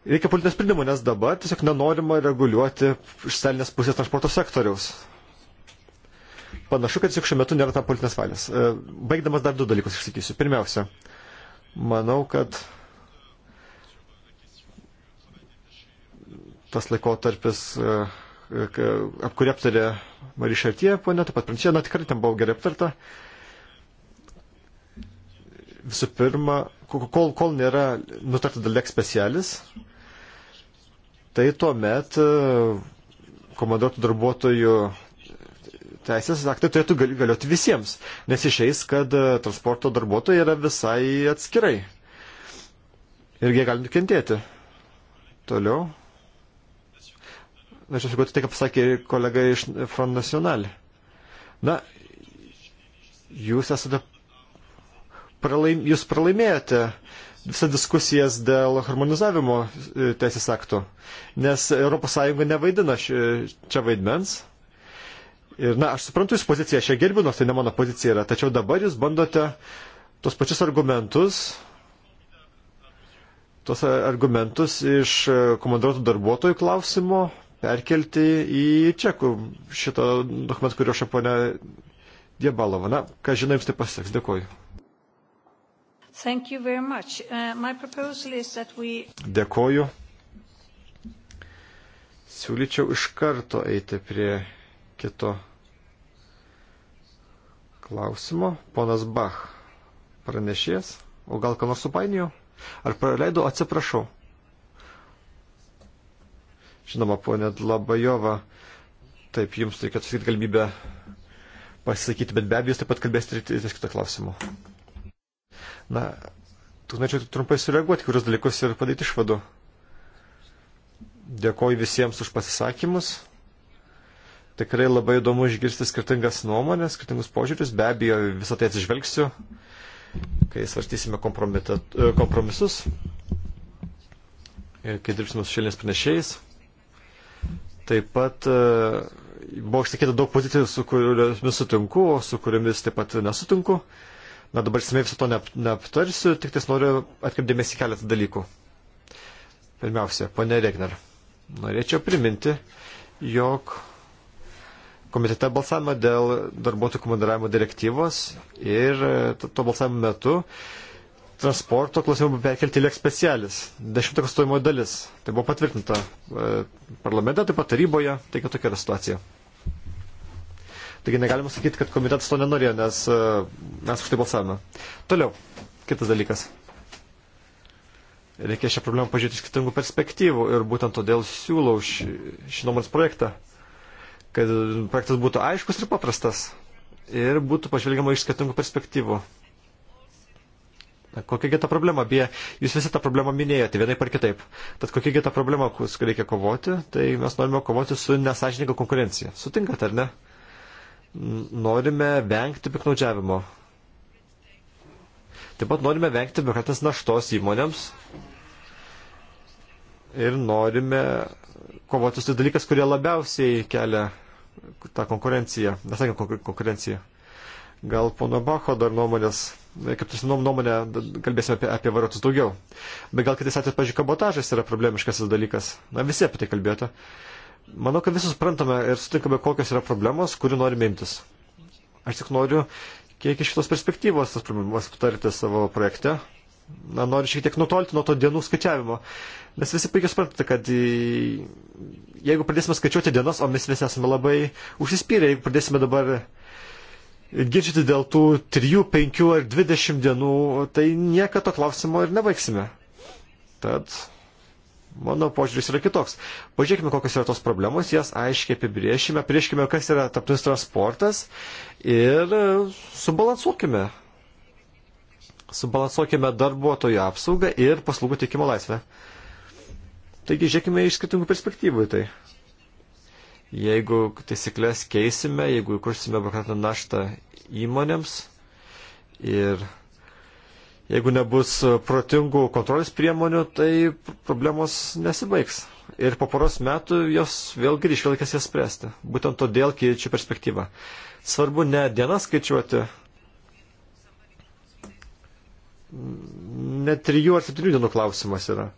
reikia politinės sprendimų, nes dabar tiesiog nenorima reguliuoti iš selinės pusės transporto sektoriaus. Panašu, kad tiesiog šiuo metu nėra tam politinės valės. E, baigdamas dar du dalykus išsakysiu. Pirmiausia, manau, kad tas laikotarpis, e, e, kurį aptarė Marija Šartie, ponė, taip pat Prancūzija, na tikrai ten buvo gerai aptarta. Visų pirma, kol, kol nėra nutarta dėl leks specialis, tai tuomet e, komanduotų darbuotojų teisės aktai turėtų galioti visiems, nes išeis, kad transporto darbuotojai yra visai atskirai. Ir jie gali nukentėti. Toliau norėčiau suguoti tai, ką pasakė kolega iš Front National. Na, jūs esate pralaim, jūs pralaimėjote visą diskusijas dėl harmonizavimo e, teisės aktų, nes ES nevaidina ši, čia vaidmens. Ir, na, aš suprantu jūsų poziciją, aš ją gerbiu, nors tai ne mano pozicija yra, tačiau dabar jūs bandote tos pačius argumentus, tos argumentus iš e, komanduotų darbuotojų klausimo perkelti į čekų šitą dokumentą, kurio šaponė Diebalova. Na, ką žinai, jums tai pasiseks. Dėkuoju. Uh, we... Dėkuoju. Siūlyčiau iš karto eiti prie kito klausimo. Ponas Bach pranešės, o gal ką nors supainiojo? Ar praleido? Atsiprašau. Žinoma, ponė Labajova, taip jums reikėtų sakyti galimybę pasisakyti, bet be abejo, jūs taip pat kalbėsite ir ties kitą klausimą. Na, tu norėčiau trumpai sureaguoti kurios dalykus ir padaryti išvadų. Dėkoju visiems už pasisakymus. Tikrai labai įdomu išgirsti skirtingas nuomonės, skirtingus požiūrius. Be abejo, visą tai atsižvelgsiu, kai svarstysime e, kompromisus ir kai dirbsime su šilės pranešėjais. Taip pat e, buvo išsakyta daug pozicijų, su kuriomis sutinku, o su kuriomis taip pat nesutinku. Na dabar esmė viso to neaptarsiu, tik tais noriu atkreipdėmėsi keletą dalykų. Pirmiausia, ponė Regner, norėčiau priminti, jog komitete balsavimą dėl darbuotojų komandiravimo direktyvos ir to balsavimo metu uh, transporto klausimai buvo perkelti į lėk specialis, dešimtą konstituojamoji dalis. Tai buvo patvirtinta e, parlamente, taip pat taryboje, taigi tokia yra situacija. Taigi negalima sakyti, kad komitetas to nenorėjo, nes e, mes už tai balsavome. Toliau, kitas dalykas. Reikia šią problemą pažiūrėti iš skirtingų perspektyvų ir būtent todėl siūlau šį, šį nuomonės projektą, kad projektas būtų aiškus ir paprastas ir būtų pažvelgiama iš skirtingų perspektyvų. Na, kokiagi ta problema? Beje, jūs visi tą problemą minėjote vienai par kitaip. Tad kokiagi ta problema, su kuria reikia kovoti, tai mes norime kovoti su nesažininga konkurencija. Sutinkat ar ne? Norime vengti piknaudžiavimo. Taip pat norime vengti biurokratinės naštos įmonėms ir norime kovoti su dalykais, kurie labiausiai kelia tą konkurenciją, nesakykime konkurenciją. Gal pono Bacho dar nuomonės, kaip tu sinom nuomonę, kalbėsime apie, apie vairuotus daugiau. Bet gal kitais atvejais, pažiūrėjau, kabotažas yra problemiškasis dalykas. Na, visi apie tai kalbėjote. Manau, kad visi suprantame ir sutinkame, kokios yra problemos, kurių norime imtis. Aš tik noriu, kiek iš šitos perspektyvos tas problemas aptarti savo projekte. Na, noriu šiek tiek nutolti nuo to dienų skaičiavimo. Nes visi puikiai suprantate, kad jeigu pradėsime skaičiuoti dienas, o mes visi esame labai užsispyrę, jeigu pradėsime dabar ginčyti dėl tų 3, 5 ar 20 dienų, tai niekada to klausimo ir nebaigsime. Tad mano požiūris yra kitoks. Pažiūrėkime, kokios yra tos problemos, jas aiškiai apibriešime, prieškime, kas yra taptinis transportas ir subalansuokime. Subalansuokime darbuotojų apsaugą ir paslaugų teikimo laisvę. Taigi žiūrėkime iš skirtingų perspektyvų į tai. Jeigu taisyklės keisime, jeigu įkursime biurokratinę naštą įmonėms ir jeigu nebus protingų kontrolės priemonių, tai problemos nesibaigs. Ir po poros metų jos vėl grįž, vėl reikės jas spręsti. Būtent todėl keičiu perspektyvą. Svarbu ne dienas skaičiuoti, ne trijų ar septynių dienų klausimas yra.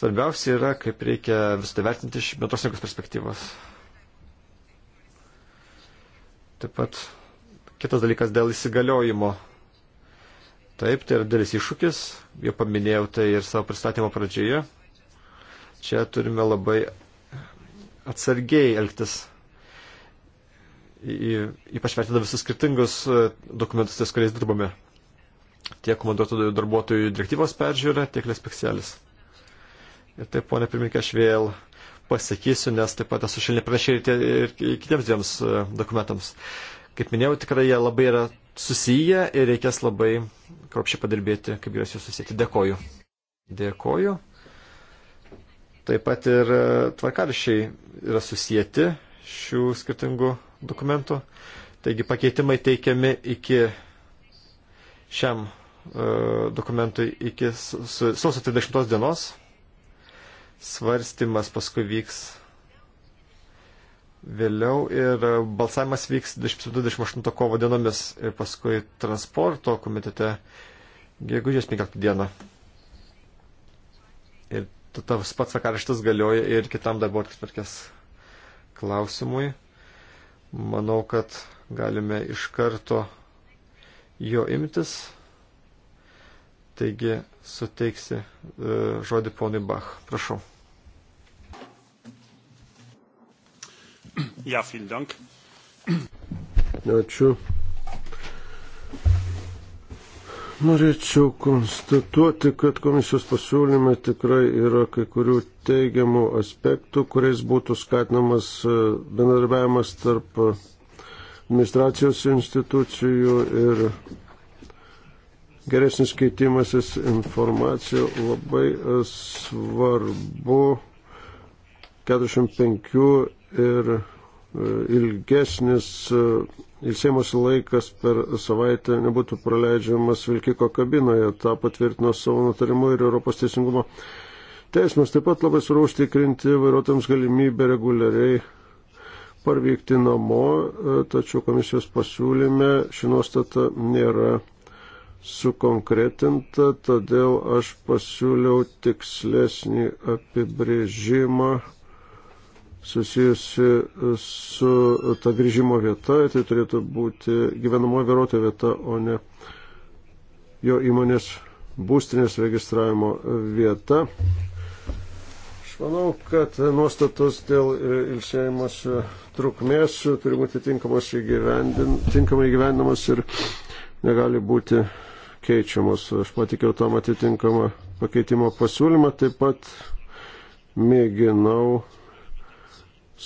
Svarbiausia yra, kaip reikia visą tai vertinti iš bendros rinkos perspektyvos. Taip pat kitas dalykas dėl įsigaliojimo. Taip, tai yra dėlis iššūkis, jau paminėjau tai ir savo pristatymo pradžioje. Čia turime labai atsargiai elgtis, ypač vertinant visus skirtingus e, dokumentus, ties kuriais dirbame. Tiek komanduotų darbuotojų direktyvos peržiūra, tiek lespekselis. Ir taip, ponė pirmininkė, aš vėl pasakysiu, nes taip pat esu šiandien pranešė ir kitiems dviems e, dokumentams. Kaip minėjau, tikrai jie labai yra susiję ir reikės labai kropšiai padirbėti, kaip juos jūs susiekti. Dėkoju. Dėkoju. Taip pat ir e, tvarkaršiai yra susijęti šių skirtingų dokumentų. Taigi pakeitimai teikiami iki šiam uh, dokumentui iki sausio 30 dienos svarstymas paskui vyks vėliau ir balsavimas vyks 27-28 kovo dienomis ir paskui transporto komitete gegužės 15 dieną. Ir tas pats sakarštas galioja ir kitam darbo atvarkės klausimui. Manau, kad galime iš karto jo imtis. Taigi suteiksi e, žodį ponui Bach. Prašau. Ja, vielen Dank. Ačiū. Norėčiau konstatuoti, kad komisijos pasiūlyme tikrai yra kai kurių teigiamų aspektų, kuriais būtų skatinamas e, bendradarbiavimas tarp administracijos institucijų ir geresnis keitimasis informacija labai e, svarbu 45 ir e, ilgesnis e, ilsėmosi laikas per savaitę nebūtų praleidžiamas Vilkiko kabinoje. Ta patvirtino savo nutarimu ir Europos teisingumo teismas. Taip pat labai svarbu užtikrinti vairuotams galimybę reguliariai parvykti namo, tačiau komisijos pasiūlyme ši nuostata nėra sukonkretinta, todėl aš pasiūliau tikslesnį apibrėžimą susijusi su ta grįžimo vieta, tai turėtų būti gyvenamoji vairuotojo vieta, o ne jo įmonės būstinės registravimo vieta. Aš manau, kad nuostatos dėl ilsėjimas trukmės turi būti tinkamas įgyvendin, tinkamai įgyvendinamas ir negali būti keičiamos. Aš patikiau tam atitinkamą pakeitimo pasiūlymą, taip pat mėginau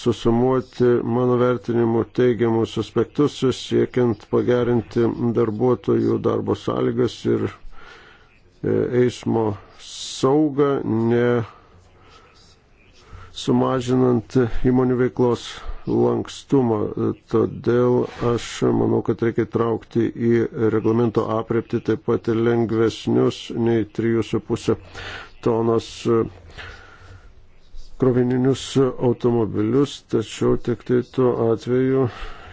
susumuoti mano vertinimų teigiamus aspektus, siekiant pagerinti darbuotojų darbo sąlygas ir e, eismo saugą, ne sumažinant įmonių veiklos lankstumą. Todėl aš manau, kad reikia traukti į reglamento aprepti taip pat ir lengvesnius nei 3,5 tonos krovininius automobilius, tačiau tik tai tuo atveju,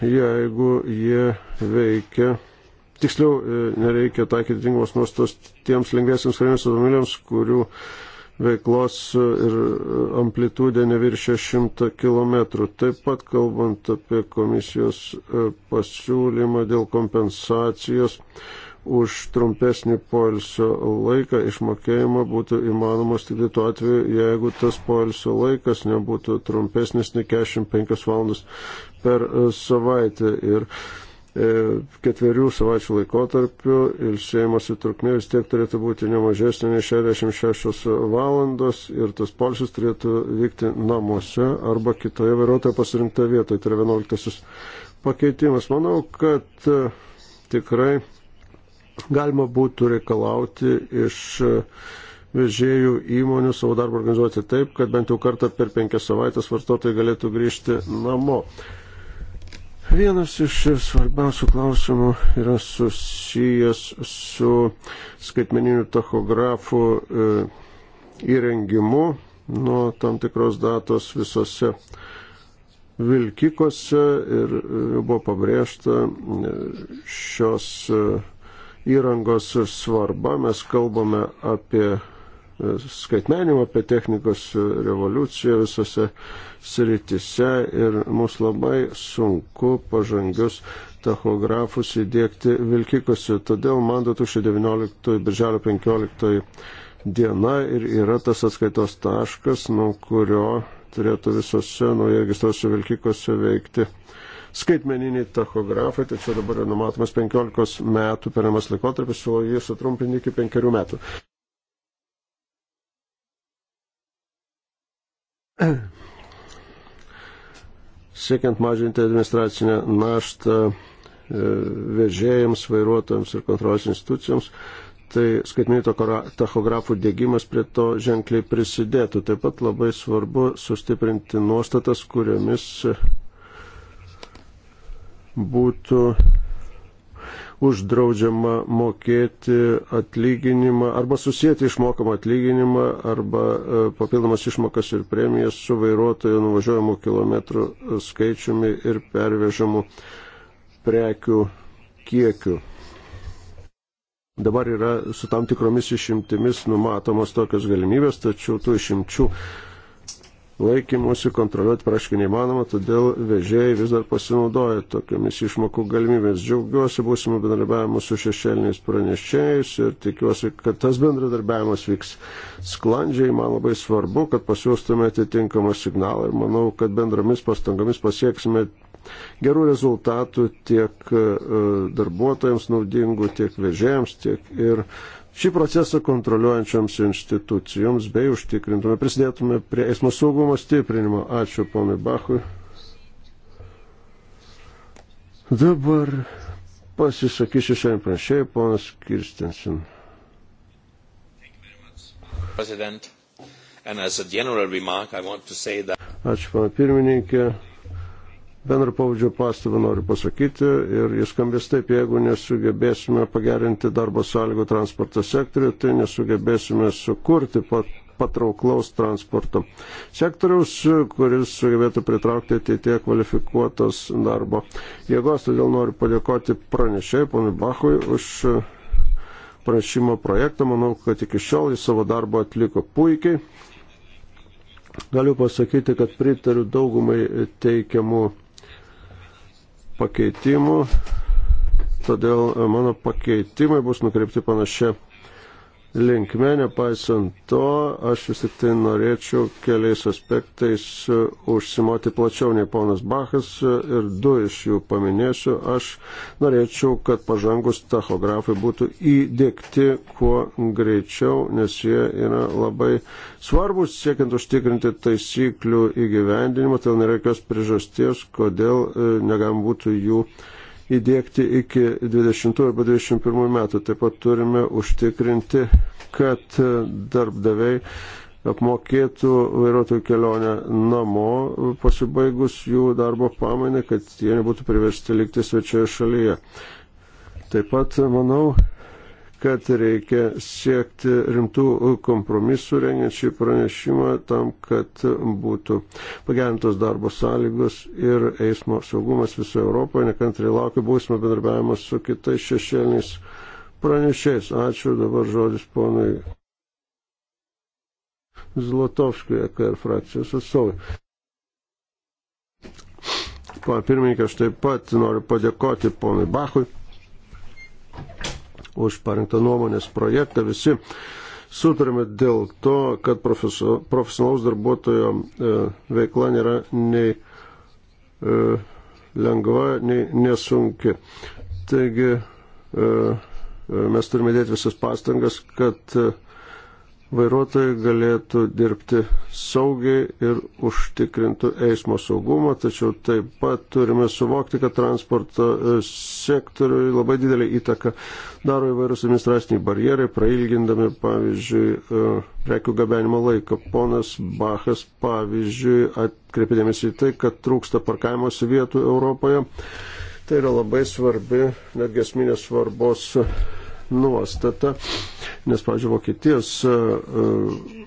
jeigu jie veikia tiksliau nereikia taikyti tinkamos nuostos tiems lengviesiams kariniams automobiliams, kurių veiklos ir amplitudė neviršė 100 km. Taip pat kalbant apie komisijos e, pasiūlymą dėl kompensacijos už trumpesnį poilsio laiką išmokėjimą būtų įmanomas tik tuo atveju, jeigu tas poilsio laikas nebūtų trumpesnis nei 45 valandas per e, savaitę. Ir E, ketverių savaičių laikotarpiu ilsėjimas į trukmė vis tiek turėtų būti nemažesnė nei 66 valandos ir tas polsis turėtų vykti namuose arba kitoje vairuotojo pasirinktoje vietoje. Tai yra 11 pakeitimas. Manau, kad e, tikrai galima būtų reikalauti iš e, vežėjų įmonių savo darbą organizuoti taip, kad bent jau kartą per penkias savaitės vartotojai galėtų grįžti namo. Vienas iš svarbiausių klausimų yra susijęs su skaitmeniniu tachografu e, įrengimu nuo tam tikros datos visose vilkikose ir e, buvo pabrėžta e, šios įrangos svarba. Mes kalbame apie skaitmenimą, apie technikos revoliuciją visose sritise ir mus labai sunku pažangius tachografus įdėkti vilkikose. Todėl man 2019 birželio 15 diena ir yra tas atskaitos taškas, nuo kurio turėtų visose naujai registruose vilkikose veikti skaitmeniniai tachografai, tačiau dabar yra numatomas 15 metų perimas laikotarpis, o jį sutrumpinti iki 5 metų. [clears throat] Siekiant mažinti administracinę naštą e, vežėjams, vairuotojams ir kontrolės institucijoms, tai skaitminio tachografų dėgymas prie to ženkliai prisidėtų. Taip pat labai svarbu sustiprinti nuostatas, kuriomis būtų uždraudžiama mokėti atlyginimą arba susijęti išmokamą atlyginimą arba e, papildomas išmokas ir premijas su vairuotojo nuvažiuojamų kilometrų skaičiumi ir pervežamų prekių kiekiu. Dabar yra su tam tikromis išimtimis numatomos tokios galimybės, tačiau tų išimčių laikymusi kontroliuoti praškai neįmanoma, todėl vežėjai vis dar pasinaudoja tokiamis išmokų galimybėmis. Džiaugiuosi būsimų bendradarbiavimų su šešėliniais pranešėjais ir tikiuosi, kad tas bendradarbiavimas vyks sklandžiai. Man labai svarbu, kad pasiūstume atitinkamą signalą ir manau, kad bendromis pastangomis pasieksime gerų rezultatų tiek e, darbuotojams naudingų, tiek vežėjams, tiek ir uh, šį procesą kontroliuojančioms institucijoms bei užtikrintume, prisidėtume prie eismo saugumo stiprinimo. Ačiū ponui Bachui. Dabar pasisakys šiandien pranešėjai ponas Kirstensen. President. Remark, that... Ačiū, pana pirmininkė bendro pavadžio pastabą noriu pasakyti ir jis skambės taip, jeigu nesugebėsime pagerinti darbo sąlygų transporto sektoriu, tai nesugebėsime sukurti pat patrauklaus transporto sektoriaus, kuris sugebėtų pritraukti ateitie kvalifikuotos darbo jėgos. Todėl noriu padėkoti pranešėjai, ponui Bachui, už pranešimo projektą. Manau, kad iki šiol jis savo darbą atliko puikiai. Galiu pasakyti, kad pritariu daugumai teikiamų pakeitimų, todėl mano pakeitimai bus nukreipti panašia linkme, nepaisant to, aš vis tik tai norėčiau keliais aspektais e, užsimoti plačiau nei ponas Bachas e, ir du iš jų paminėsiu. Aš norėčiau, kad pažangus tachografai būtų įdėkti kuo greičiau, nes jie yra labai svarbus siekiant užtikrinti taisyklių įgyvendinimą, tai nėra jokios priežasties, kodėl e, negam būtų jų įdėkti iki 20 arba 21 metų. Taip pat turime užtikrinti, kad darbdaviai apmokėtų vairuotojų kelionę namo pasibaigus jų darbo pamainai, kad jie nebūtų priversti likti svečioje šalyje. Taip pat manau, kad reikia siekti rimtų kompromisų rengiant šį pranešimą tam, kad būtų pagerintos darbo sąlygos ir eismo saugumas visoje Europoje. Nekantriai laukiu būsimo bendarbiavimo su kitais šešėliniais pranešiais. Ačiū, dabar žodis ponui Zlotovskui, EKR frakcijos atstovui. Pana pirmininkė, aš taip pat noriu padėkoti ponui Bachui už parengtą nuomonės projektą. Visi sutarėme dėl to, kad profesionalaus darbuotojo e, veikla nėra nei e, lengva, nei nesunki. Taigi e, mes turime dėti visas pastangas, kad vairuotojai galėtų dirbti saugiai ir užtikrintų eismo saugumą, tačiau taip pat turime suvokti, kad transporto e, sektoriui labai didelį įtaką daro įvairūs administraciniai barjerai, prailgindami, pavyzdžiui, e, prekių gabenimo laiką. Ponas Bachas, pavyzdžiui, atkreipėdėmės į tai, kad trūksta parkavimosi vietų Europoje. Tai yra labai svarbi, netgi esminės svarbos nuostata, nes, pavyzdžiui, Vokietijos e, e,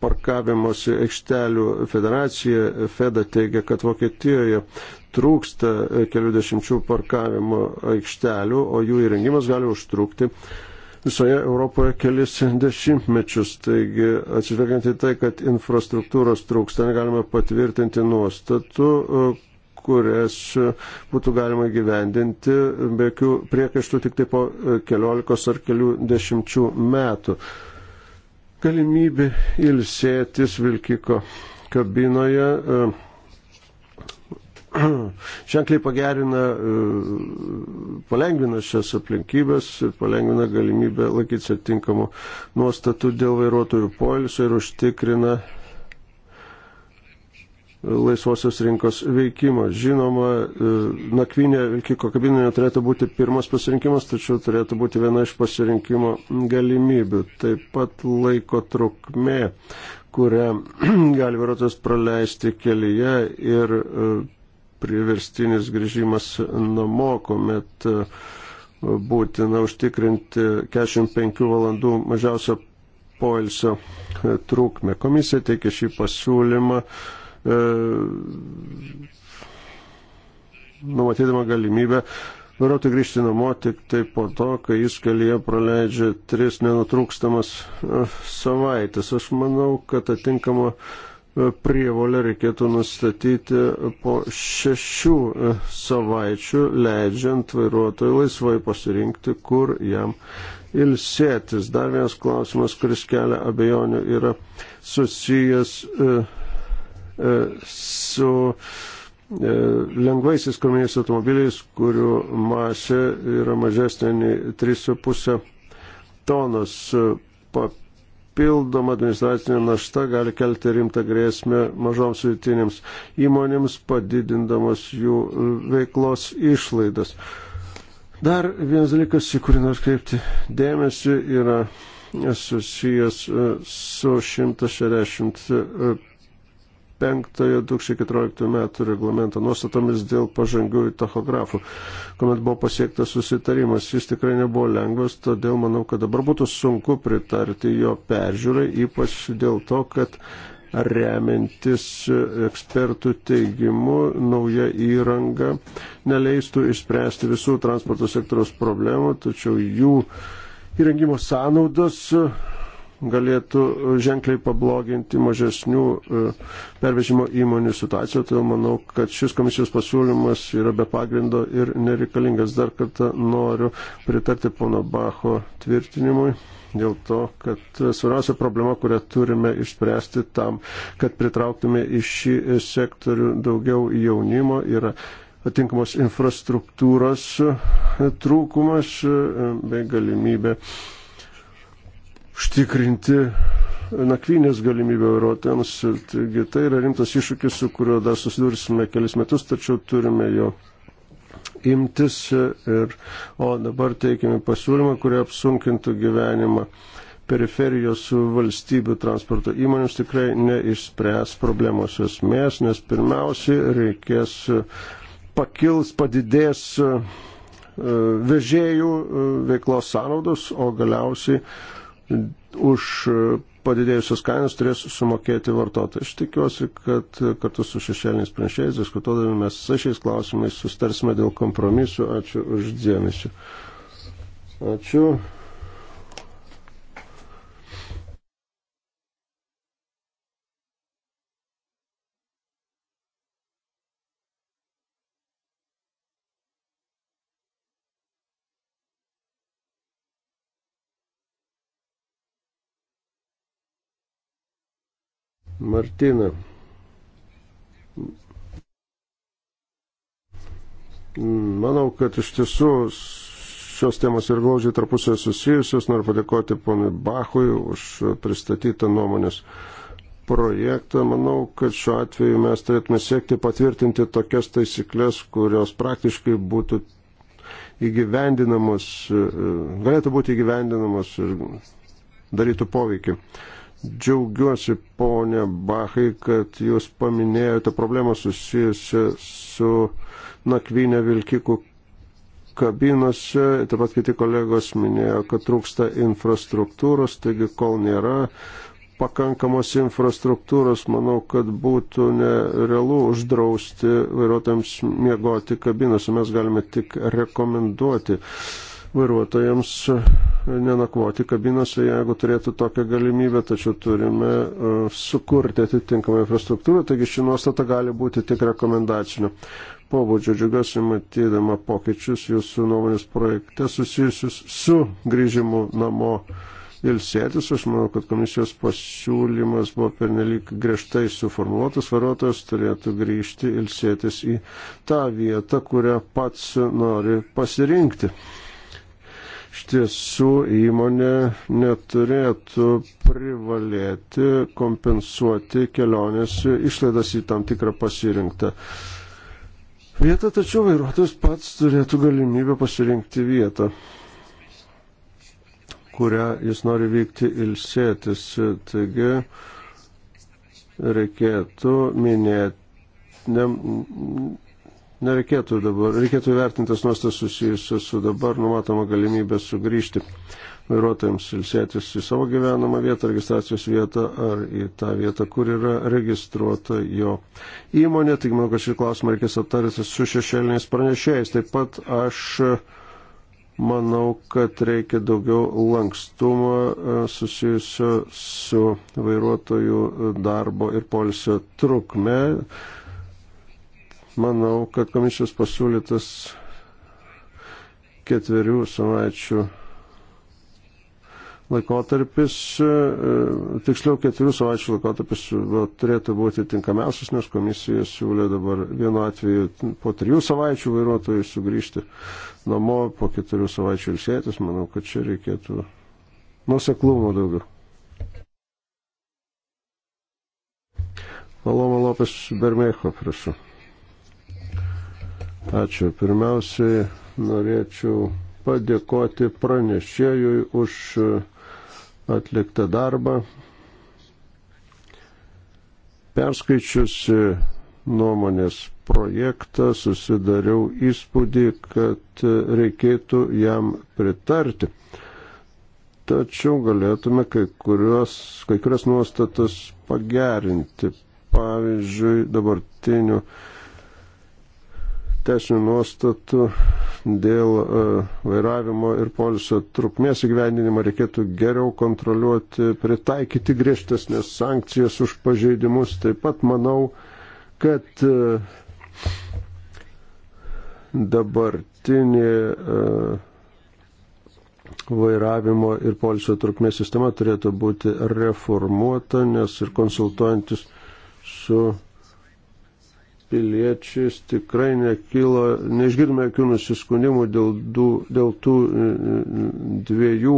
parkavimosi aikštelių federacija FEDA teigia, kad Vokietijoje trūksta kelių dešimčių parkavimo aikštelių, o jų įrengimas gali užtrukti visoje Europoje kelis dešimtmečius. Taigi, atsižvelgiant į tai, kad infrastruktūros trūksta, negalime patvirtinti nuostatų, kurias e, būtų galima gyvendinti be jokių priekaištų tik tai po e, keliolikos ar kelių dešimčių metų. Galimybė ilsėtis Vilkiko kabinoje e, [clears throat] ženkliai pagerina, palengvina šias aplinkybės ir palengvina galimybę laikytis atitinkamų nuostatų dėl vairuotojų poilsio ir užtikrina laisvosios rinkos veikimą. Žinoma, e, nakvinė vilkiko kabinė neturėtų būti pirmas pasirinkimas, tačiau turėtų būti viena iš pasirinkimo galimybių. Taip pat laiko trukmė, kurią [clears throat] gali vairuotojas praleisti kelyje ir e, priverstinis grįžimas namo, kuomet e, būtina užtikrinti 45 valandų mažiausio poilsio trūkmę. Komisija teikia šį pasiūlymą E, numatydama galimybę vairuotojai grįžti namo tik tai po to, kai jis kelyje praleidžia tris nenutrūkstamas e, savaitės. Aš manau, kad atinkama e, prievolę reikėtų nustatyti po šešių savaičių, leidžiant vairuotojui laisvai pasirinkti, kur jam ilsėtis. Dar vienas klausimas, kuris kelia abejonių, yra susijęs E, su e, lengvaisiais kominiais automobiliais, kurių masė yra mažesnė nei 3,5 tonos. Papildoma administracinė našta gali kelti rimtą grėsmę mažoms vidutinėms įmonėms, padidindamos jų veiklos išlaidas. Dar vienas dalykas, į kurį nors kreipti dėmesį, yra susijęs e, su 165 5.2014 metų reglamento nuostatomis dėl pažangiųjų tachografų, kuomet buvo pasiektas susitarimas. Jis tikrai nebuvo lengvas, todėl manau, kad dabar būtų sunku pritarti jo peržiūrai, ypač dėl to, kad remiantis ekspertų teigimu, nauja įranga neleistų išspręsti visų transporto sektoriaus problemų, tačiau jų įrengimo sąnaudos galėtų ženkliai pabloginti mažesnių e, pervežimo įmonių situaciją. Todėl manau, kad šis komisijos pasiūlymas yra be pagrindo ir nereikalingas. Dar kartą noriu pritarti pono Bacho tvirtinimui. Dėl to, kad svarbiausia problema, kurią turime išspręsti tam, kad pritrauktume į šį sektorių daugiau jaunimo, yra atinkamos infrastruktūros trūkumas e, bei galimybė uh, užtikrinti nakvynės galimybę vairuotojams. Taigi tai yra rimtas iššūkis, su kuriuo dar susidursime kelis metus, tačiau turime jo imtis. Ir, o dabar teikime pasiūlymą, kurie apsunkintų gyvenimą periferijos valstybių transporto įmonėms tikrai neišspręs problemos esmės, nes pirmiausiai reikės pakils, padidės e, vežėjų e, veiklos sąnaudos, o galiausiai už e, padidėjusios kainos turės sumokėti vartotojai. Aš tikiuosi, kad e, kartu su šešėliniais pranešėjais diskutuodami mes visais šiais klausimais sustarsime dėl kompromisų. Ačiū už dėmesį. Ačiū. Martina. Manau, kad iš tiesų šios temos ir glaudžiai tarpusėje susijusios. Noriu padėkoti ponui Bachui už pristatytą nuomonės projektą. Manau, kad šiuo atveju mes turėtume siekti patvirtinti tokias taisyklės, kurios praktiškai būtų įgyvendinamos, galėtų būti įgyvendinamos ir darytų poveikį. Džiaugiuosi, ponė Bahai, kad jūs paminėjote problemą susijusią su nakvynė vilkikų kabinose. Taip pat kiti kolegos minėjo, kad trūksta infrastruktūros, taigi kol nėra pakankamos infrastruktūros, manau, kad būtų nerealu uždrausti vairuotojams miegoti kabinose. Mes galime tik rekomenduoti. Uh, vairuotojams e, nenakvoti kabinose, jeigu turėtų tokią galimybę, tačiau turime e, sukurti atitinkamą infrastruktūrą, taigi ši nuostata gali būti tik rekomendacinė. Pobūdžio džiugiuosi matydama pokyčius jūsų nuomonės projekte susijusius su grįžimu namo ilsėtis. Aš manau, kad komisijos pasiūlymas buvo pernelyg griežtai suformuotas. Vairuotojas turėtų grįžti ilsėtis į tą vietą, kurią pats nori pasirinkti iš tiesų įmonė neturėtų privalėti kompensuoti kelionės išlaidas į tam tikrą pasirinktą vietą, tačiau vairuotojas pats turėtų galimybę pasirinkti vietą, kurią jis nori vykti ilsėtis. Taigi reikėtų minėti, ne, nereikėtų dabar, reikėtų vertintas nuostas susijusios su dabar numatoma galimybė sugrįžti vairuotojams ilsėtis į savo gyvenamą vietą, registracijos vietą ar į tą vietą, kur yra registruota jo įmonė. Tik manau, kad šį klausimą reikės aptarti su šešėliniais pranešėjais. Taip pat aš manau, kad reikia daugiau lankstumo e, susijusio su vairuotojų darbo ir polisio trukme. Manau, kad komisijos pasiūlytas ketverių savaičių laikotarpis, e, tiksliau keturių savaičių laikotarpis turėtų būti tinkamiausias, nes komisija siūlė dabar vienu atveju po trijų savaičių vairuotojai sugrįžti namo, po keturių savaičių ilsėtis. Manau, kad čia reikėtų nuseklumo daugiau. Paloma Lopes Bermejo, prašau. Ačiū. Pirmiausiai norėčiau padėkoti pranešėjui už atliktą darbą. Perskaičiusi nuomonės projektą susidariau įspūdį, kad reikėtų jam pritarti. Tačiau galėtume kai kurios, kai kurias nuostatas pagerinti. Pavyzdžiui, dabartinių teisinių nuostatų dėl e, vairavimo ir polisio trukmės įgyvendinimą reikėtų geriau kontroliuoti, pritaikyti griežtesnės sankcijas už pažeidimus. Taip pat manau, kad e, dabartinė e, vairavimo ir polisio trukmės sistema turėtų būti reformuota, nes ir konsultuojantis su piliečiais tikrai nekilo, neišgirdome jokių nusiskundimų dėl, du, dėl tų e, e, dviejų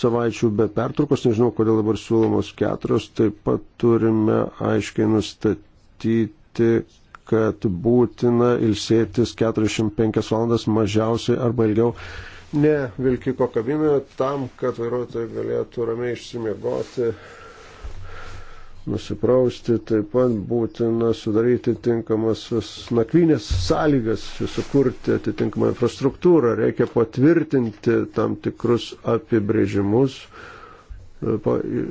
savaičių be pertraukos, nežinau, kodėl dabar siūlomos keturios, taip pat turime aiškiai nustatyti, kad būtina ilsėtis 45 valandas mažiausiai arba ilgiau ne vilkiko kabinoje tam, kad vairuotojai galėtų ramiai išsimiegoti nusiprausti, taip pat būtina sudaryti tinkamas nakvynės sąlygas, sukurti atitinkamą infrastruktūrą, reikia patvirtinti tam tikrus apibrėžimus,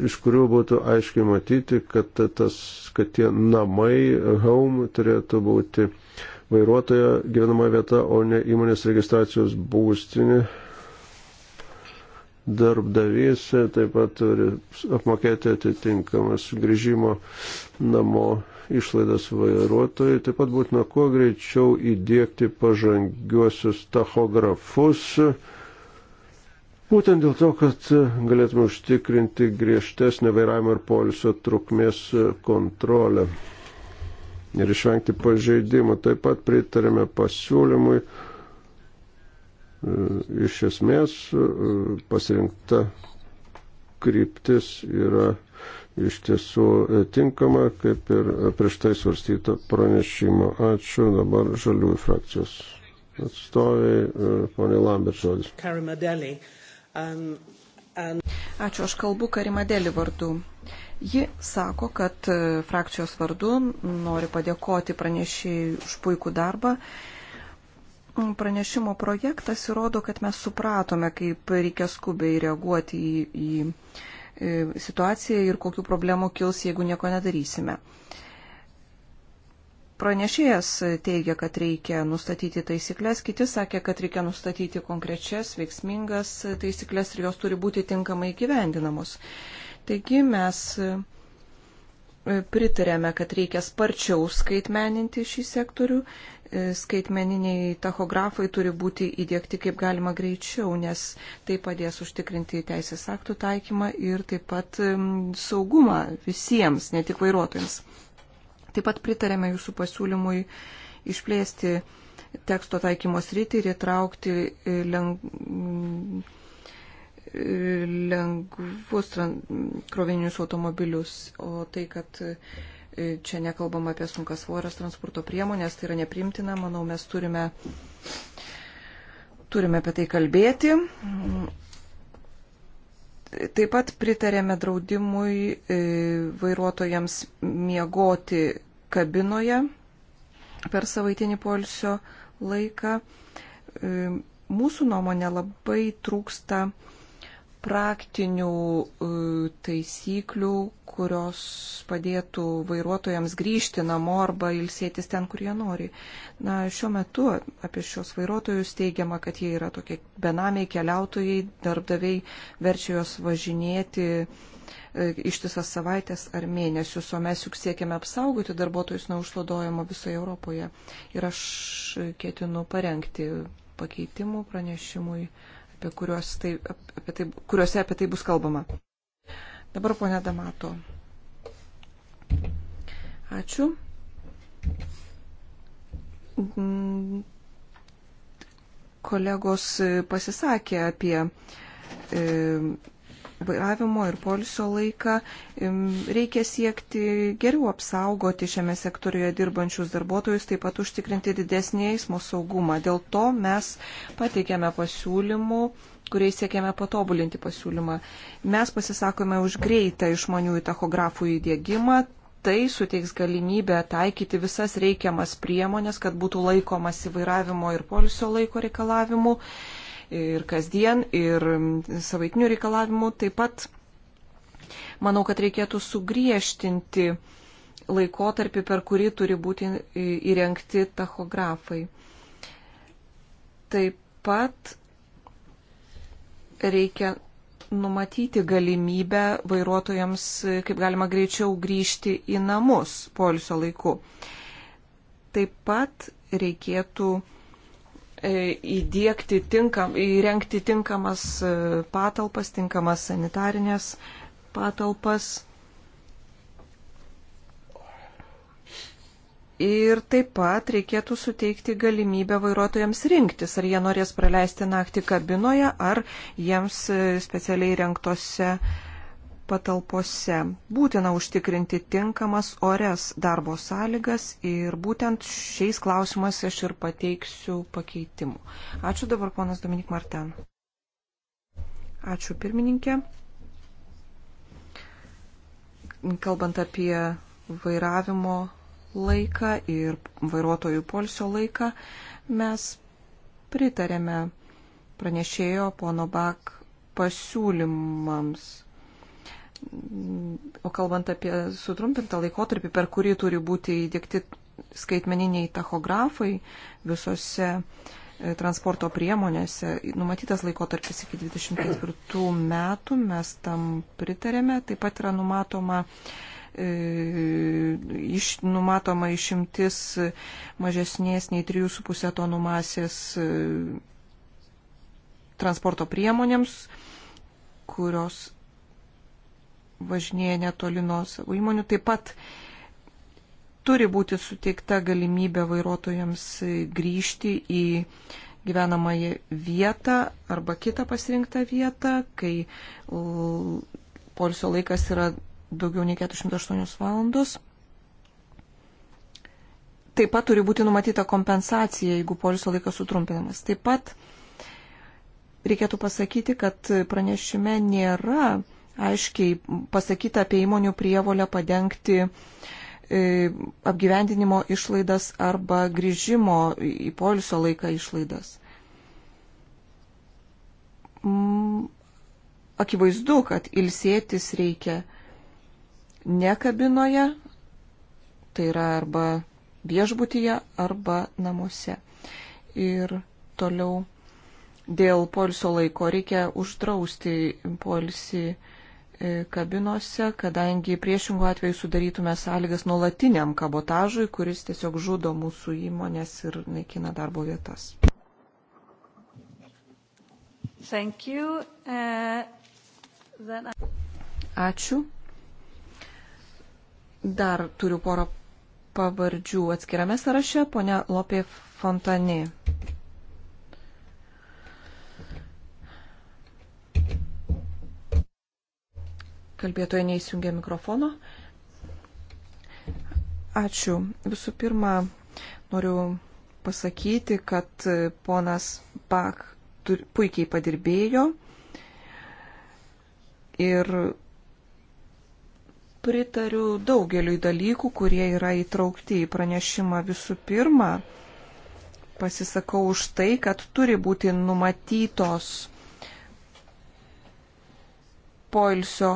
iš kurių būtų aiškiai matyti, kad, tas, kad tie namai, home, turėtų būti vairuotojo gyvenama vieta, o ne įmonės registracijos būstinė darbdavys e, taip pat turi apmokėti atitinkamas grįžimo namo išlaidas vairuotojai. Taip pat būtina kuo greičiau įdėkti pažangiuosius tachografus. Būtent dėl to, kad galėtume užtikrinti griežtesnę vairavimo ir polisio trukmės kontrolę ir išvengti pažeidimų. Taip pat pritarėme pasiūlymui E, iš esmės e, pasirinkta kryptis yra iš tiesų e, tinkama, kaip ir prieš tai svarstyta pranešimo. Ačiū dabar žaliųjų frakcijos atstoviai, ponė Lambert žodis. Karimadėlį. Um, um... Ačiū, aš kalbu Karimadėlį vardu. Ji sako, kad frakcijos vardu nori padėkoti pranešėjai už puikų darbą pranešimo projektas įrodo, kad mes supratome, kaip reikia skubiai reaguoti į, į e, situaciją ir kokiu problemu kils, jeigu nieko nedarysime. Pranešėjas teigia, kad reikia nustatyti taisyklės, kiti sakė, kad reikia nustatyti konkrečias, veiksmingas taisyklės ir jos turi būti tinkamai gyvendinamos. Taigi mes e, pritarėme, kad reikia sparčiau skaitmeninti šį sektorių, skaitmeniniai tachografai turi būti įdėkti kaip galima greičiau, nes tai padės užtikrinti teisės aktų taikymą ir taip pat saugumą visiems, ne tik vairuotojams. Taip pat pritarėme jūsų pasiūlymui išplėsti teksto taikymos rytį ir įtraukti e, leng e, lengvus krovinius automobilius, o tai, kad E, čia nekalbam apie sunkas svoras transporto priemonės, tai yra neprimtina. Manau, mes turime, turime apie tai kalbėti. Taip pat pritarėme draudimui e, vairuotojams miegoti kabinoje per savaitinį poilsio laiką. E, mūsų nuomonė labai trūksta uh, praktinių e, taisyklių, kurios padėtų vairuotojams grįžti namo arba ilsėtis ten, kur jie nori. Na, šiuo metu apie šios vairuotojus teigiama, kad jie yra tokie benamiai keliautojai, darbdaviai verčia juos važinėti e, ištisas savaitės ar mėnesius, o mes juk siekiame apsaugoti darbuotojus nuo užlodojimo visoje Europoje. Ir aš ketinu parengti pakeitimų pranešimui apie, kuriuos tai, apie tai, kuriuose apie tai bus kalbama. Dabar ponia Damato. Ačiū. Mm, kolegos pasisakė apie e, vairavimo ir polisio laiką. Reikia siekti geriau apsaugoti šiame sektoriuje dirbančius darbuotojus, taip pat užtikrinti didesnį eismo saugumą. Dėl to mes pateikėme pasiūlymų kuriais siekiame patobulinti pasiūlymą. Mes pasisakome už greitą išmaniųjų tachografų įdėgymą, tai suteiks galimybę taikyti visas reikiamas priemonės, kad būtų laikomasi vairavimo ir polisio laiko reikalavimų ir kasdien, ir savaitinių reikalavimų. Taip pat manau, kad reikėtų sugriežtinti laikotarpį, per kurį turi būti įrengti tachografai. Taip pat reikia numatyti galimybę vairuotojams kaip galima greičiau grįžti į namus polisio laiku. Taip pat reikėtų E, įdėkti tinkam, įrengti tinkamas e, patalpas, tinkamas sanitarinės patalpas. Ir taip pat reikėtų suteikti galimybę vairuotojams rinktis, ar jie norės praleisti naktį kabinoje, ar jiems e, specialiai renktose uh, patalpose. Būtina užtikrinti tinkamas ores darbo sąlygas ir būtent šiais klausimais aš ir pateiksiu pakeitimų. Ačiū dabar ponas Dominik Marten. Ačiū pirmininkė. Kalbant apie vairavimo laiką ir vairuotojų polsio laiką, mes pritarėme pranešėjo pono Bak pasiūlymams. O kalbant apie sutrumpintą laikotarpį, per kurį turi būti įdėkti skaitmeniniai tachografai visose e, transporto priemonėse, numatytas laikotarpis iki 24 metų, mes tam pritarėme, taip pat yra numatoma e, iš, numatoma išimtis mažesnės nei 3,5 tonų masės e, transporto priemonėms, kurios važinėja netoli nuo savo įmonių. Taip pat turi būti suteikta galimybė vairuotojams grįžti į gyvenamąją vietą arba kitą pasirinktą vietą, kai polsio laikas yra daugiau nei 48 valandos. Taip pat turi būti numatyta kompensacija, jeigu polsio laikas sutrumpinamas. Taip pat reikėtų pasakyti, kad pranešime nėra aiškiai pasakyta apie įmonių prievolę padengti e, apgyvendinimo išlaidas arba grįžimo į poliso laiką išlaidas. Mm, akivaizdu, kad ilsėtis reikia ne kabinoje, tai yra arba viešbutyje, arba namuose. Ir toliau dėl poliso laiko reikia uždrausti polisį E, kabinose, kadangi priešingų atveju sudarytume sąlygas nuolatiniam kabotažui, kuris tiesiog žudo mūsų įmonės ir naikina darbo vietas. Uh, I... Ačiū. Dar turiu porą pavardžių atskirame sąraše, ponia Lopė Fontanė. Kalbėtoje neįsijungia mikrofono. Ačiū. Visų pirma, noriu pasakyti, kad ponas Bach puikiai padirbėjo ir pritariu daugeliu dalykų, kurie yra įtraukti į pranešimą. Visų pirma, pasisakau už tai, kad turi būti numatytos poilsio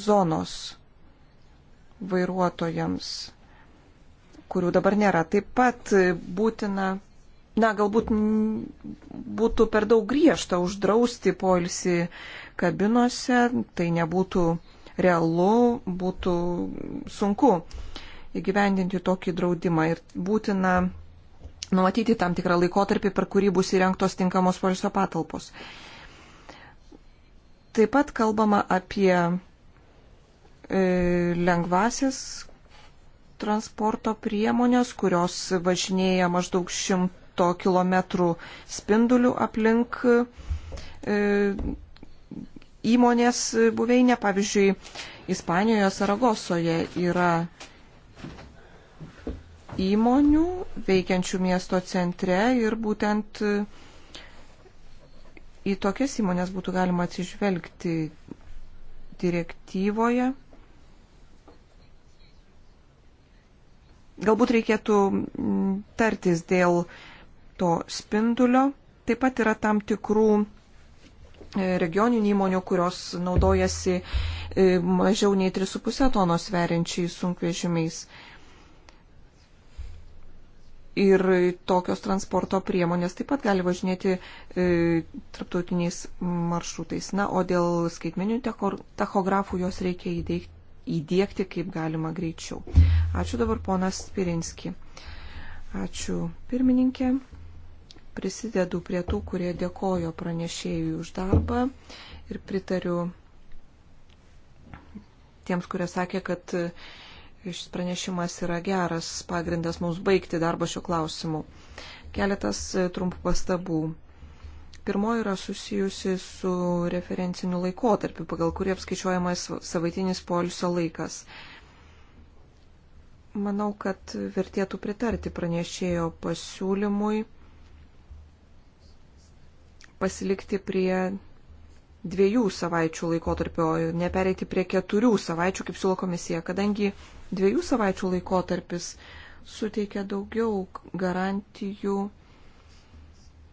zonos vairuotojams, kurių dabar nėra. Taip pat būtina, na, galbūt būtų per daug griežta uždrausti poilsį kabinose, tai nebūtų realu, būtų sunku įgyvendinti tokį draudimą ir būtina numatyti tam tikrą laikotarpį, per kurį bus įrengtos tinkamos poilsio patalpos. Taip pat kalbama apie E, lengvasis transporto priemonės, kurios važinėja maždaug šimto kilometrų spindulių aplink e, įmonės buveinė. Pavyzdžiui, Ispanijoje Saragosoje yra įmonių veikiančių miesto centre ir būtent į tokias įmonės būtų galima atsižvelgti direktyvoje. Galbūt reikėtų mm, tartis dėl to spindulio. Taip pat yra tam tikrų e, regioninių įmonių, kurios naudojasi e, mažiau nei 3,5 tonos sveriančiais sunkvežimiais. Ir tokios transporto priemonės taip pat gali važinėti e, traptautiniais maršrutais. Na, o dėl skaitmeninių tachografų jos reikia įdėkti, įdėkti kaip galima greičiau. Ačiū dabar ponas Pirinski. Ačiū pirmininkė. Prisidedu prie tų, kurie dėkojo pranešėjui už darbą ir pritariu tiems, kurie sakė, kad šis pranešimas yra geras pagrindas mums baigti darbą šiuo klausimu. Keletas trumpų pastabų. Pirmoji yra susijusi su referenciniu laikotarpiu, pagal kurį apskaičiuojamas savaitinis polisio laikas. Manau, kad vertėtų pritarti pranešėjo pasiūlymui pasilikti prie dviejų savaičių laikotarpio, nepereiti prie keturių savaičių, kaip siūlo komisija, kadangi dviejų savaičių laikotarpis suteikia daugiau garantijų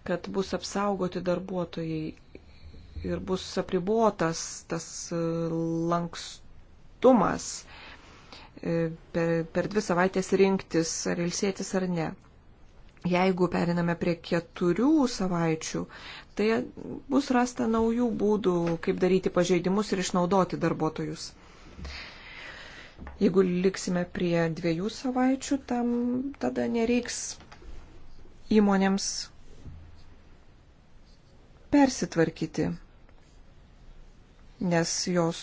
kad bus apsaugoti darbuotojai ir bus apribotas tas e, lankstumas e, per, per dvi savaitės rinktis ar ilsėtis ar ne. Jeigu periname prie keturių savaičių, tai bus rasta naujų būdų, kaip daryti pažeidimus ir išnaudoti darbuotojus. Jeigu liksime prie dviejų savaičių, tam tada nereiks įmonėms persitvarkyti, nes jos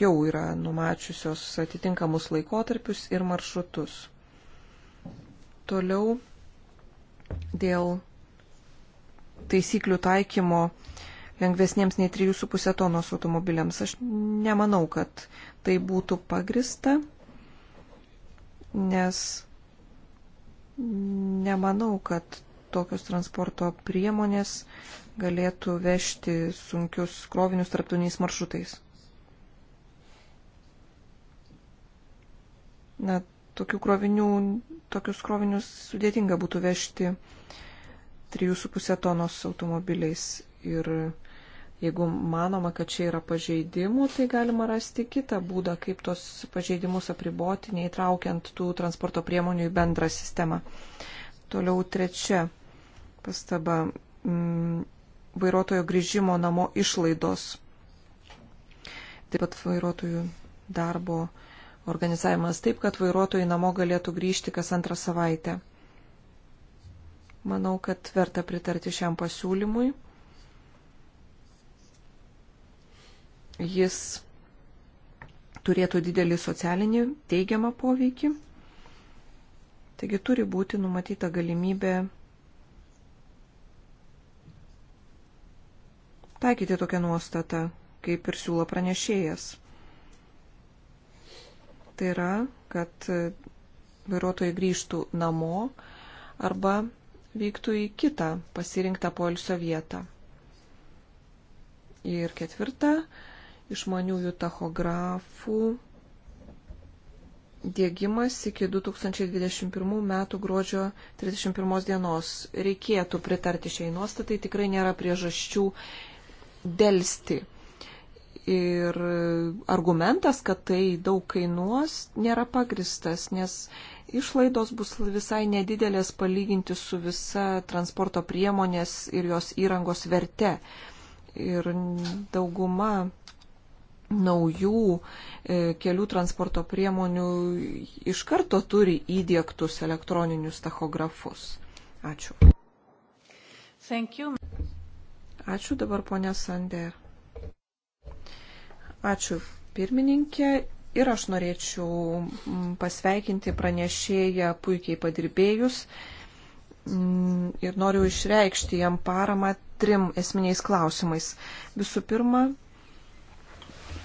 jau yra numačiusios atitinkamus laikotarpius ir maršrutus. Toliau dėl taisyklių taikymo lengvesniems nei 3,5 tonos automobiliams. Aš nemanau, kad tai būtų pagrista, nes nemanau, kad tokios transporto priemonės galėtų vežti sunkius krovinius tarptautiniais maršrutais. Na, tokių krovinių, tokius krovinius sudėtinga būtų vežti 3,5 tonos automobiliais ir jeigu manoma, kad čia yra pažeidimų, tai galima rasti kitą būdą, kaip tos pažeidimus apriboti, neįtraukiant tų transporto priemonių į bendrą sistemą. Toliau trečia pastaba. Mm, vairuotojo grįžimo namo išlaidos, taip pat vairuotojų darbo organizavimas taip, kad vairuotojai namo galėtų grįžti kas antrą savaitę. Manau, kad verta pritarti šiam pasiūlymui. Jis turėtų didelį socialinį teigiamą poveikį. Taigi turi būti numatyta galimybė taikyti tokią nuostatą, kaip ir siūlo pranešėjas. Tai yra, kad vairuotojai grįžtų namo arba vyktų į kitą pasirinktą poilsio vietą. Ir ketvirta, išmaniųjų tachografų dėgymas iki 2021 metų gruodžio 31 dienos. Reikėtų pritarti šiai nuostatai, tikrai nėra priežasčių dėlsti. Ir argumentas, kad tai daug kainuos, nėra pagristas, nes išlaidos bus visai nedidelės palyginti su visa transporto priemonės ir jos įrangos verte. Ir dauguma naujų e, kelių transporto priemonių iš karto turi įdėktus elektroninius tachografus. Ačiū. Ačiū dabar ponė Sander. Ačiū pirmininkė ir aš norėčiau mm, pasveikinti pranešėją puikiai padirbėjus mm, ir noriu išreikšti jam paramą trim esminiais klausimais. Visų pirma,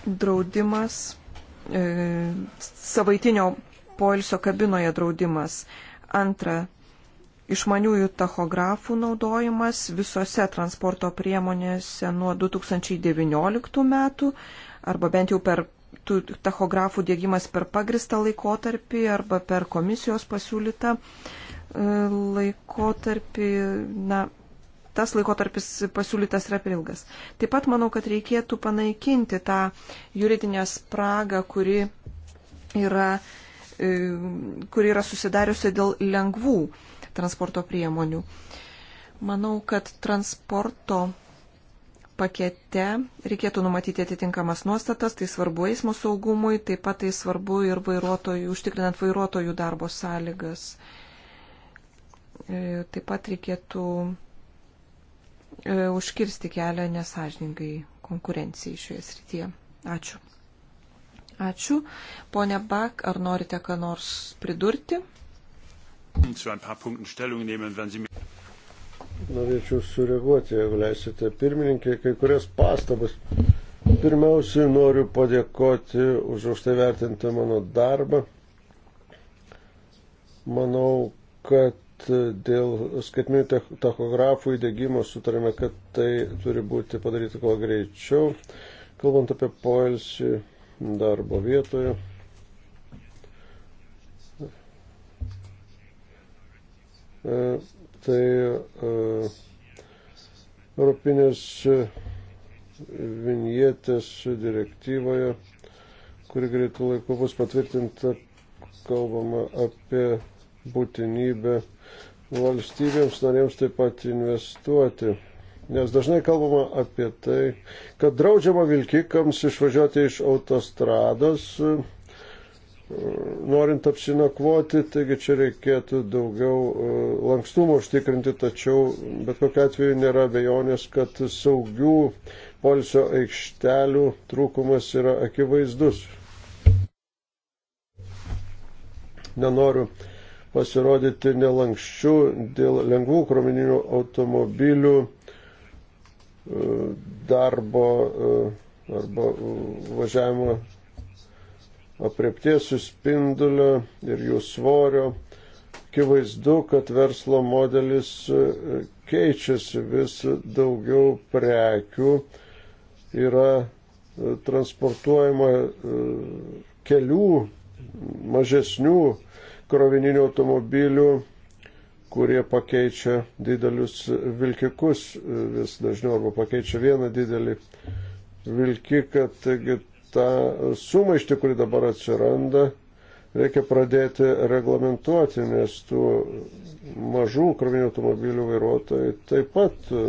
draudimas, e, savaitinio poilsio kabinoje draudimas. Antra, išmaniųjų tachografų naudojimas visose transporto priemonėse nuo 2019 metų, arba bent jau per tų tachografų dėgymas per pagristą laikotarpį arba per komisijos pasiūlytą e, laikotarpį, na, tas laikotarpis pasiūlytas yra per ilgas. Taip pat manau, kad reikėtų panaikinti tą juridinę spragą, kuri yra, e, kuri yra susidariusi dėl lengvų transporto priemonių. Manau, kad transporto pakete reikėtų numatyti atitinkamas nuostatas, tai svarbu eismo saugumui, taip pat tai svarbu ir vairuotojų, užtikrinant vairuotojų darbo sąlygas. E, taip pat reikėtų e, užkirsti kelią nesažiningai konkurencijai šioje srityje. Ačiū. Ačiū. Pone Bak, ar norite ką nors pridurti? Norėčiau sureaguoti, jeigu leisite, pirmininkai, kai kurias pastabas. Pirmiausiai noriu padėkoti už už tai vertintą mano darbą. Manau, kad dėl skaitminių tachografų įdėgymo sutarėme, kad tai turi būti padaryta kuo greičiau. Kalbant apie poilsį darbo vietoje, E, tai e, Europinės vinietės direktyvoje, kuri greitų laikų bus patvirtinta, kalbama apie būtinybę valstybėms norėjams taip pat investuoti. Nes dažnai kalbama apie tai, kad draudžiama vilkikams išvažiuoti iš autostrados, norint apsinakvoti, taigi čia reikėtų daugiau e, lankstumo užtikrinti, tačiau bet kokiu atveju nėra bejonės, kad saugių polsio aikštelių trūkumas yra akivaizdus. Nenoriu pasirodyti nelankščių dėl lengvų krovininių automobilių e, darbo e, arba važiavimo apriepties suspindulio ir jų svorio, akivaizdu, kad verslo modelis e, keičiasi vis daugiau prekių, yra e, transportuojama e, kelių mažesnių krovininių automobilių, kurie pakeičia didelius vilkikus vis dažniau arba pakeičia vieną didelį vilkiką, taigi tą sumaištį, kuri dabar atsiranda, reikia pradėti reglamentuoti, nes tų mažų krovinių automobilių vairuotojai taip pat e,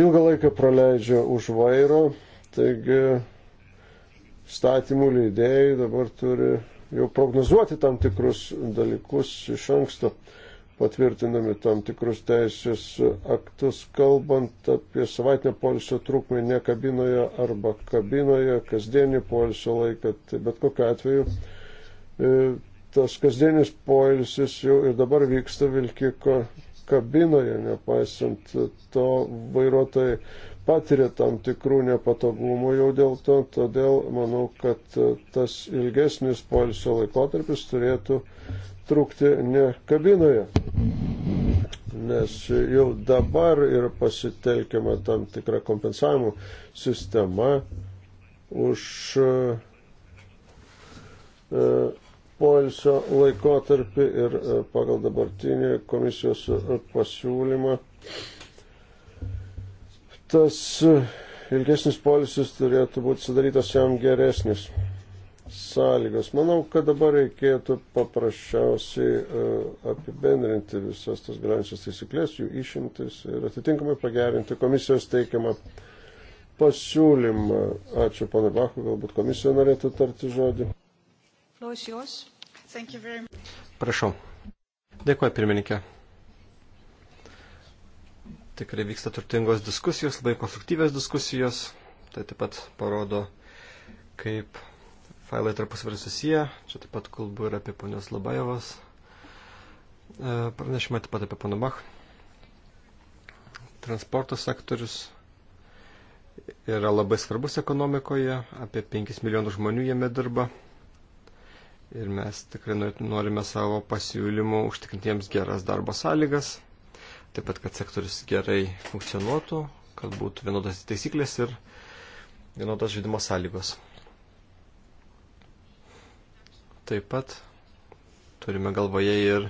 ilgą laiką praleidžia už vairo, taigi statymų leidėjai dabar turi jau prognozuoti tam tikrus dalykus iš anksto patvirtinami tam tikrus teisės aktus, kalbant apie savaitinę polisio trukmę ne kabinoje arba kabinoje, kasdienį polisio laiką, tai bet kokiu atveju e, tas kasdienis poilsis jau ir dabar vyksta Vilkiko kabinoje, nepaisant to vairuotojai patiria tam tikrų nepatogumų jau dėl to, todėl manau, kad tas ilgesnis poilsio laikotarpis turėtų trūkti ne kabinoje, nes jau dabar yra pasitelkiama tam tikra kompensavimo sistema už e, poilsio laikotarpį ir e, pagal dabartinį komisijos pasiūlymą tas e, ilgesnis poilsis turėtų būti sudarytas jam geresnis sąlygos. Manau, kad dabar reikėtų paprasčiausiai e, apibendrinti visas tas grančias taisyklės, jų išimtis ir atitinkamai pagerinti komisijos teikiamą pasiūlymą. Ačiū, pana Bachu, galbūt komisija norėtų tarti žodį. Prašau. Dėkuoju, pirmininkė. Tikrai vyksta turtingos diskusijos, labai konstruktyvės diskusijos. Tai taip pat parodo, kaip failai tarpusavį susiję. Čia taip pat kalbu ir apie ponios Labajovas. E, pranešimą taip pat apie pono Bach. Transporto sektorius yra labai svarbus ekonomikoje. Apie 5 milijonų žmonių jame dirba. Ir mes tikrai norime savo pasiūlymų užtikrintiems geras darbo sąlygas. Taip pat, kad sektorius gerai funkcionuotų, kad būtų vienodas taisyklės ir vienodas žaidimo sąlygos. Taip pat turime galvoje ir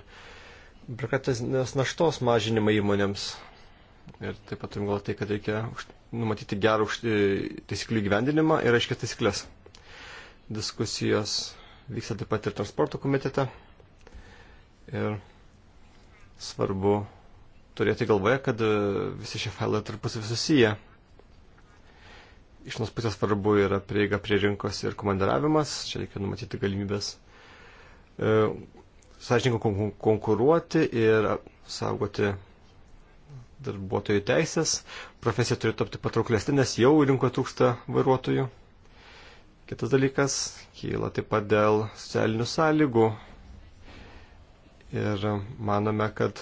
biurokratinės naštos mažinimą įmonėms. Ir taip pat turim galvoje tai, kad reikia numatyti gerą taisyklių gyvendinimą ir aiškias taisyklės. Diskusijos vyksta taip pat ir transporto komitete. Ir svarbu turėti galvoje, kad e, visi šie failai tarpusavį susiję. Iš vienos pusės svarbu yra prieiga prie rinkos ir komandavimas, čia reikia numatyti galimybės E, sąžininkai konkuruoti ir saugoti darbuotojų teisės. Profesija turi tapti patrauklesnė, nes jau rinkoje trūksta vairuotojų. Kitas dalykas kyla taip pat dėl socialinių sąlygų. Ir manome, kad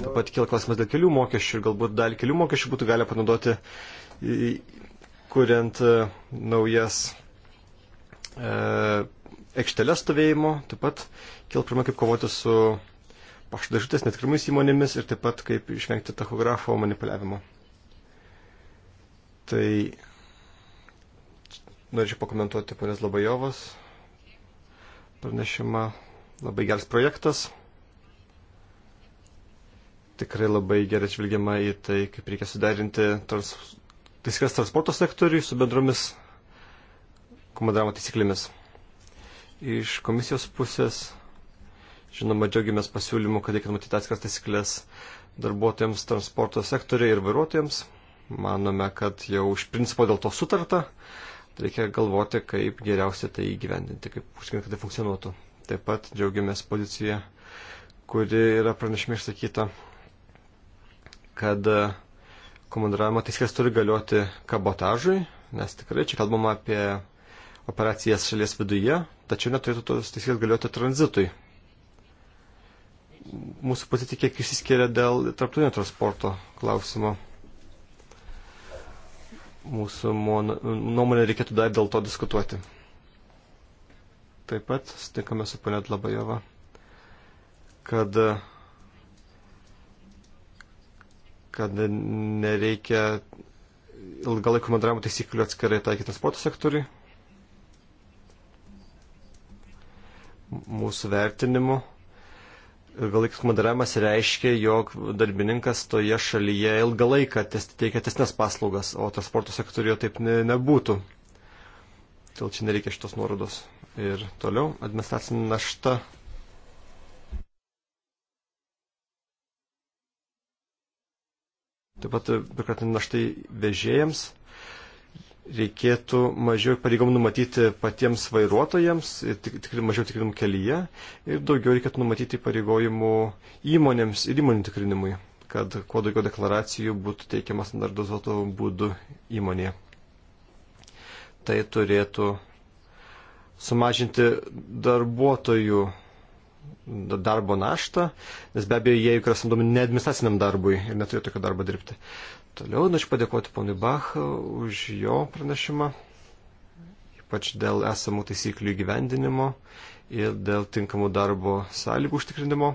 taip pat kyla klausimas dėl kelių mokesčių ir galbūt dalį kelių mokesčių būtų galima panaudoti, kuriant e, naujas E, aikštelės stovėjimo, taip pat kil problema kaip kovoti su pašto dėžutės netikrimis įmonėmis ir taip pat kaip išvengti tachografo manipuliavimo. Tai norėčiau pakomentuoti ponės Labajovas pranešimą. Labai geras projektas. Tikrai labai gerai žvelgiama į tai, kaip reikia suderinti trans... taisyklas transporto sektoriui su bendromis komandavimo taisyklėmis. Iš komisijos pusės, žinoma, džiaugiamės pasiūlymu, kad reikia matyti atskiras taisyklės darbuotojams transporto sektoriai ir vairuotojams. Manome, kad jau iš principo dėl to sutarta. Tai reikia galvoti, kaip geriausia tai įgyvendinti, kaip užtikrinti, kad tai funkcionuotų. Taip pat džiaugiamės poziciją, kuri yra pranešime išsakyta, kad komandiravimo taisyklės turi galioti kabotažui, nes tikrai čia kalbama apie operacijas šalies viduje, tačiau neturėtų tos taisyklės galioti tranzitui. Mūsų pozicija kiek išsiskiria dėl tarptautinio transporto klausimo. Mūsų nuomonė reikėtų dar dėl to diskutuoti. Taip pat sutinkame su ponė Dlabajova, kad kad nereikia ilgalaikų mandravimo taisyklių atskirai taikyti transporto sektoriui. mūsų vertinimu ilgalaikis moderavimas reiškia, jog darbininkas toje šalyje ilgą laiką teikia tesnes paslaugas, o transporto sektorijoje taip ne, nebūtų. Dėl čia nereikia šitos nuorodos. Ir toliau administracinė našta. Taip pat biurokratinė našta vežėjams reikėtų mažiau pareigom numatyti patiems vairuotojams, tik, tik, mažiau tikrinimų kelyje ir daugiau reikėtų numatyti pareigojimų įmonėms ir įmonių tikrinimui, kad kuo daugiau deklaracijų būtų teikiama standartizuotų būdų įmonėje. Tai turėtų sumažinti darbuotojų darbo naštą, nes be abejo jie juk yra samdomi ne administraciniam darbui ir neturėtų tokio darbo dirbti. Toliau norėčiau padėkoti ponui Bach už jo pranešimą, ypač dėl esamų taisyklių įgyvendinimo ir dėl tinkamų darbo sąlygų užtikrinimo,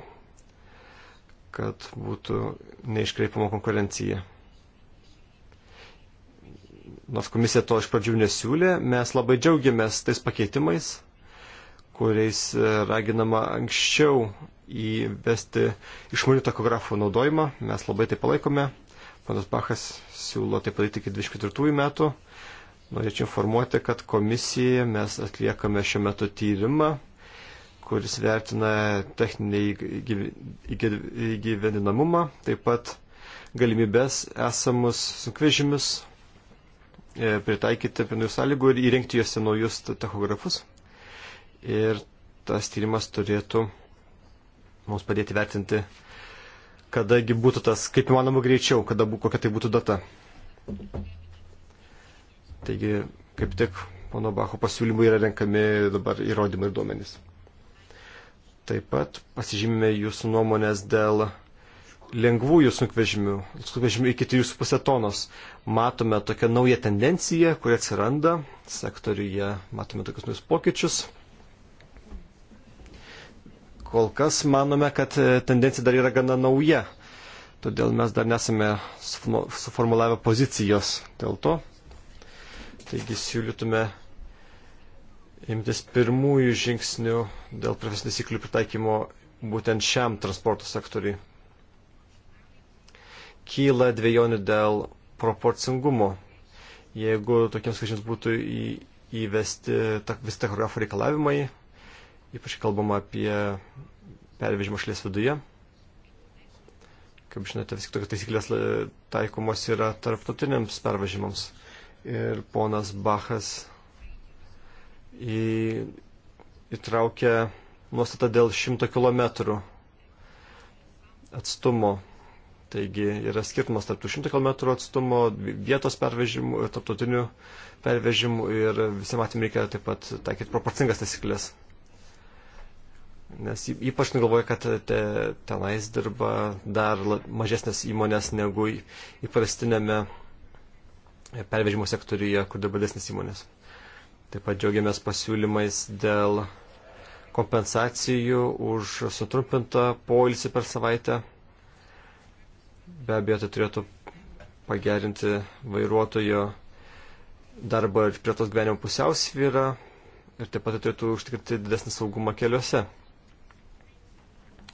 kad būtų neiškreipiama konkurencija. Nors komisija to iš pradžių nesiūlė, mes labai džiaugiamės tais pakeitimais, kuriais e, raginama anksčiau įvesti išmanių takografų naudojimą. Mes labai tai palaikome. Panas Bachas siūlo tai padaryti iki 24 metų. Norėčiau informuoti, kad komisijoje mes atliekame šiuo metu tyrimą, kuris vertina techninį įgyvendinamumą, taip pat galimybės esamus sunkvežimius e, pritaikyti prie naujų sąlygų ir įrengti juose naujus tachografus. Ir tas tyrimas turėtų mums padėti vertinti kadagi būtų tas, kaip įmanoma greičiau, kada, kokia tai būtų data. Taigi, kaip tik pono Bacho pasiūlymų yra renkami dabar įrodymai ir duomenys. Taip pat pasižymime jūsų nuomonės dėl lengvųjų sunkvežimių, sunkvežimių iki 3,5 tonos. Matome tokią naują tendenciją, kuri atsiranda sektoriuje, matome tokius naujus pokyčius kol kas manome, kad e, tendencija dar yra gana nauja. Todėl mes dar nesame suformulavę pozicijos dėl to. Taigi siūlytume imtis pirmųjų žingsnių dėl profesinių taisyklių pritaikymo būtent šiam transporto sektoriui. Kyla dviejonių dėl proporcingumo. Jeigu tokiems skaičiams būtų įvesti vis tachografų reikalavimai, Ypač kalbama apie pervežimą šalies viduje. Kaip žinote, vis tik tokios taisyklės e, taikomos yra tarptautiniams pervežimams. Ir ponas Bachas į, įtraukia nuostatą dėl 100 km atstumo. Taigi yra skirtumas tarp 100 km atstumo, vietos pervežimų ir tarptautinių pervežimų ir visiems atim reikia taip pat taikyti proporcingas taisyklės. Nes ypač galvoju, kad te, tenais dirba dar mažesnės įmonės negu įprastinėme pervežimo sektoriuje, kur dirba desnės įmonės. Taip pat džiaugiamės pasiūlymais dėl kompensacijų už sutrumpintą poilsį per savaitę. Be abejo, tai turėtų pagerinti vairuotojo darbo ir prie tos gyvenimo pusiausvyrą ir taip pat tai turėtų užtikrinti didesnį saugumą keliuose.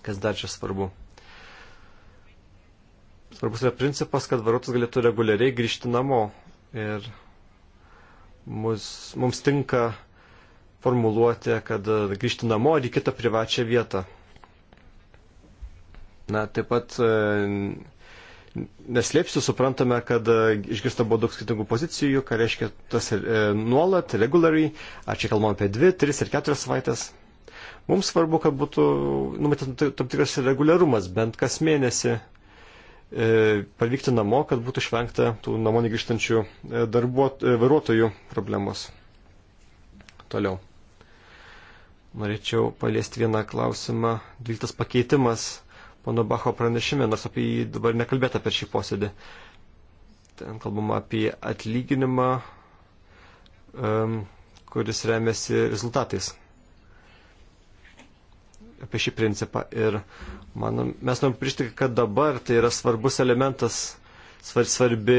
Kas dar čia svarbu? Svarbus yra principas, kad vairuotojas galėtų reguliariai grįžti namo. Ir mus, mums tinka formuluoti, kad grįžti namo ar į kitą privačią vietą. Na, taip pat e, neslėpsiu, suprantame, kad e, išgirsta buvo daug skirtingų pozicijų, ką reiškia tas e, nuolat, reguliariai, ar čia kalbam apie dvi, tris ir keturias savaitės. Mums svarbu, kad būtų numatytas tam tikras reguliarumas, bent kas mėnesį e, parvykti namo, kad būtų išvengta tų namo negrįžtančių e, darbuot, e, vairuotojų problemos. Toliau. Norėčiau paliesti vieną klausimą. Dviltas pakeitimas pono Bacho pranešime, nors apie jį dabar nekalbėta per šį posėdį. Ten kalbama apie atlyginimą, um, kuris remiasi rezultatais apie šį principą. Ir manom, mes norim prišti, kad dabar tai yra svarbus elementas, svar, svarbi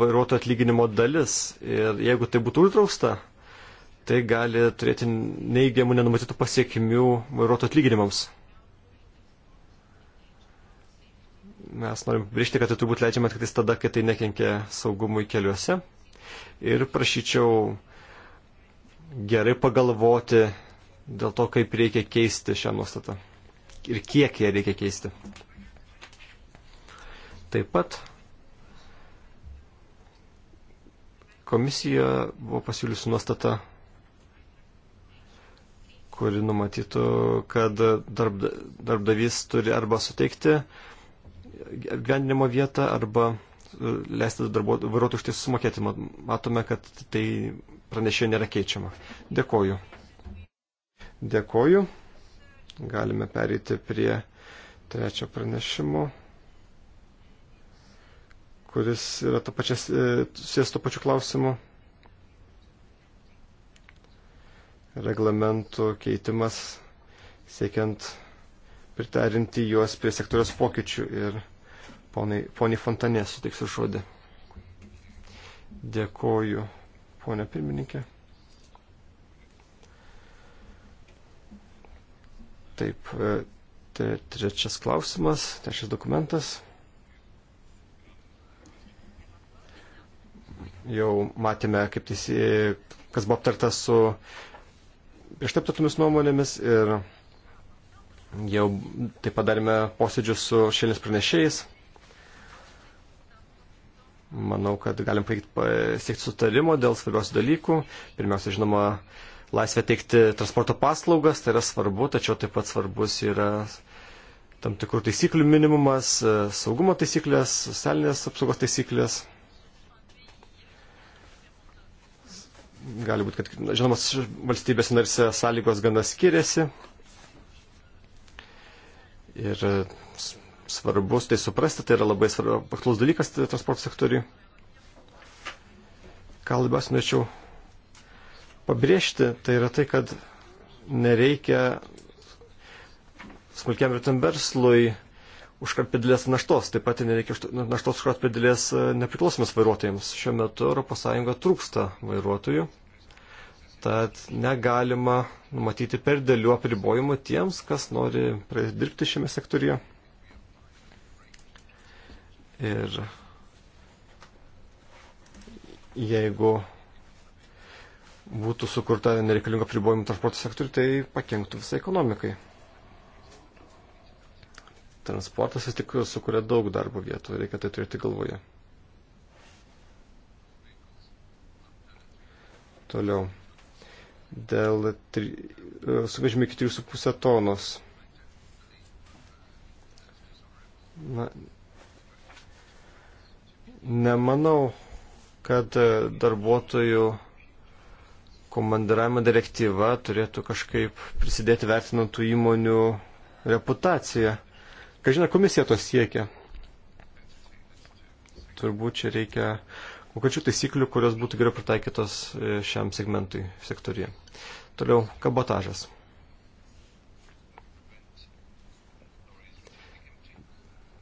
vairuotojo atlyginimo dalis. Ir jeigu tai būtų uždrausta, tai gali turėti neįgiamų nenumatytų pasiekimių vairuotojų atlyginimams. Mes norim brėžti, kad tai turbūt leidžiama tik tada, kai tai nekenkia saugumui keliuose. Ir prašyčiau gerai pagalvoti dėl to, kaip reikia keisti šią nuostatą ir kiek ją reikia keisti. Taip pat komisija buvo pasiūliusi nuostata, kuri numatytų, kad darbda, darbdavys turi arba suteikti gyvendinimo vietą, arba e, leisti vairuotojų už tai susimokėti. Matome, kad tai pranešė nėra keičiama. Dėkoju. Dėkoju. Galime pereiti prie trečio pranešimo, kuris yra to pačias, e, susijęs to pačiu klausimu. Reglamentų keitimas siekiant pritarinti juos prie sektoriaus pokyčių ir poniai, poniai Fontanė suteiksiu žodį. Dėkoju, ponia pirmininkė. Taip, e, tai trečias klausimas, trečias dokumentas. Jau matėme, kaip teisė, kas buvo aptarta su prieš taptatomis nuomonėmis ir jau taip padarėme posėdžius su šiandienis pranešėjais. Manau, kad galim pasiekti sutarimo dėl svarbiausių dalykų. Pirmiausia, žinoma, laisvę teikti transporto paslaugas, tai yra svarbu, tačiau taip pat svarbus yra tam tikrų taisyklių minimumas, e, saugumo taisyklės, socialinės apsaugos taisyklės. Gali būti, kad, žinomas, valstybės narse sąlygos gana skiriasi. Ir e, svarbus tai suprasti, tai yra labai svarbus dalykas tai transporto sektoriui. Ką labiausiai norėčiau pabrėžti, tai yra tai, kad nereikia smulkiam rytam verslui užkarpti didelės naštos, taip pat nereikia naštos užkarpti didelės e, nepriklausomis vairuotojams. Šiuo metu ES trūksta vairuotojų, tad negalima numatyti per dėlių apribojimų tiems, kas nori pradėti dirbti šiame sektorija. Ir jeigu būtų sukurta nereikalingo pribojimų transporto sektoriui, tai pakenktų visai ekonomikai. Transportas vis tik sukuria daug darbo vietų, reikia tai turėti galvoje. Toliau. Dėl tri... E, suvežimė iki 3,5 tonos. Na, nemanau, kad e, darbuotojų komandiravimo direktyva turėtų kažkaip prisidėti vertinant tų įmonių reputaciją. Kažina, komisija to siekia. Turbūt čia reikia kokių taisyklių, kurios būtų geriau pritaikytos e, šiam segmentui sektorija. Toliau, kabotažas.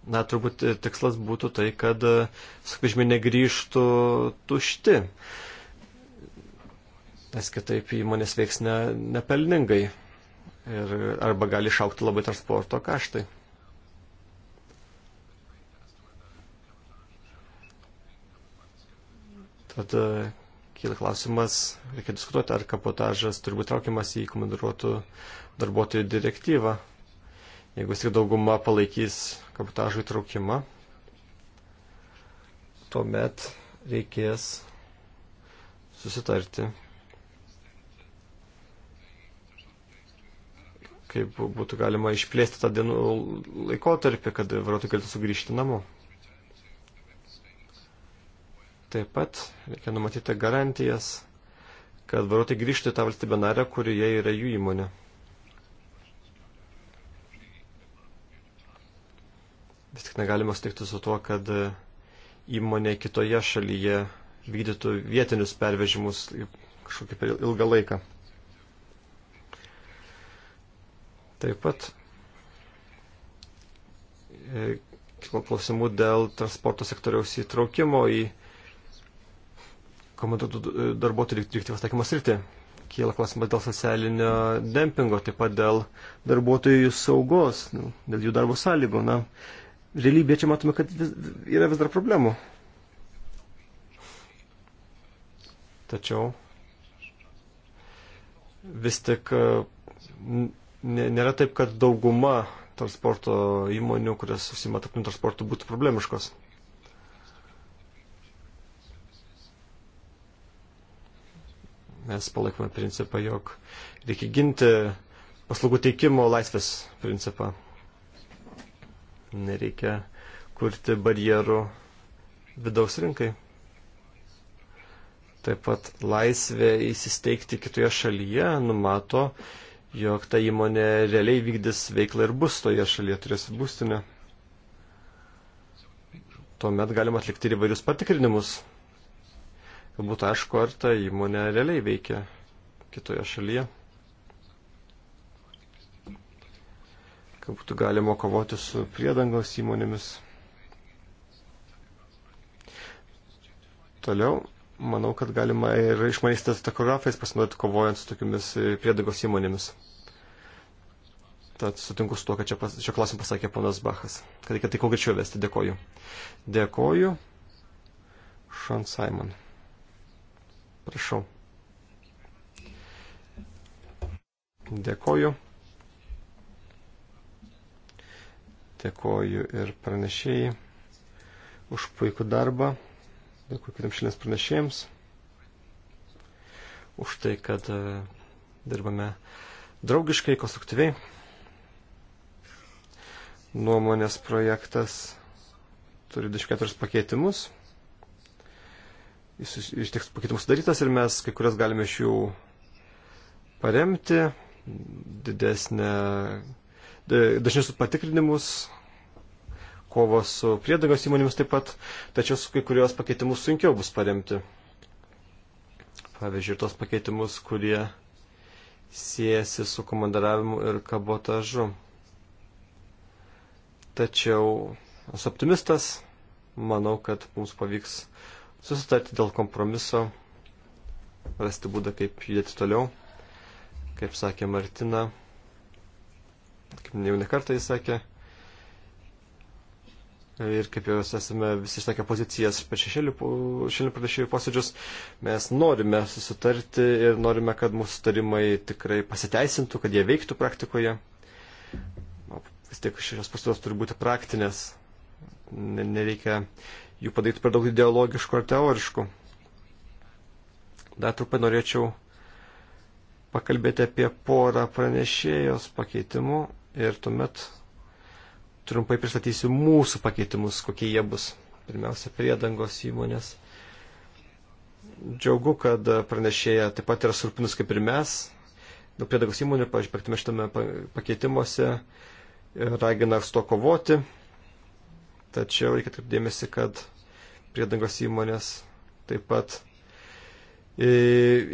na, turbūt e, tikslas būtų tai, kad e, sunkvežimiai negrįžtų tušti nes kitaip įmonės veiks ne, nepelningai ir, arba gali išaukti labai transporto kaštai. Tad e, kyla klausimas, reikia diskutuoti, ar kapotažas turi būti traukiamas į komandiruotų darbuotojų direktyvą. Jeigu tik dauguma palaikys kapotažų įtraukimą, tuomet reikės susitarti kaip būtų galima išplėsti tą dienų laikotarpį, kad vairuotojai galėtų sugrįžti namo. Taip pat reikia numatyti garantijas, kad vairuotojai grįžtų į tą valstybę narę, kurioje yra jų įmonė. Vis tik negalima sutikti su tuo, kad įmonė kitoje šalyje vykdytų vietinius pervežimus kažkokį ilgą laiką. Taip pat e, kilo klausimų dėl transporto sektoriaus įtraukimo į komandotų darbuotojų direktyvos taikymas rytį. Kyla klausimas dėl socialinio dempingo, taip pat dėl darbuotojų saugos, nu, dėl jų darbo sąlygų. Na, realybėje čia matome, kad vis, yra vis dar problemų. Tačiau vis tik e, nėra taip, kad dauguma transporto įmonių, kurias susima tarptautiniu transportu, būtų problemiškos. Mes palaikome principą, jog reikia ginti paslaugų teikimo laisvės principą. Nereikia kurti barjerų vidaus rinkai. Taip pat laisvė įsisteigti kitoje šalyje numato jog ta įmonė realiai vykdys veiklą ir bus toje šalyje, turės būstinę. Tuomet galima atlikti ir įvairius patikrinimus. Galbūt aišku, ar ta įmonė realiai veikia kitoje šalyje. Kad būtų galima kovoti su priedangos įmonėmis. Toliau manau, kad galima ir išmaniais takografais pasinaudoti kovojant su tokiamis priedagos įmonėmis. Tad sutinku su to, kad čia, pas, čia klausim pasakė ponas Bachas, kad reikia tai konkrečiau vesti. Dėkoju. Dėkoju. Sean Simon. Prašau. Dėkoju. Dėkoju ir pranešėjai už puikų darbą dėkui kitiems šiandienas pranešėjams už tai, kad e, dirbame draugiškai, konstruktyviai. Nuomonės projektas turi 24 pakeitimus. Jis iš tiek pakeitimų sudarytas ir mes kai kurias galime iš jų paremti, didesnę, dažnesnius patikrinimus, kovos su priedagos įmonėmis taip pat, tačiau su kai kurios pakeitimus sunkiau bus paremti. Pavyzdžiui, tos pakeitimus, kurie siejasi su komandaravimu ir kabotažu. Tačiau esu optimistas, manau, kad mums pavyks susitarti dėl kompromiso, rasti būdą, kaip judėti toliau. Kaip sakė Martina, kaip ne jau nekartą jis sakė, ir kaip jau esame visi išsakę pozicijas per šešėlių pranešėjų posėdžius, mes norime susitarti ir norime, kad mūsų sutarimai tikrai pasiteisintų, kad jie veiktų praktikoje. O vis tiek šios pasiūlos turi būti praktinės, nereikia jų padaryti per daug ideologiškų ar teoriškų. Dar trupai norėčiau pakalbėti apie porą pranešėjos pakeitimų ir tuomet trumpai pristatysiu mūsų pakeitimus, kokie jie bus. Pirmiausia, priedangos įmonės. Džiaugu, kad pranešėja taip pat yra surpinus kaip ir mes. Dėl priedangos įmonių, pažiūrėkime, šitame pakeitimuose e, ragina su to kovoti. Tačiau reikia taip dėmesį, kad priedangos įmonės taip pat e,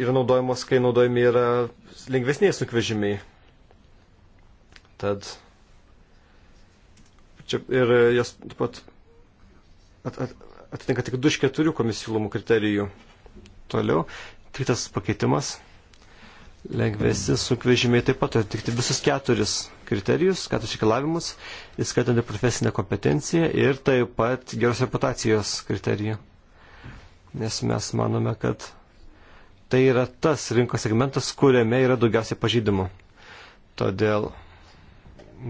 yra naudojamos, kai naudojami yra lengvesniai sunkvežimiai. Tad Čia ir e, jos taip pat at, at, atitinka tik 2 iš 4 komisijų kriterijų. Toliau, kitas pakeitimas. Lengvesi sunkvežimiai taip pat atitikti visus keturis kriterijus, keturis reikalavimus, įskaitant ir profesinę kompetenciją ir taip pat geros reputacijos kriterijų. Nes mes manome, kad tai yra tas rinkos segmentas, kuriame yra daugiausiai pažydimų. Todėl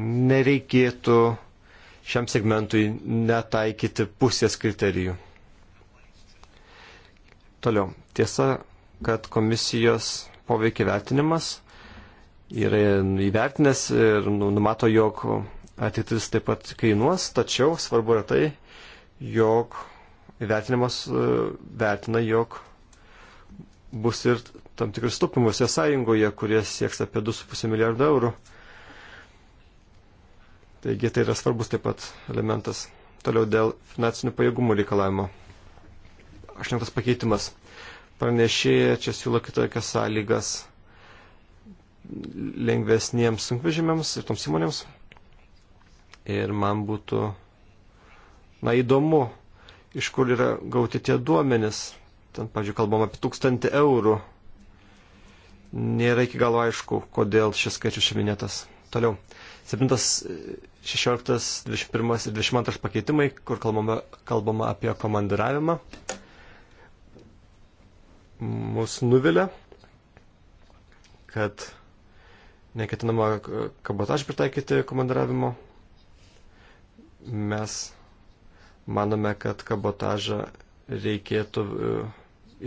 nereikėtų šiam segmentui netaikyti pusės kriterijų. Toliau. Tiesa, kad komisijos poveikia vertinimas yra įvertinęs ir nu, numato, jog ateitis taip pat kainuos, tačiau svarbu yra tai, jog įvertinimas e, vertina, jog bus ir tam tikrus taupimus sąjungoje, kurie sieks apie 2,5 milijardo eurų. Taigi tai yra svarbus taip pat elementas. Toliau dėl finansinių pajėgumų reikalavimo. Aštuntas pakeitimas. Pranešėja čia siūlo kitokias sąlygas lengvesniems sunkvežimiams ir toms įmonėms. Ir man būtų, na, įdomu, iš kur yra gauti tie duomenys. Ten, pažiūrėjau, kalbam apie tūkstantį eurų. Nėra iki galo aišku, kodėl šis skaičius čia minėtas. Toliau. 7, 16, 21 ir 22 pakeitimai, kur kalbama, kalbama apie komandiravimą, mus nuvilia, kad neketinama kabotaž pritaikyti komandiravimo. Mes manome, kad kabotažą reikėtų e,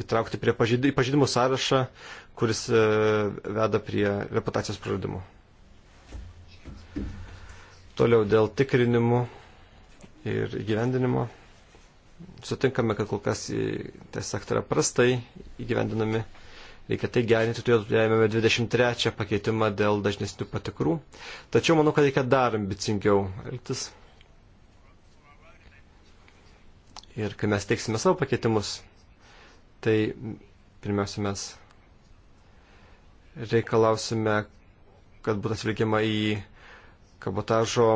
įtraukti prie pažeidimų sąrašą, kuris e, veda prie reputacijos praradimo. Toliau dėl tikrinimų ir įgyvendinimo. Sutinkame, kad kol kas tas sektorą prastai įgyvendinami. Reikia tai gerinti, todėl turėjome 23 pakeitimą dėl dažnesnių patikrų. Tačiau manau, kad reikia dar ambicingiau elgtis. Ir kai mes teiksime savo pakeitimus, tai pirmiausia mes reikalausime, kad būtų atsvilgiama į kabotažo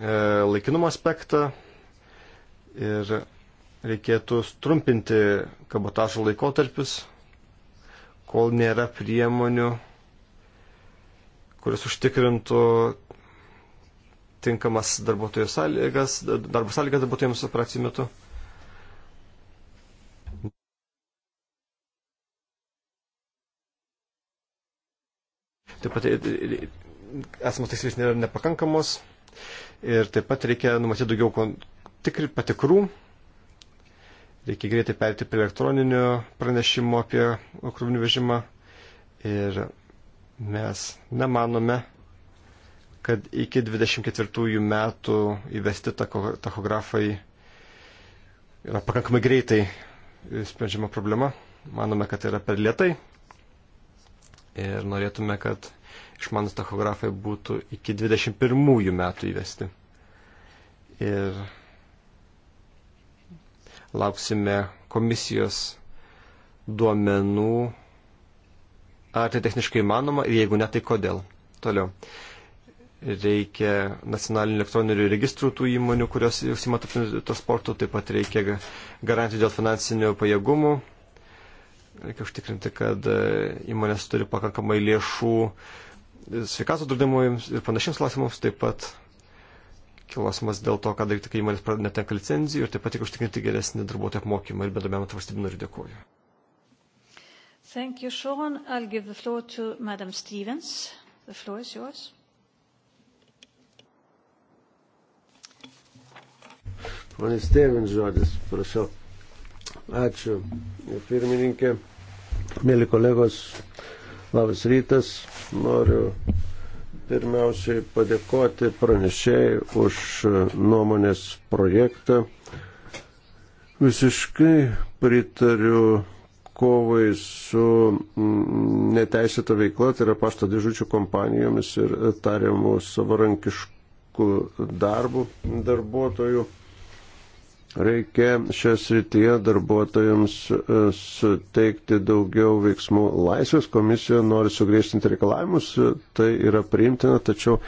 e, laikinumo aspektą ir reikėtų trumpinti kabotažo laikotarpius, kol nėra priemonių, kuris užtikrintų tinkamas darbuotojų sąlygas, darbo sąlygas darbuotojams operacijų metu. Taip pat esamos taisyklės nėra nepakankamos ir taip pat reikia numatyti daugiau tikri patikrų, reikia greitai perėti prie elektroninio pranešimo apie krovinių vežimą ir mes nemanome, kad iki 24 metų įvesti tachografai yra pakankamai greitai sprendžiama problema. Manome, kad tai yra per lietai ir norėtume, kad išmanus tachografai būtų iki 21 metų įvesti. Ir lauksime komisijos duomenų, ar tai techniškai įmanoma ir jeigu ne, tai kodėl. Toliau. Reikia nacionalinių elektroninių registrų tų įmonių, kurios užsima tarptautiniu transportu, taip pat reikia garantijų dėl finansinių pajėgumų, reikia užtikrinti, kad e, įmonės turi pakankamai lėšų sveikatos draudimui ir panašiems klausimams, taip pat klausimas dėl to, ką daryti, kai įmonės netenka licenzijų ir taip pat tik užtikrinti geresnį darbuotojų apmokymą ir bendrabiamą valstybių narių dėkuoju. Thank you, Sean. I'll give the floor to Madam Stevens. The floor is yours. Pane Stevens žodis, prašau. Ačiū, pirmininkė, mėly kolegos. Labas rytas, noriu pirmiausiai padėkoti pranešėjai už nuomonės projektą. Visiškai pritariu kovai su neteisėta veikla, tai yra pašto dėžučių kompanijomis ir tariamų savarankiškų darbų darbuotojų Reikia šią srityje darbuotojams e, suteikti daugiau veiksmų laisvės. Komisija nori sugriežtinti reikalavimus, e, tai yra priimtina, tačiau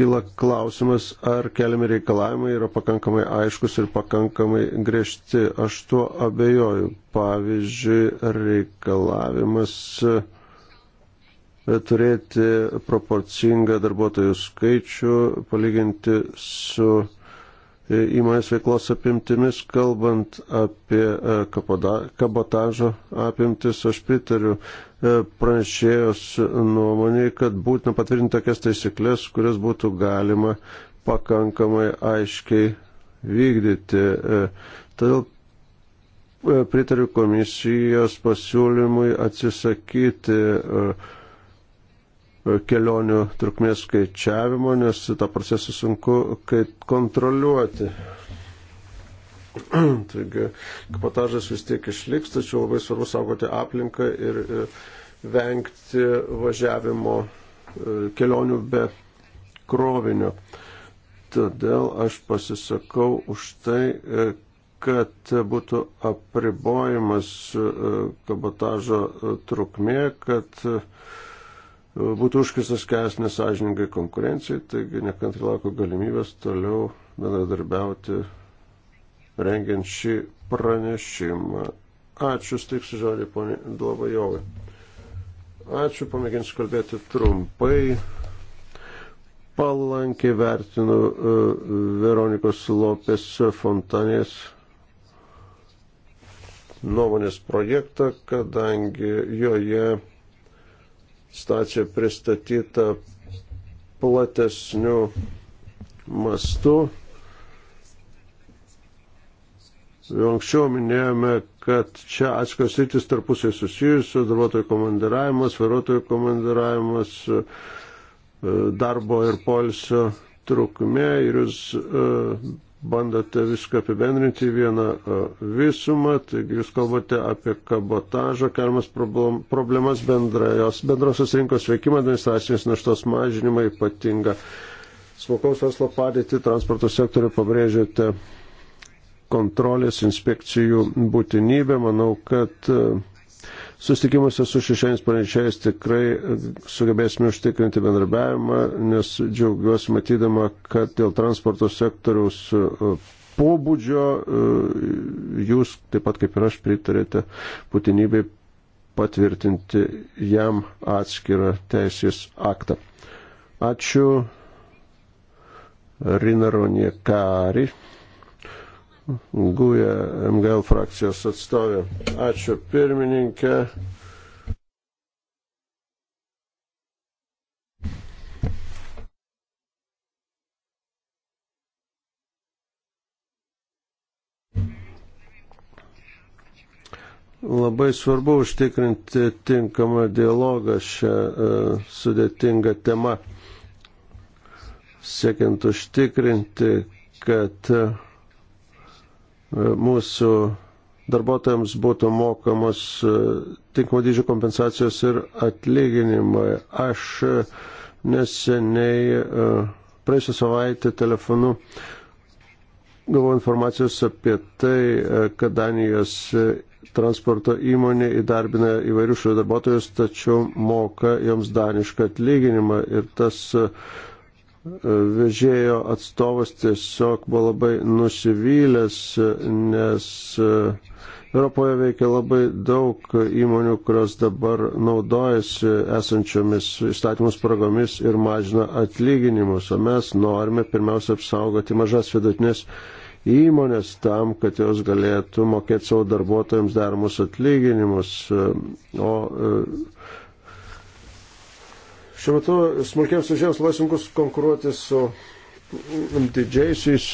kyla klausimas, ar keliami reikalavimai yra pakankamai aiškus ir pakankamai griežti. Aš tuo abejoju. Pavyzdžiui, reikalavimas e, turėti proporcingą darbuotojų skaičių palyginti su įmonės veiklos apimtimis, kalbant apie e, kabotažo apimtis, aš pritariu e, pranešėjos nuomonėje, kad būtina patvirtinti tokias taisyklės, kurias būtų galima pakankamai aiškiai vykdyti. E, todėl pritariu komisijos pasiūlymui atsisakyti uh, kelionių trukmės skaičiavimo, nes tą procesą sunku kontroliuoti. [clears throat] Taigi, kapotažas vis tiek išliks, tačiau labai svarbu saugoti aplinką ir e, vengti važiavimo e, kelionių be krovinio. Todėl aš pasisakau už tai, e, kad būtų apribojimas kabotažo trukmė, kad būtų užkistas kelias nesažininkai konkurencijai, taigi nekantri laukiu galimybės toliau bendradarbiauti rengiant šį pranešimą. Ačiū, steiksiu žodį, ponė Dlabajovai. Ačiū, pamėginsiu kalbėti trumpai. Palankiai vertinu e, Veronikos Lopės Fontanės nuomonės projektą, kadangi joje situacija pristatyta platesnių mastų. Jau anksčiau minėjome, kad čia atskiros rytis tarpusiai susijusios, darbuotojų komandiravimas, vairuotojų komandiravimas, e, darbo ir polsio trukmė ir jūs e, bandote viską apibendrinti į vieną e, visumą, taigi jūs kalbate apie kabotažą, keliamas problemas bendrajos, bendrosios rinkos veikimą, administracinės naštos mažinimą, ypatingą smulkaus verslo padėtį, transporto sektorių pabrėžėte kontrolės inspekcijų būtinybę. Manau, kad e, Sustikimuose su šešiais pranešėjais tikrai sugebėsime užtikrinti bendrabiavimą, nes džiaugiuosi matydama, kad dėl transporto sektoriaus e, pobūdžio e, jūs, taip pat kaip ir aš, pritarėte būtinybei patvirtinti jam atskirą teisės aktą. Ačiū Rinaronie Kari. Guja MGL frakcijos atstovė. Ačiū pirmininkė. labai svarbu užtikrinti tinkamą dialogą šią uh, sudėtingą temą, siekiant užtikrinti, kad uh, mūsų darbuotojams būtų mokamos e, tinkamo dydžio kompensacijos ir atlyginimai. Aš e, neseniai e, praėjusią savaitę telefonu gavau informacijos apie tai, kad Danijos transporto įmonė įdarbina įvairių šalių darbuotojus, tačiau moka joms danišką atlyginimą ir tas uh, vežėjo atstovas tiesiog buvo labai nusivylęs, nes e, Europoje veikia labai daug įmonių, kurios dabar naudojasi esančiomis įstatymus spragomis ir mažina atlyginimus, o mes norime pirmiausia apsaugoti mažas vidutinės įmonės tam, kad jos galėtų mokėti savo darbuotojams daromus atlyginimus, o e, Šiuo metu smulkiems vežėjams labai sunku konkuruoti su didžiaisiais,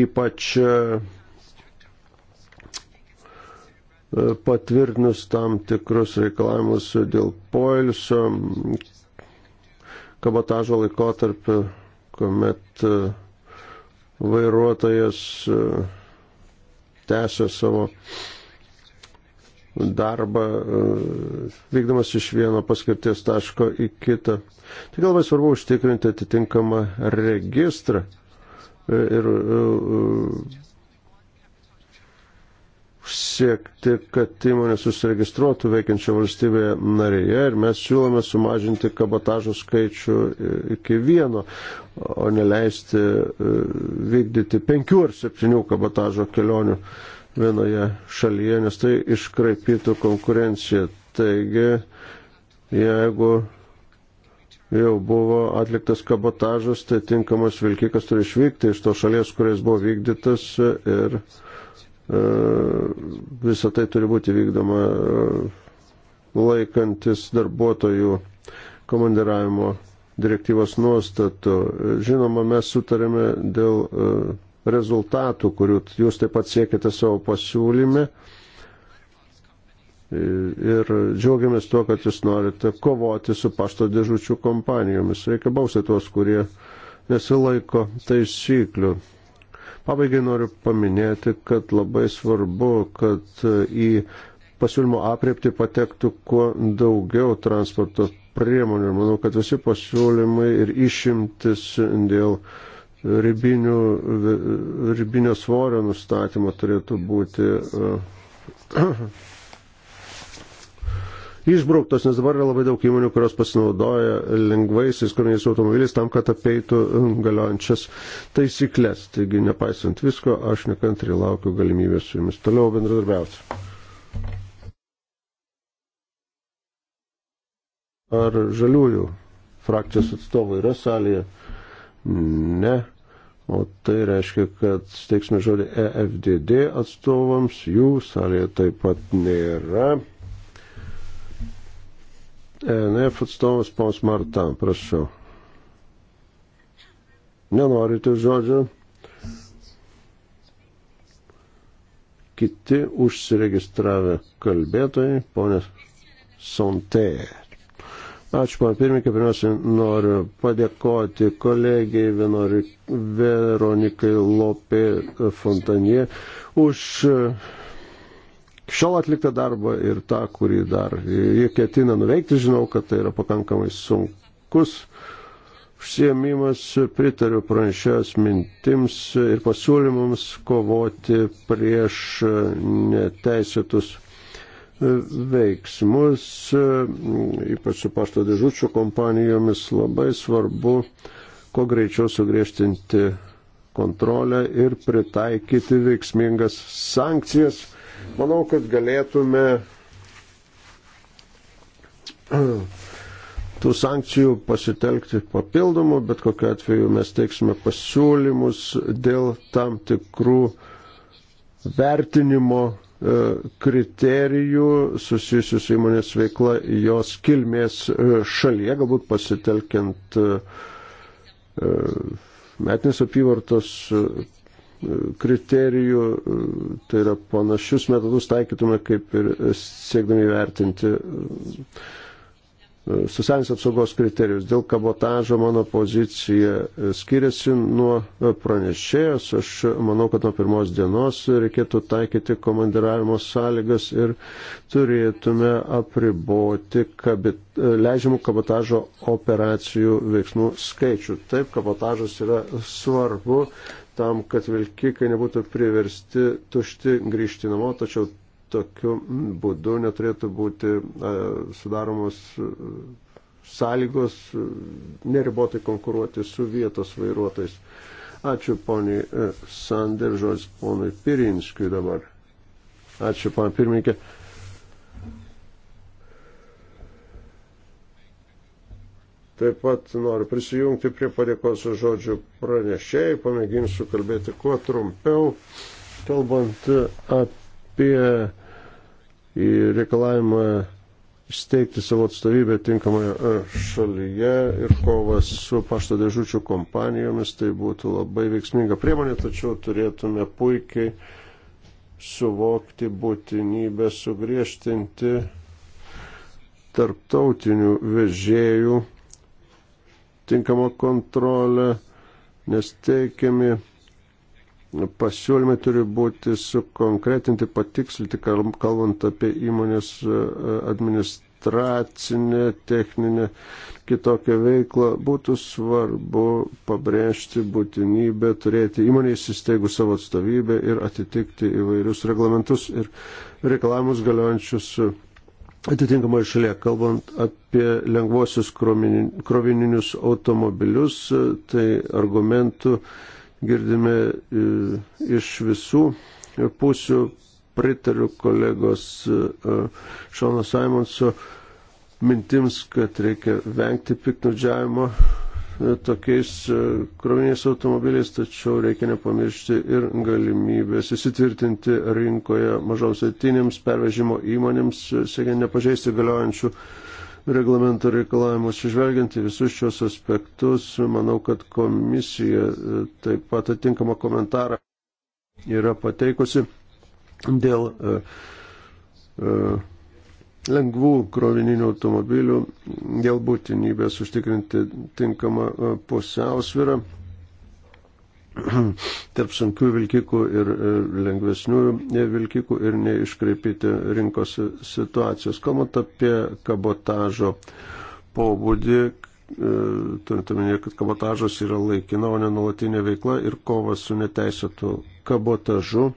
ypač e, patvirtinus tam tikrus reikalavimus dėl poilsio, kabotažo laikotarpiu, kuomet e, vairuotojas e, tęsia savo darbą, e, vykdamas iš vieno paskirties taško į kitą. Tik labai svarbu užtikrinti atitinkamą registrą e, ir e, siekti, kad įmonė susiregistruotų veikiančio valstybėje narėje ir mes siūlome sumažinti kabotažo skaičių iki vieno, o neleisti vykdyti penkių ar septynių kabotažo kelionių vienoje šalyje, nes tai iškraipytų konkurenciją. Taigi, jeigu jau buvo atliktas kabotažas, tai tinkamas vilkikas turi išvykti iš to šalies, kuriais buvo vykdytas ir e, visą tai turi būti vykdoma e, laikantis darbuotojų komandiravimo direktyvos nuostatų. Žinoma, mes sutarėme dėl e, rezultatų, kurių jūs taip pat siekite savo pasiūlyme. Ir džiaugiamės tuo, kad jūs norite kovoti su pašto dėžučių kompanijomis. Reikia bausti tuos, kurie nesilaiko taisyklių. Pabaigai noriu paminėti, kad labai svarbu, kad į pasiūlymo apriepti patektų kuo daugiau transporto priemonių. Manau, kad visi pasiūlymai ir išimtis dėl uh, ribinių, ribinio svorio nustatymo turėtų būti e, [clears throat] išbrauktos, nes dabar yra labai daug įmonių, kurios pasinaudoja lengvaisiais kroviniais automobiliais tam, kad apeitų e, galiojančias taisyklės. Taigi, nepaisant visko, aš nekantriai laukiu galimybės su jumis toliau bendradarbiauti. Ar žaliųjų frakcijos atstovai yra salėje? Ne. O tai reiškia, kad steiksime žodį EFDD atstovams, jų salėje taip pat nėra. ENF atstovas Pons Martan, prašau. Nenorite žodžio? Kiti užsiregistravę kalbėtojai, ponė Sontėje. Ačiū, pana pirmininkė, pirmiausia, noriu padėkoti kolegijai vienori, Veronikai Lopė Fontanie už e, šiol atliktą darbą ir tą, kurį dar jie ketina nuveikti. Žinau, kad tai yra pakankamai sunkus užsiemimas, pritariu pranešės mintims ir pasiūlymams kovoti prieš neteisėtus veiksmus, e, ypač su pašto dėžučių kompanijomis, labai svarbu kuo greičiau sugriežtinti kontrolę ir pritaikyti veiksmingas sankcijas. Manau, kad galėtume tų sankcijų pasitelkti papildomų, bet kokiu atveju mes teiksime pasiūlymus dėl tam tikrų vertinimo E, kriterijų susijusių su įmonės veikla jos kilmės e, šalyje, galbūt pasitelkiant e, metinės apyvartos kriterijų, tai yra panašius metodus taikytume kaip ir siekdami vertinti socialinės apsaugos kriterijus. Dėl kabotažo mano pozicija skiriasi nuo pranešėjos. Aš manau, kad nuo pirmos dienos reikėtų taikyti komandiravimo sąlygas ir turėtume apriboti kabit, leidžiamų kabotažo operacijų veiksmų skaičių. Taip, kabotažas yra svarbu tam, kad vilkikai nebūtų priversti tušti grįžti namo, tačiau tokiu būdu neturėtų būti e, sudaromos e, sąlygos e, neribotai konkuruoti su vietos vairuotojais. Ačiū poniai Sander, žodis ponui Pirinskui dabar. Ačiū, pana pirmininkė. Taip pat noriu prisijungti prie padėkos žodžių pranešėjai, pamėginsiu kalbėti kuo trumpiau, kalbant apie į reikalavimą steigti savo atstovybę tinkamoje e, šalyje ir kovas su pašto dėžučių kompanijomis, tai būtų labai veiksminga priemonė, tačiau turėtume puikiai suvokti būtinybę sugriežtinti tarptautinių vežėjų tinkamą kontrolę, nes teikiami pasiūlymai turi būti sukonkretinti, patikslinti, kalbant apie įmonės e, administracinę, techninę, kitokią veiklą. Būtų svarbu pabrėžti būtinybę turėti įmonę įsisteigų savo atstovybę ir atitikti įvairius reglamentus ir reikalavimus galiojančius atitinkamoje šalyje, kalbant apie lengvosius krovininius automobilius, tai argumentų girdime e, iš visų pusių. Pritariu kolegos e, Šono Simonso mintims, kad reikia vengti piknudžiavimo e, tokiais kroviniais automobiliais, tačiau reikia nepamiršti ir galimybės įsitvirtinti rinkoje mažoms vietinėms pervežimo įmonėms, siekiant nepažeisti galiojančių reglamento reikalavimus. Išvelgiant į visus šios aspektus, manau, kad komisija e, taip pat atitinkamą komentarą yra pateikusi dėl e, e, lengvų krovininių automobilių, dėl būtinybės užtikrinti tinkamą pusiausvyrą [clears throat] tarp sunkių vilkikų ir e, lengvesnių e, vilkikų ir neiškreipyti rinkos situacijos. Kalbant apie kabotažo pobūdį, e, turint omenyje, kad kabotažas yra laikina, o ne nuolatinė veikla ir kovas su neteisėtu kabotažu,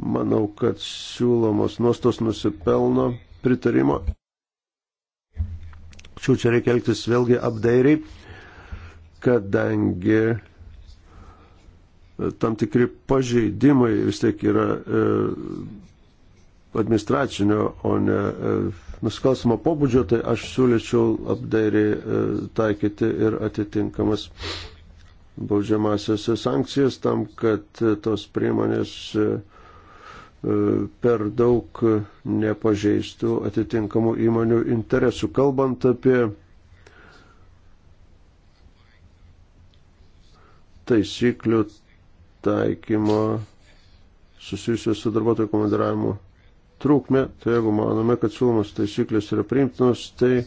manau, kad siūlomos nuostos nusipelno pritarimo. Tačiau čia reikia elgtis vėlgi apdairiai, kadangi tam tikri pažeidimai vis tiek yra e, administracinio, o ne e, nusikalstamo pobūdžio, tai aš siūlyčiau apdairiai e, taikyti ir atitinkamas baudžiamasias sankcijas tam, kad tos priemonės per daug nepažeistų atitinkamų įmonių interesų. Kalbant apie taisyklių taikymo susijusios su darbuotojų komandiravimu trūkmė, tai jeigu manome, kad siūlomas taisyklės yra priimtinos, tai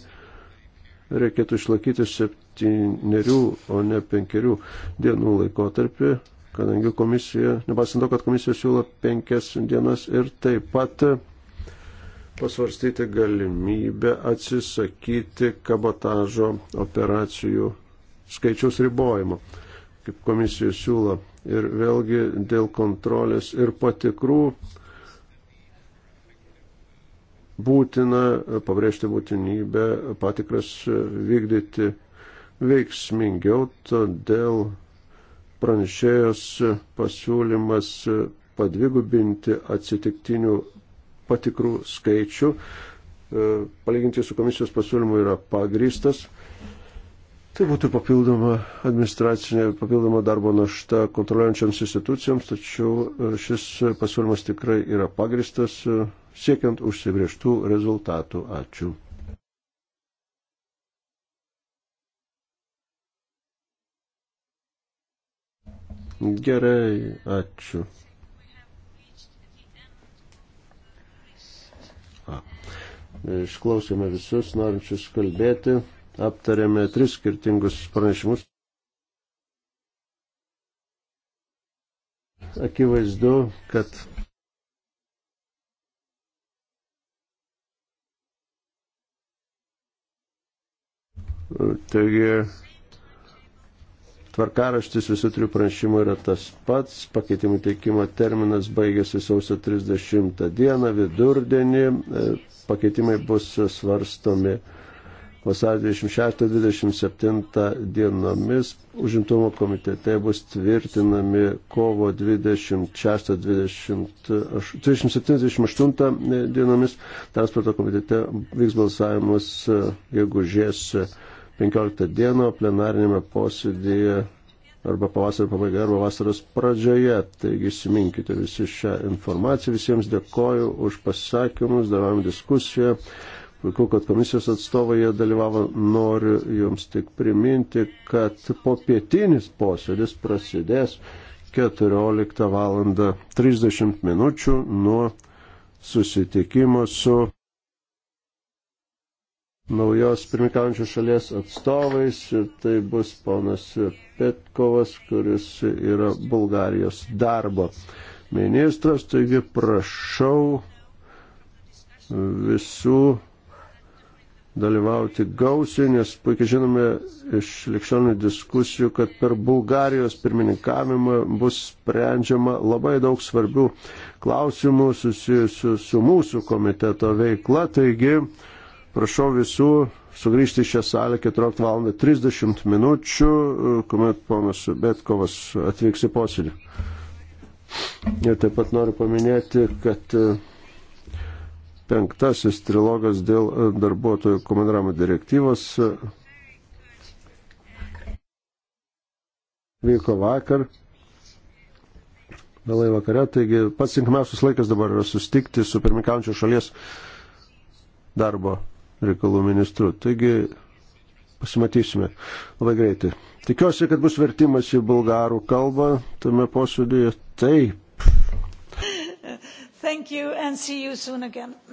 reikėtų išlaikyti septyniarių, o ne penkerių dienų laikotarpį, kadangi komisija, nepasant to, kad komisija siūlo penkias dienas ir taip pat pasvarstyti galimybę atsisakyti kabotažo operacijų skaičiaus ribojimo, kaip komisija siūlo ir vėlgi dėl kontrolės ir patikrų būtina, pabrėžti būtinybę patikras vykdyti veiksmingiau, todėl pranešėjos pasiūlymas padvigubinti atsitiktinių patikrų skaičių, e, palyginti su komisijos pasiūlymu, yra pagrystas. Tai būtų papildoma administracinė, papildoma darbo našta kontroliuojančiams institucijoms, tačiau e, šis pasiūlymas tikrai yra pagristas e, siekiant užsibrieštų rezultatų. Ačiū. Gerai, ačiū. A. Išklausėme visus norinčius kalbėti aptarėme tris skirtingus pranešimus. Akivaizdu, kad Taigi, tvarkaraštis visų trijų pranešimų yra tas pats, pakeitimų teikimo terminas baigėsi sausio 30 dieną, vidurdienį, pakeitimai bus svarstomi vasario 26-27 dienomis užimtumo komitete bus tvirtinami kovo 26-28 dienomis. Transporto komitete vyks balsavimas gegužės 15 dieno plenarinėme posėdėje arba pavasario pabaigoje, arba vasaros pradžioje. Taigi įsiminkite visi šią informaciją. Visiems dėkoju už pasakymus, davam diskusiją. Puiku, kad komisijos atstovai jie dalyvavo. Noriu jums tik priminti, kad po pietinis posėdis prasidės 14 val. 30 minučių nuo susitikimo su naujos pirmikaujančios šalies atstovais ir tai bus ponas Petkovas, kuris yra Bulgarijos darbo ministras, taigi prašau visų dalyvauti gausiai, nes puikiai žinome iš likščionių diskusijų, kad per Bulgarijos pirmininkavimą bus sprendžiama labai daug svarbių klausimų susijusių su mūsų komiteto veikla. Taigi, prašau visų sugrįžti į šią salę 14 val. 30 minučių, kuomet ponas Betkovas atvyks į posėdį. Ir taip pat noriu paminėti, kad penktasis trilogas dėl e, darbuotojų komandiravimo direktyvos e, vyko vakar, vėlai vakare, taigi pats tinkamiausias laikas dabar yra sustikti su pirmikaujančio šalies darbo reikalų ministru. Taigi pasimatysime labai greitai. Tikiuosi, kad bus vertimas į bulgarų kalbą tame posėdėje. Taip. Thank you and see you soon again.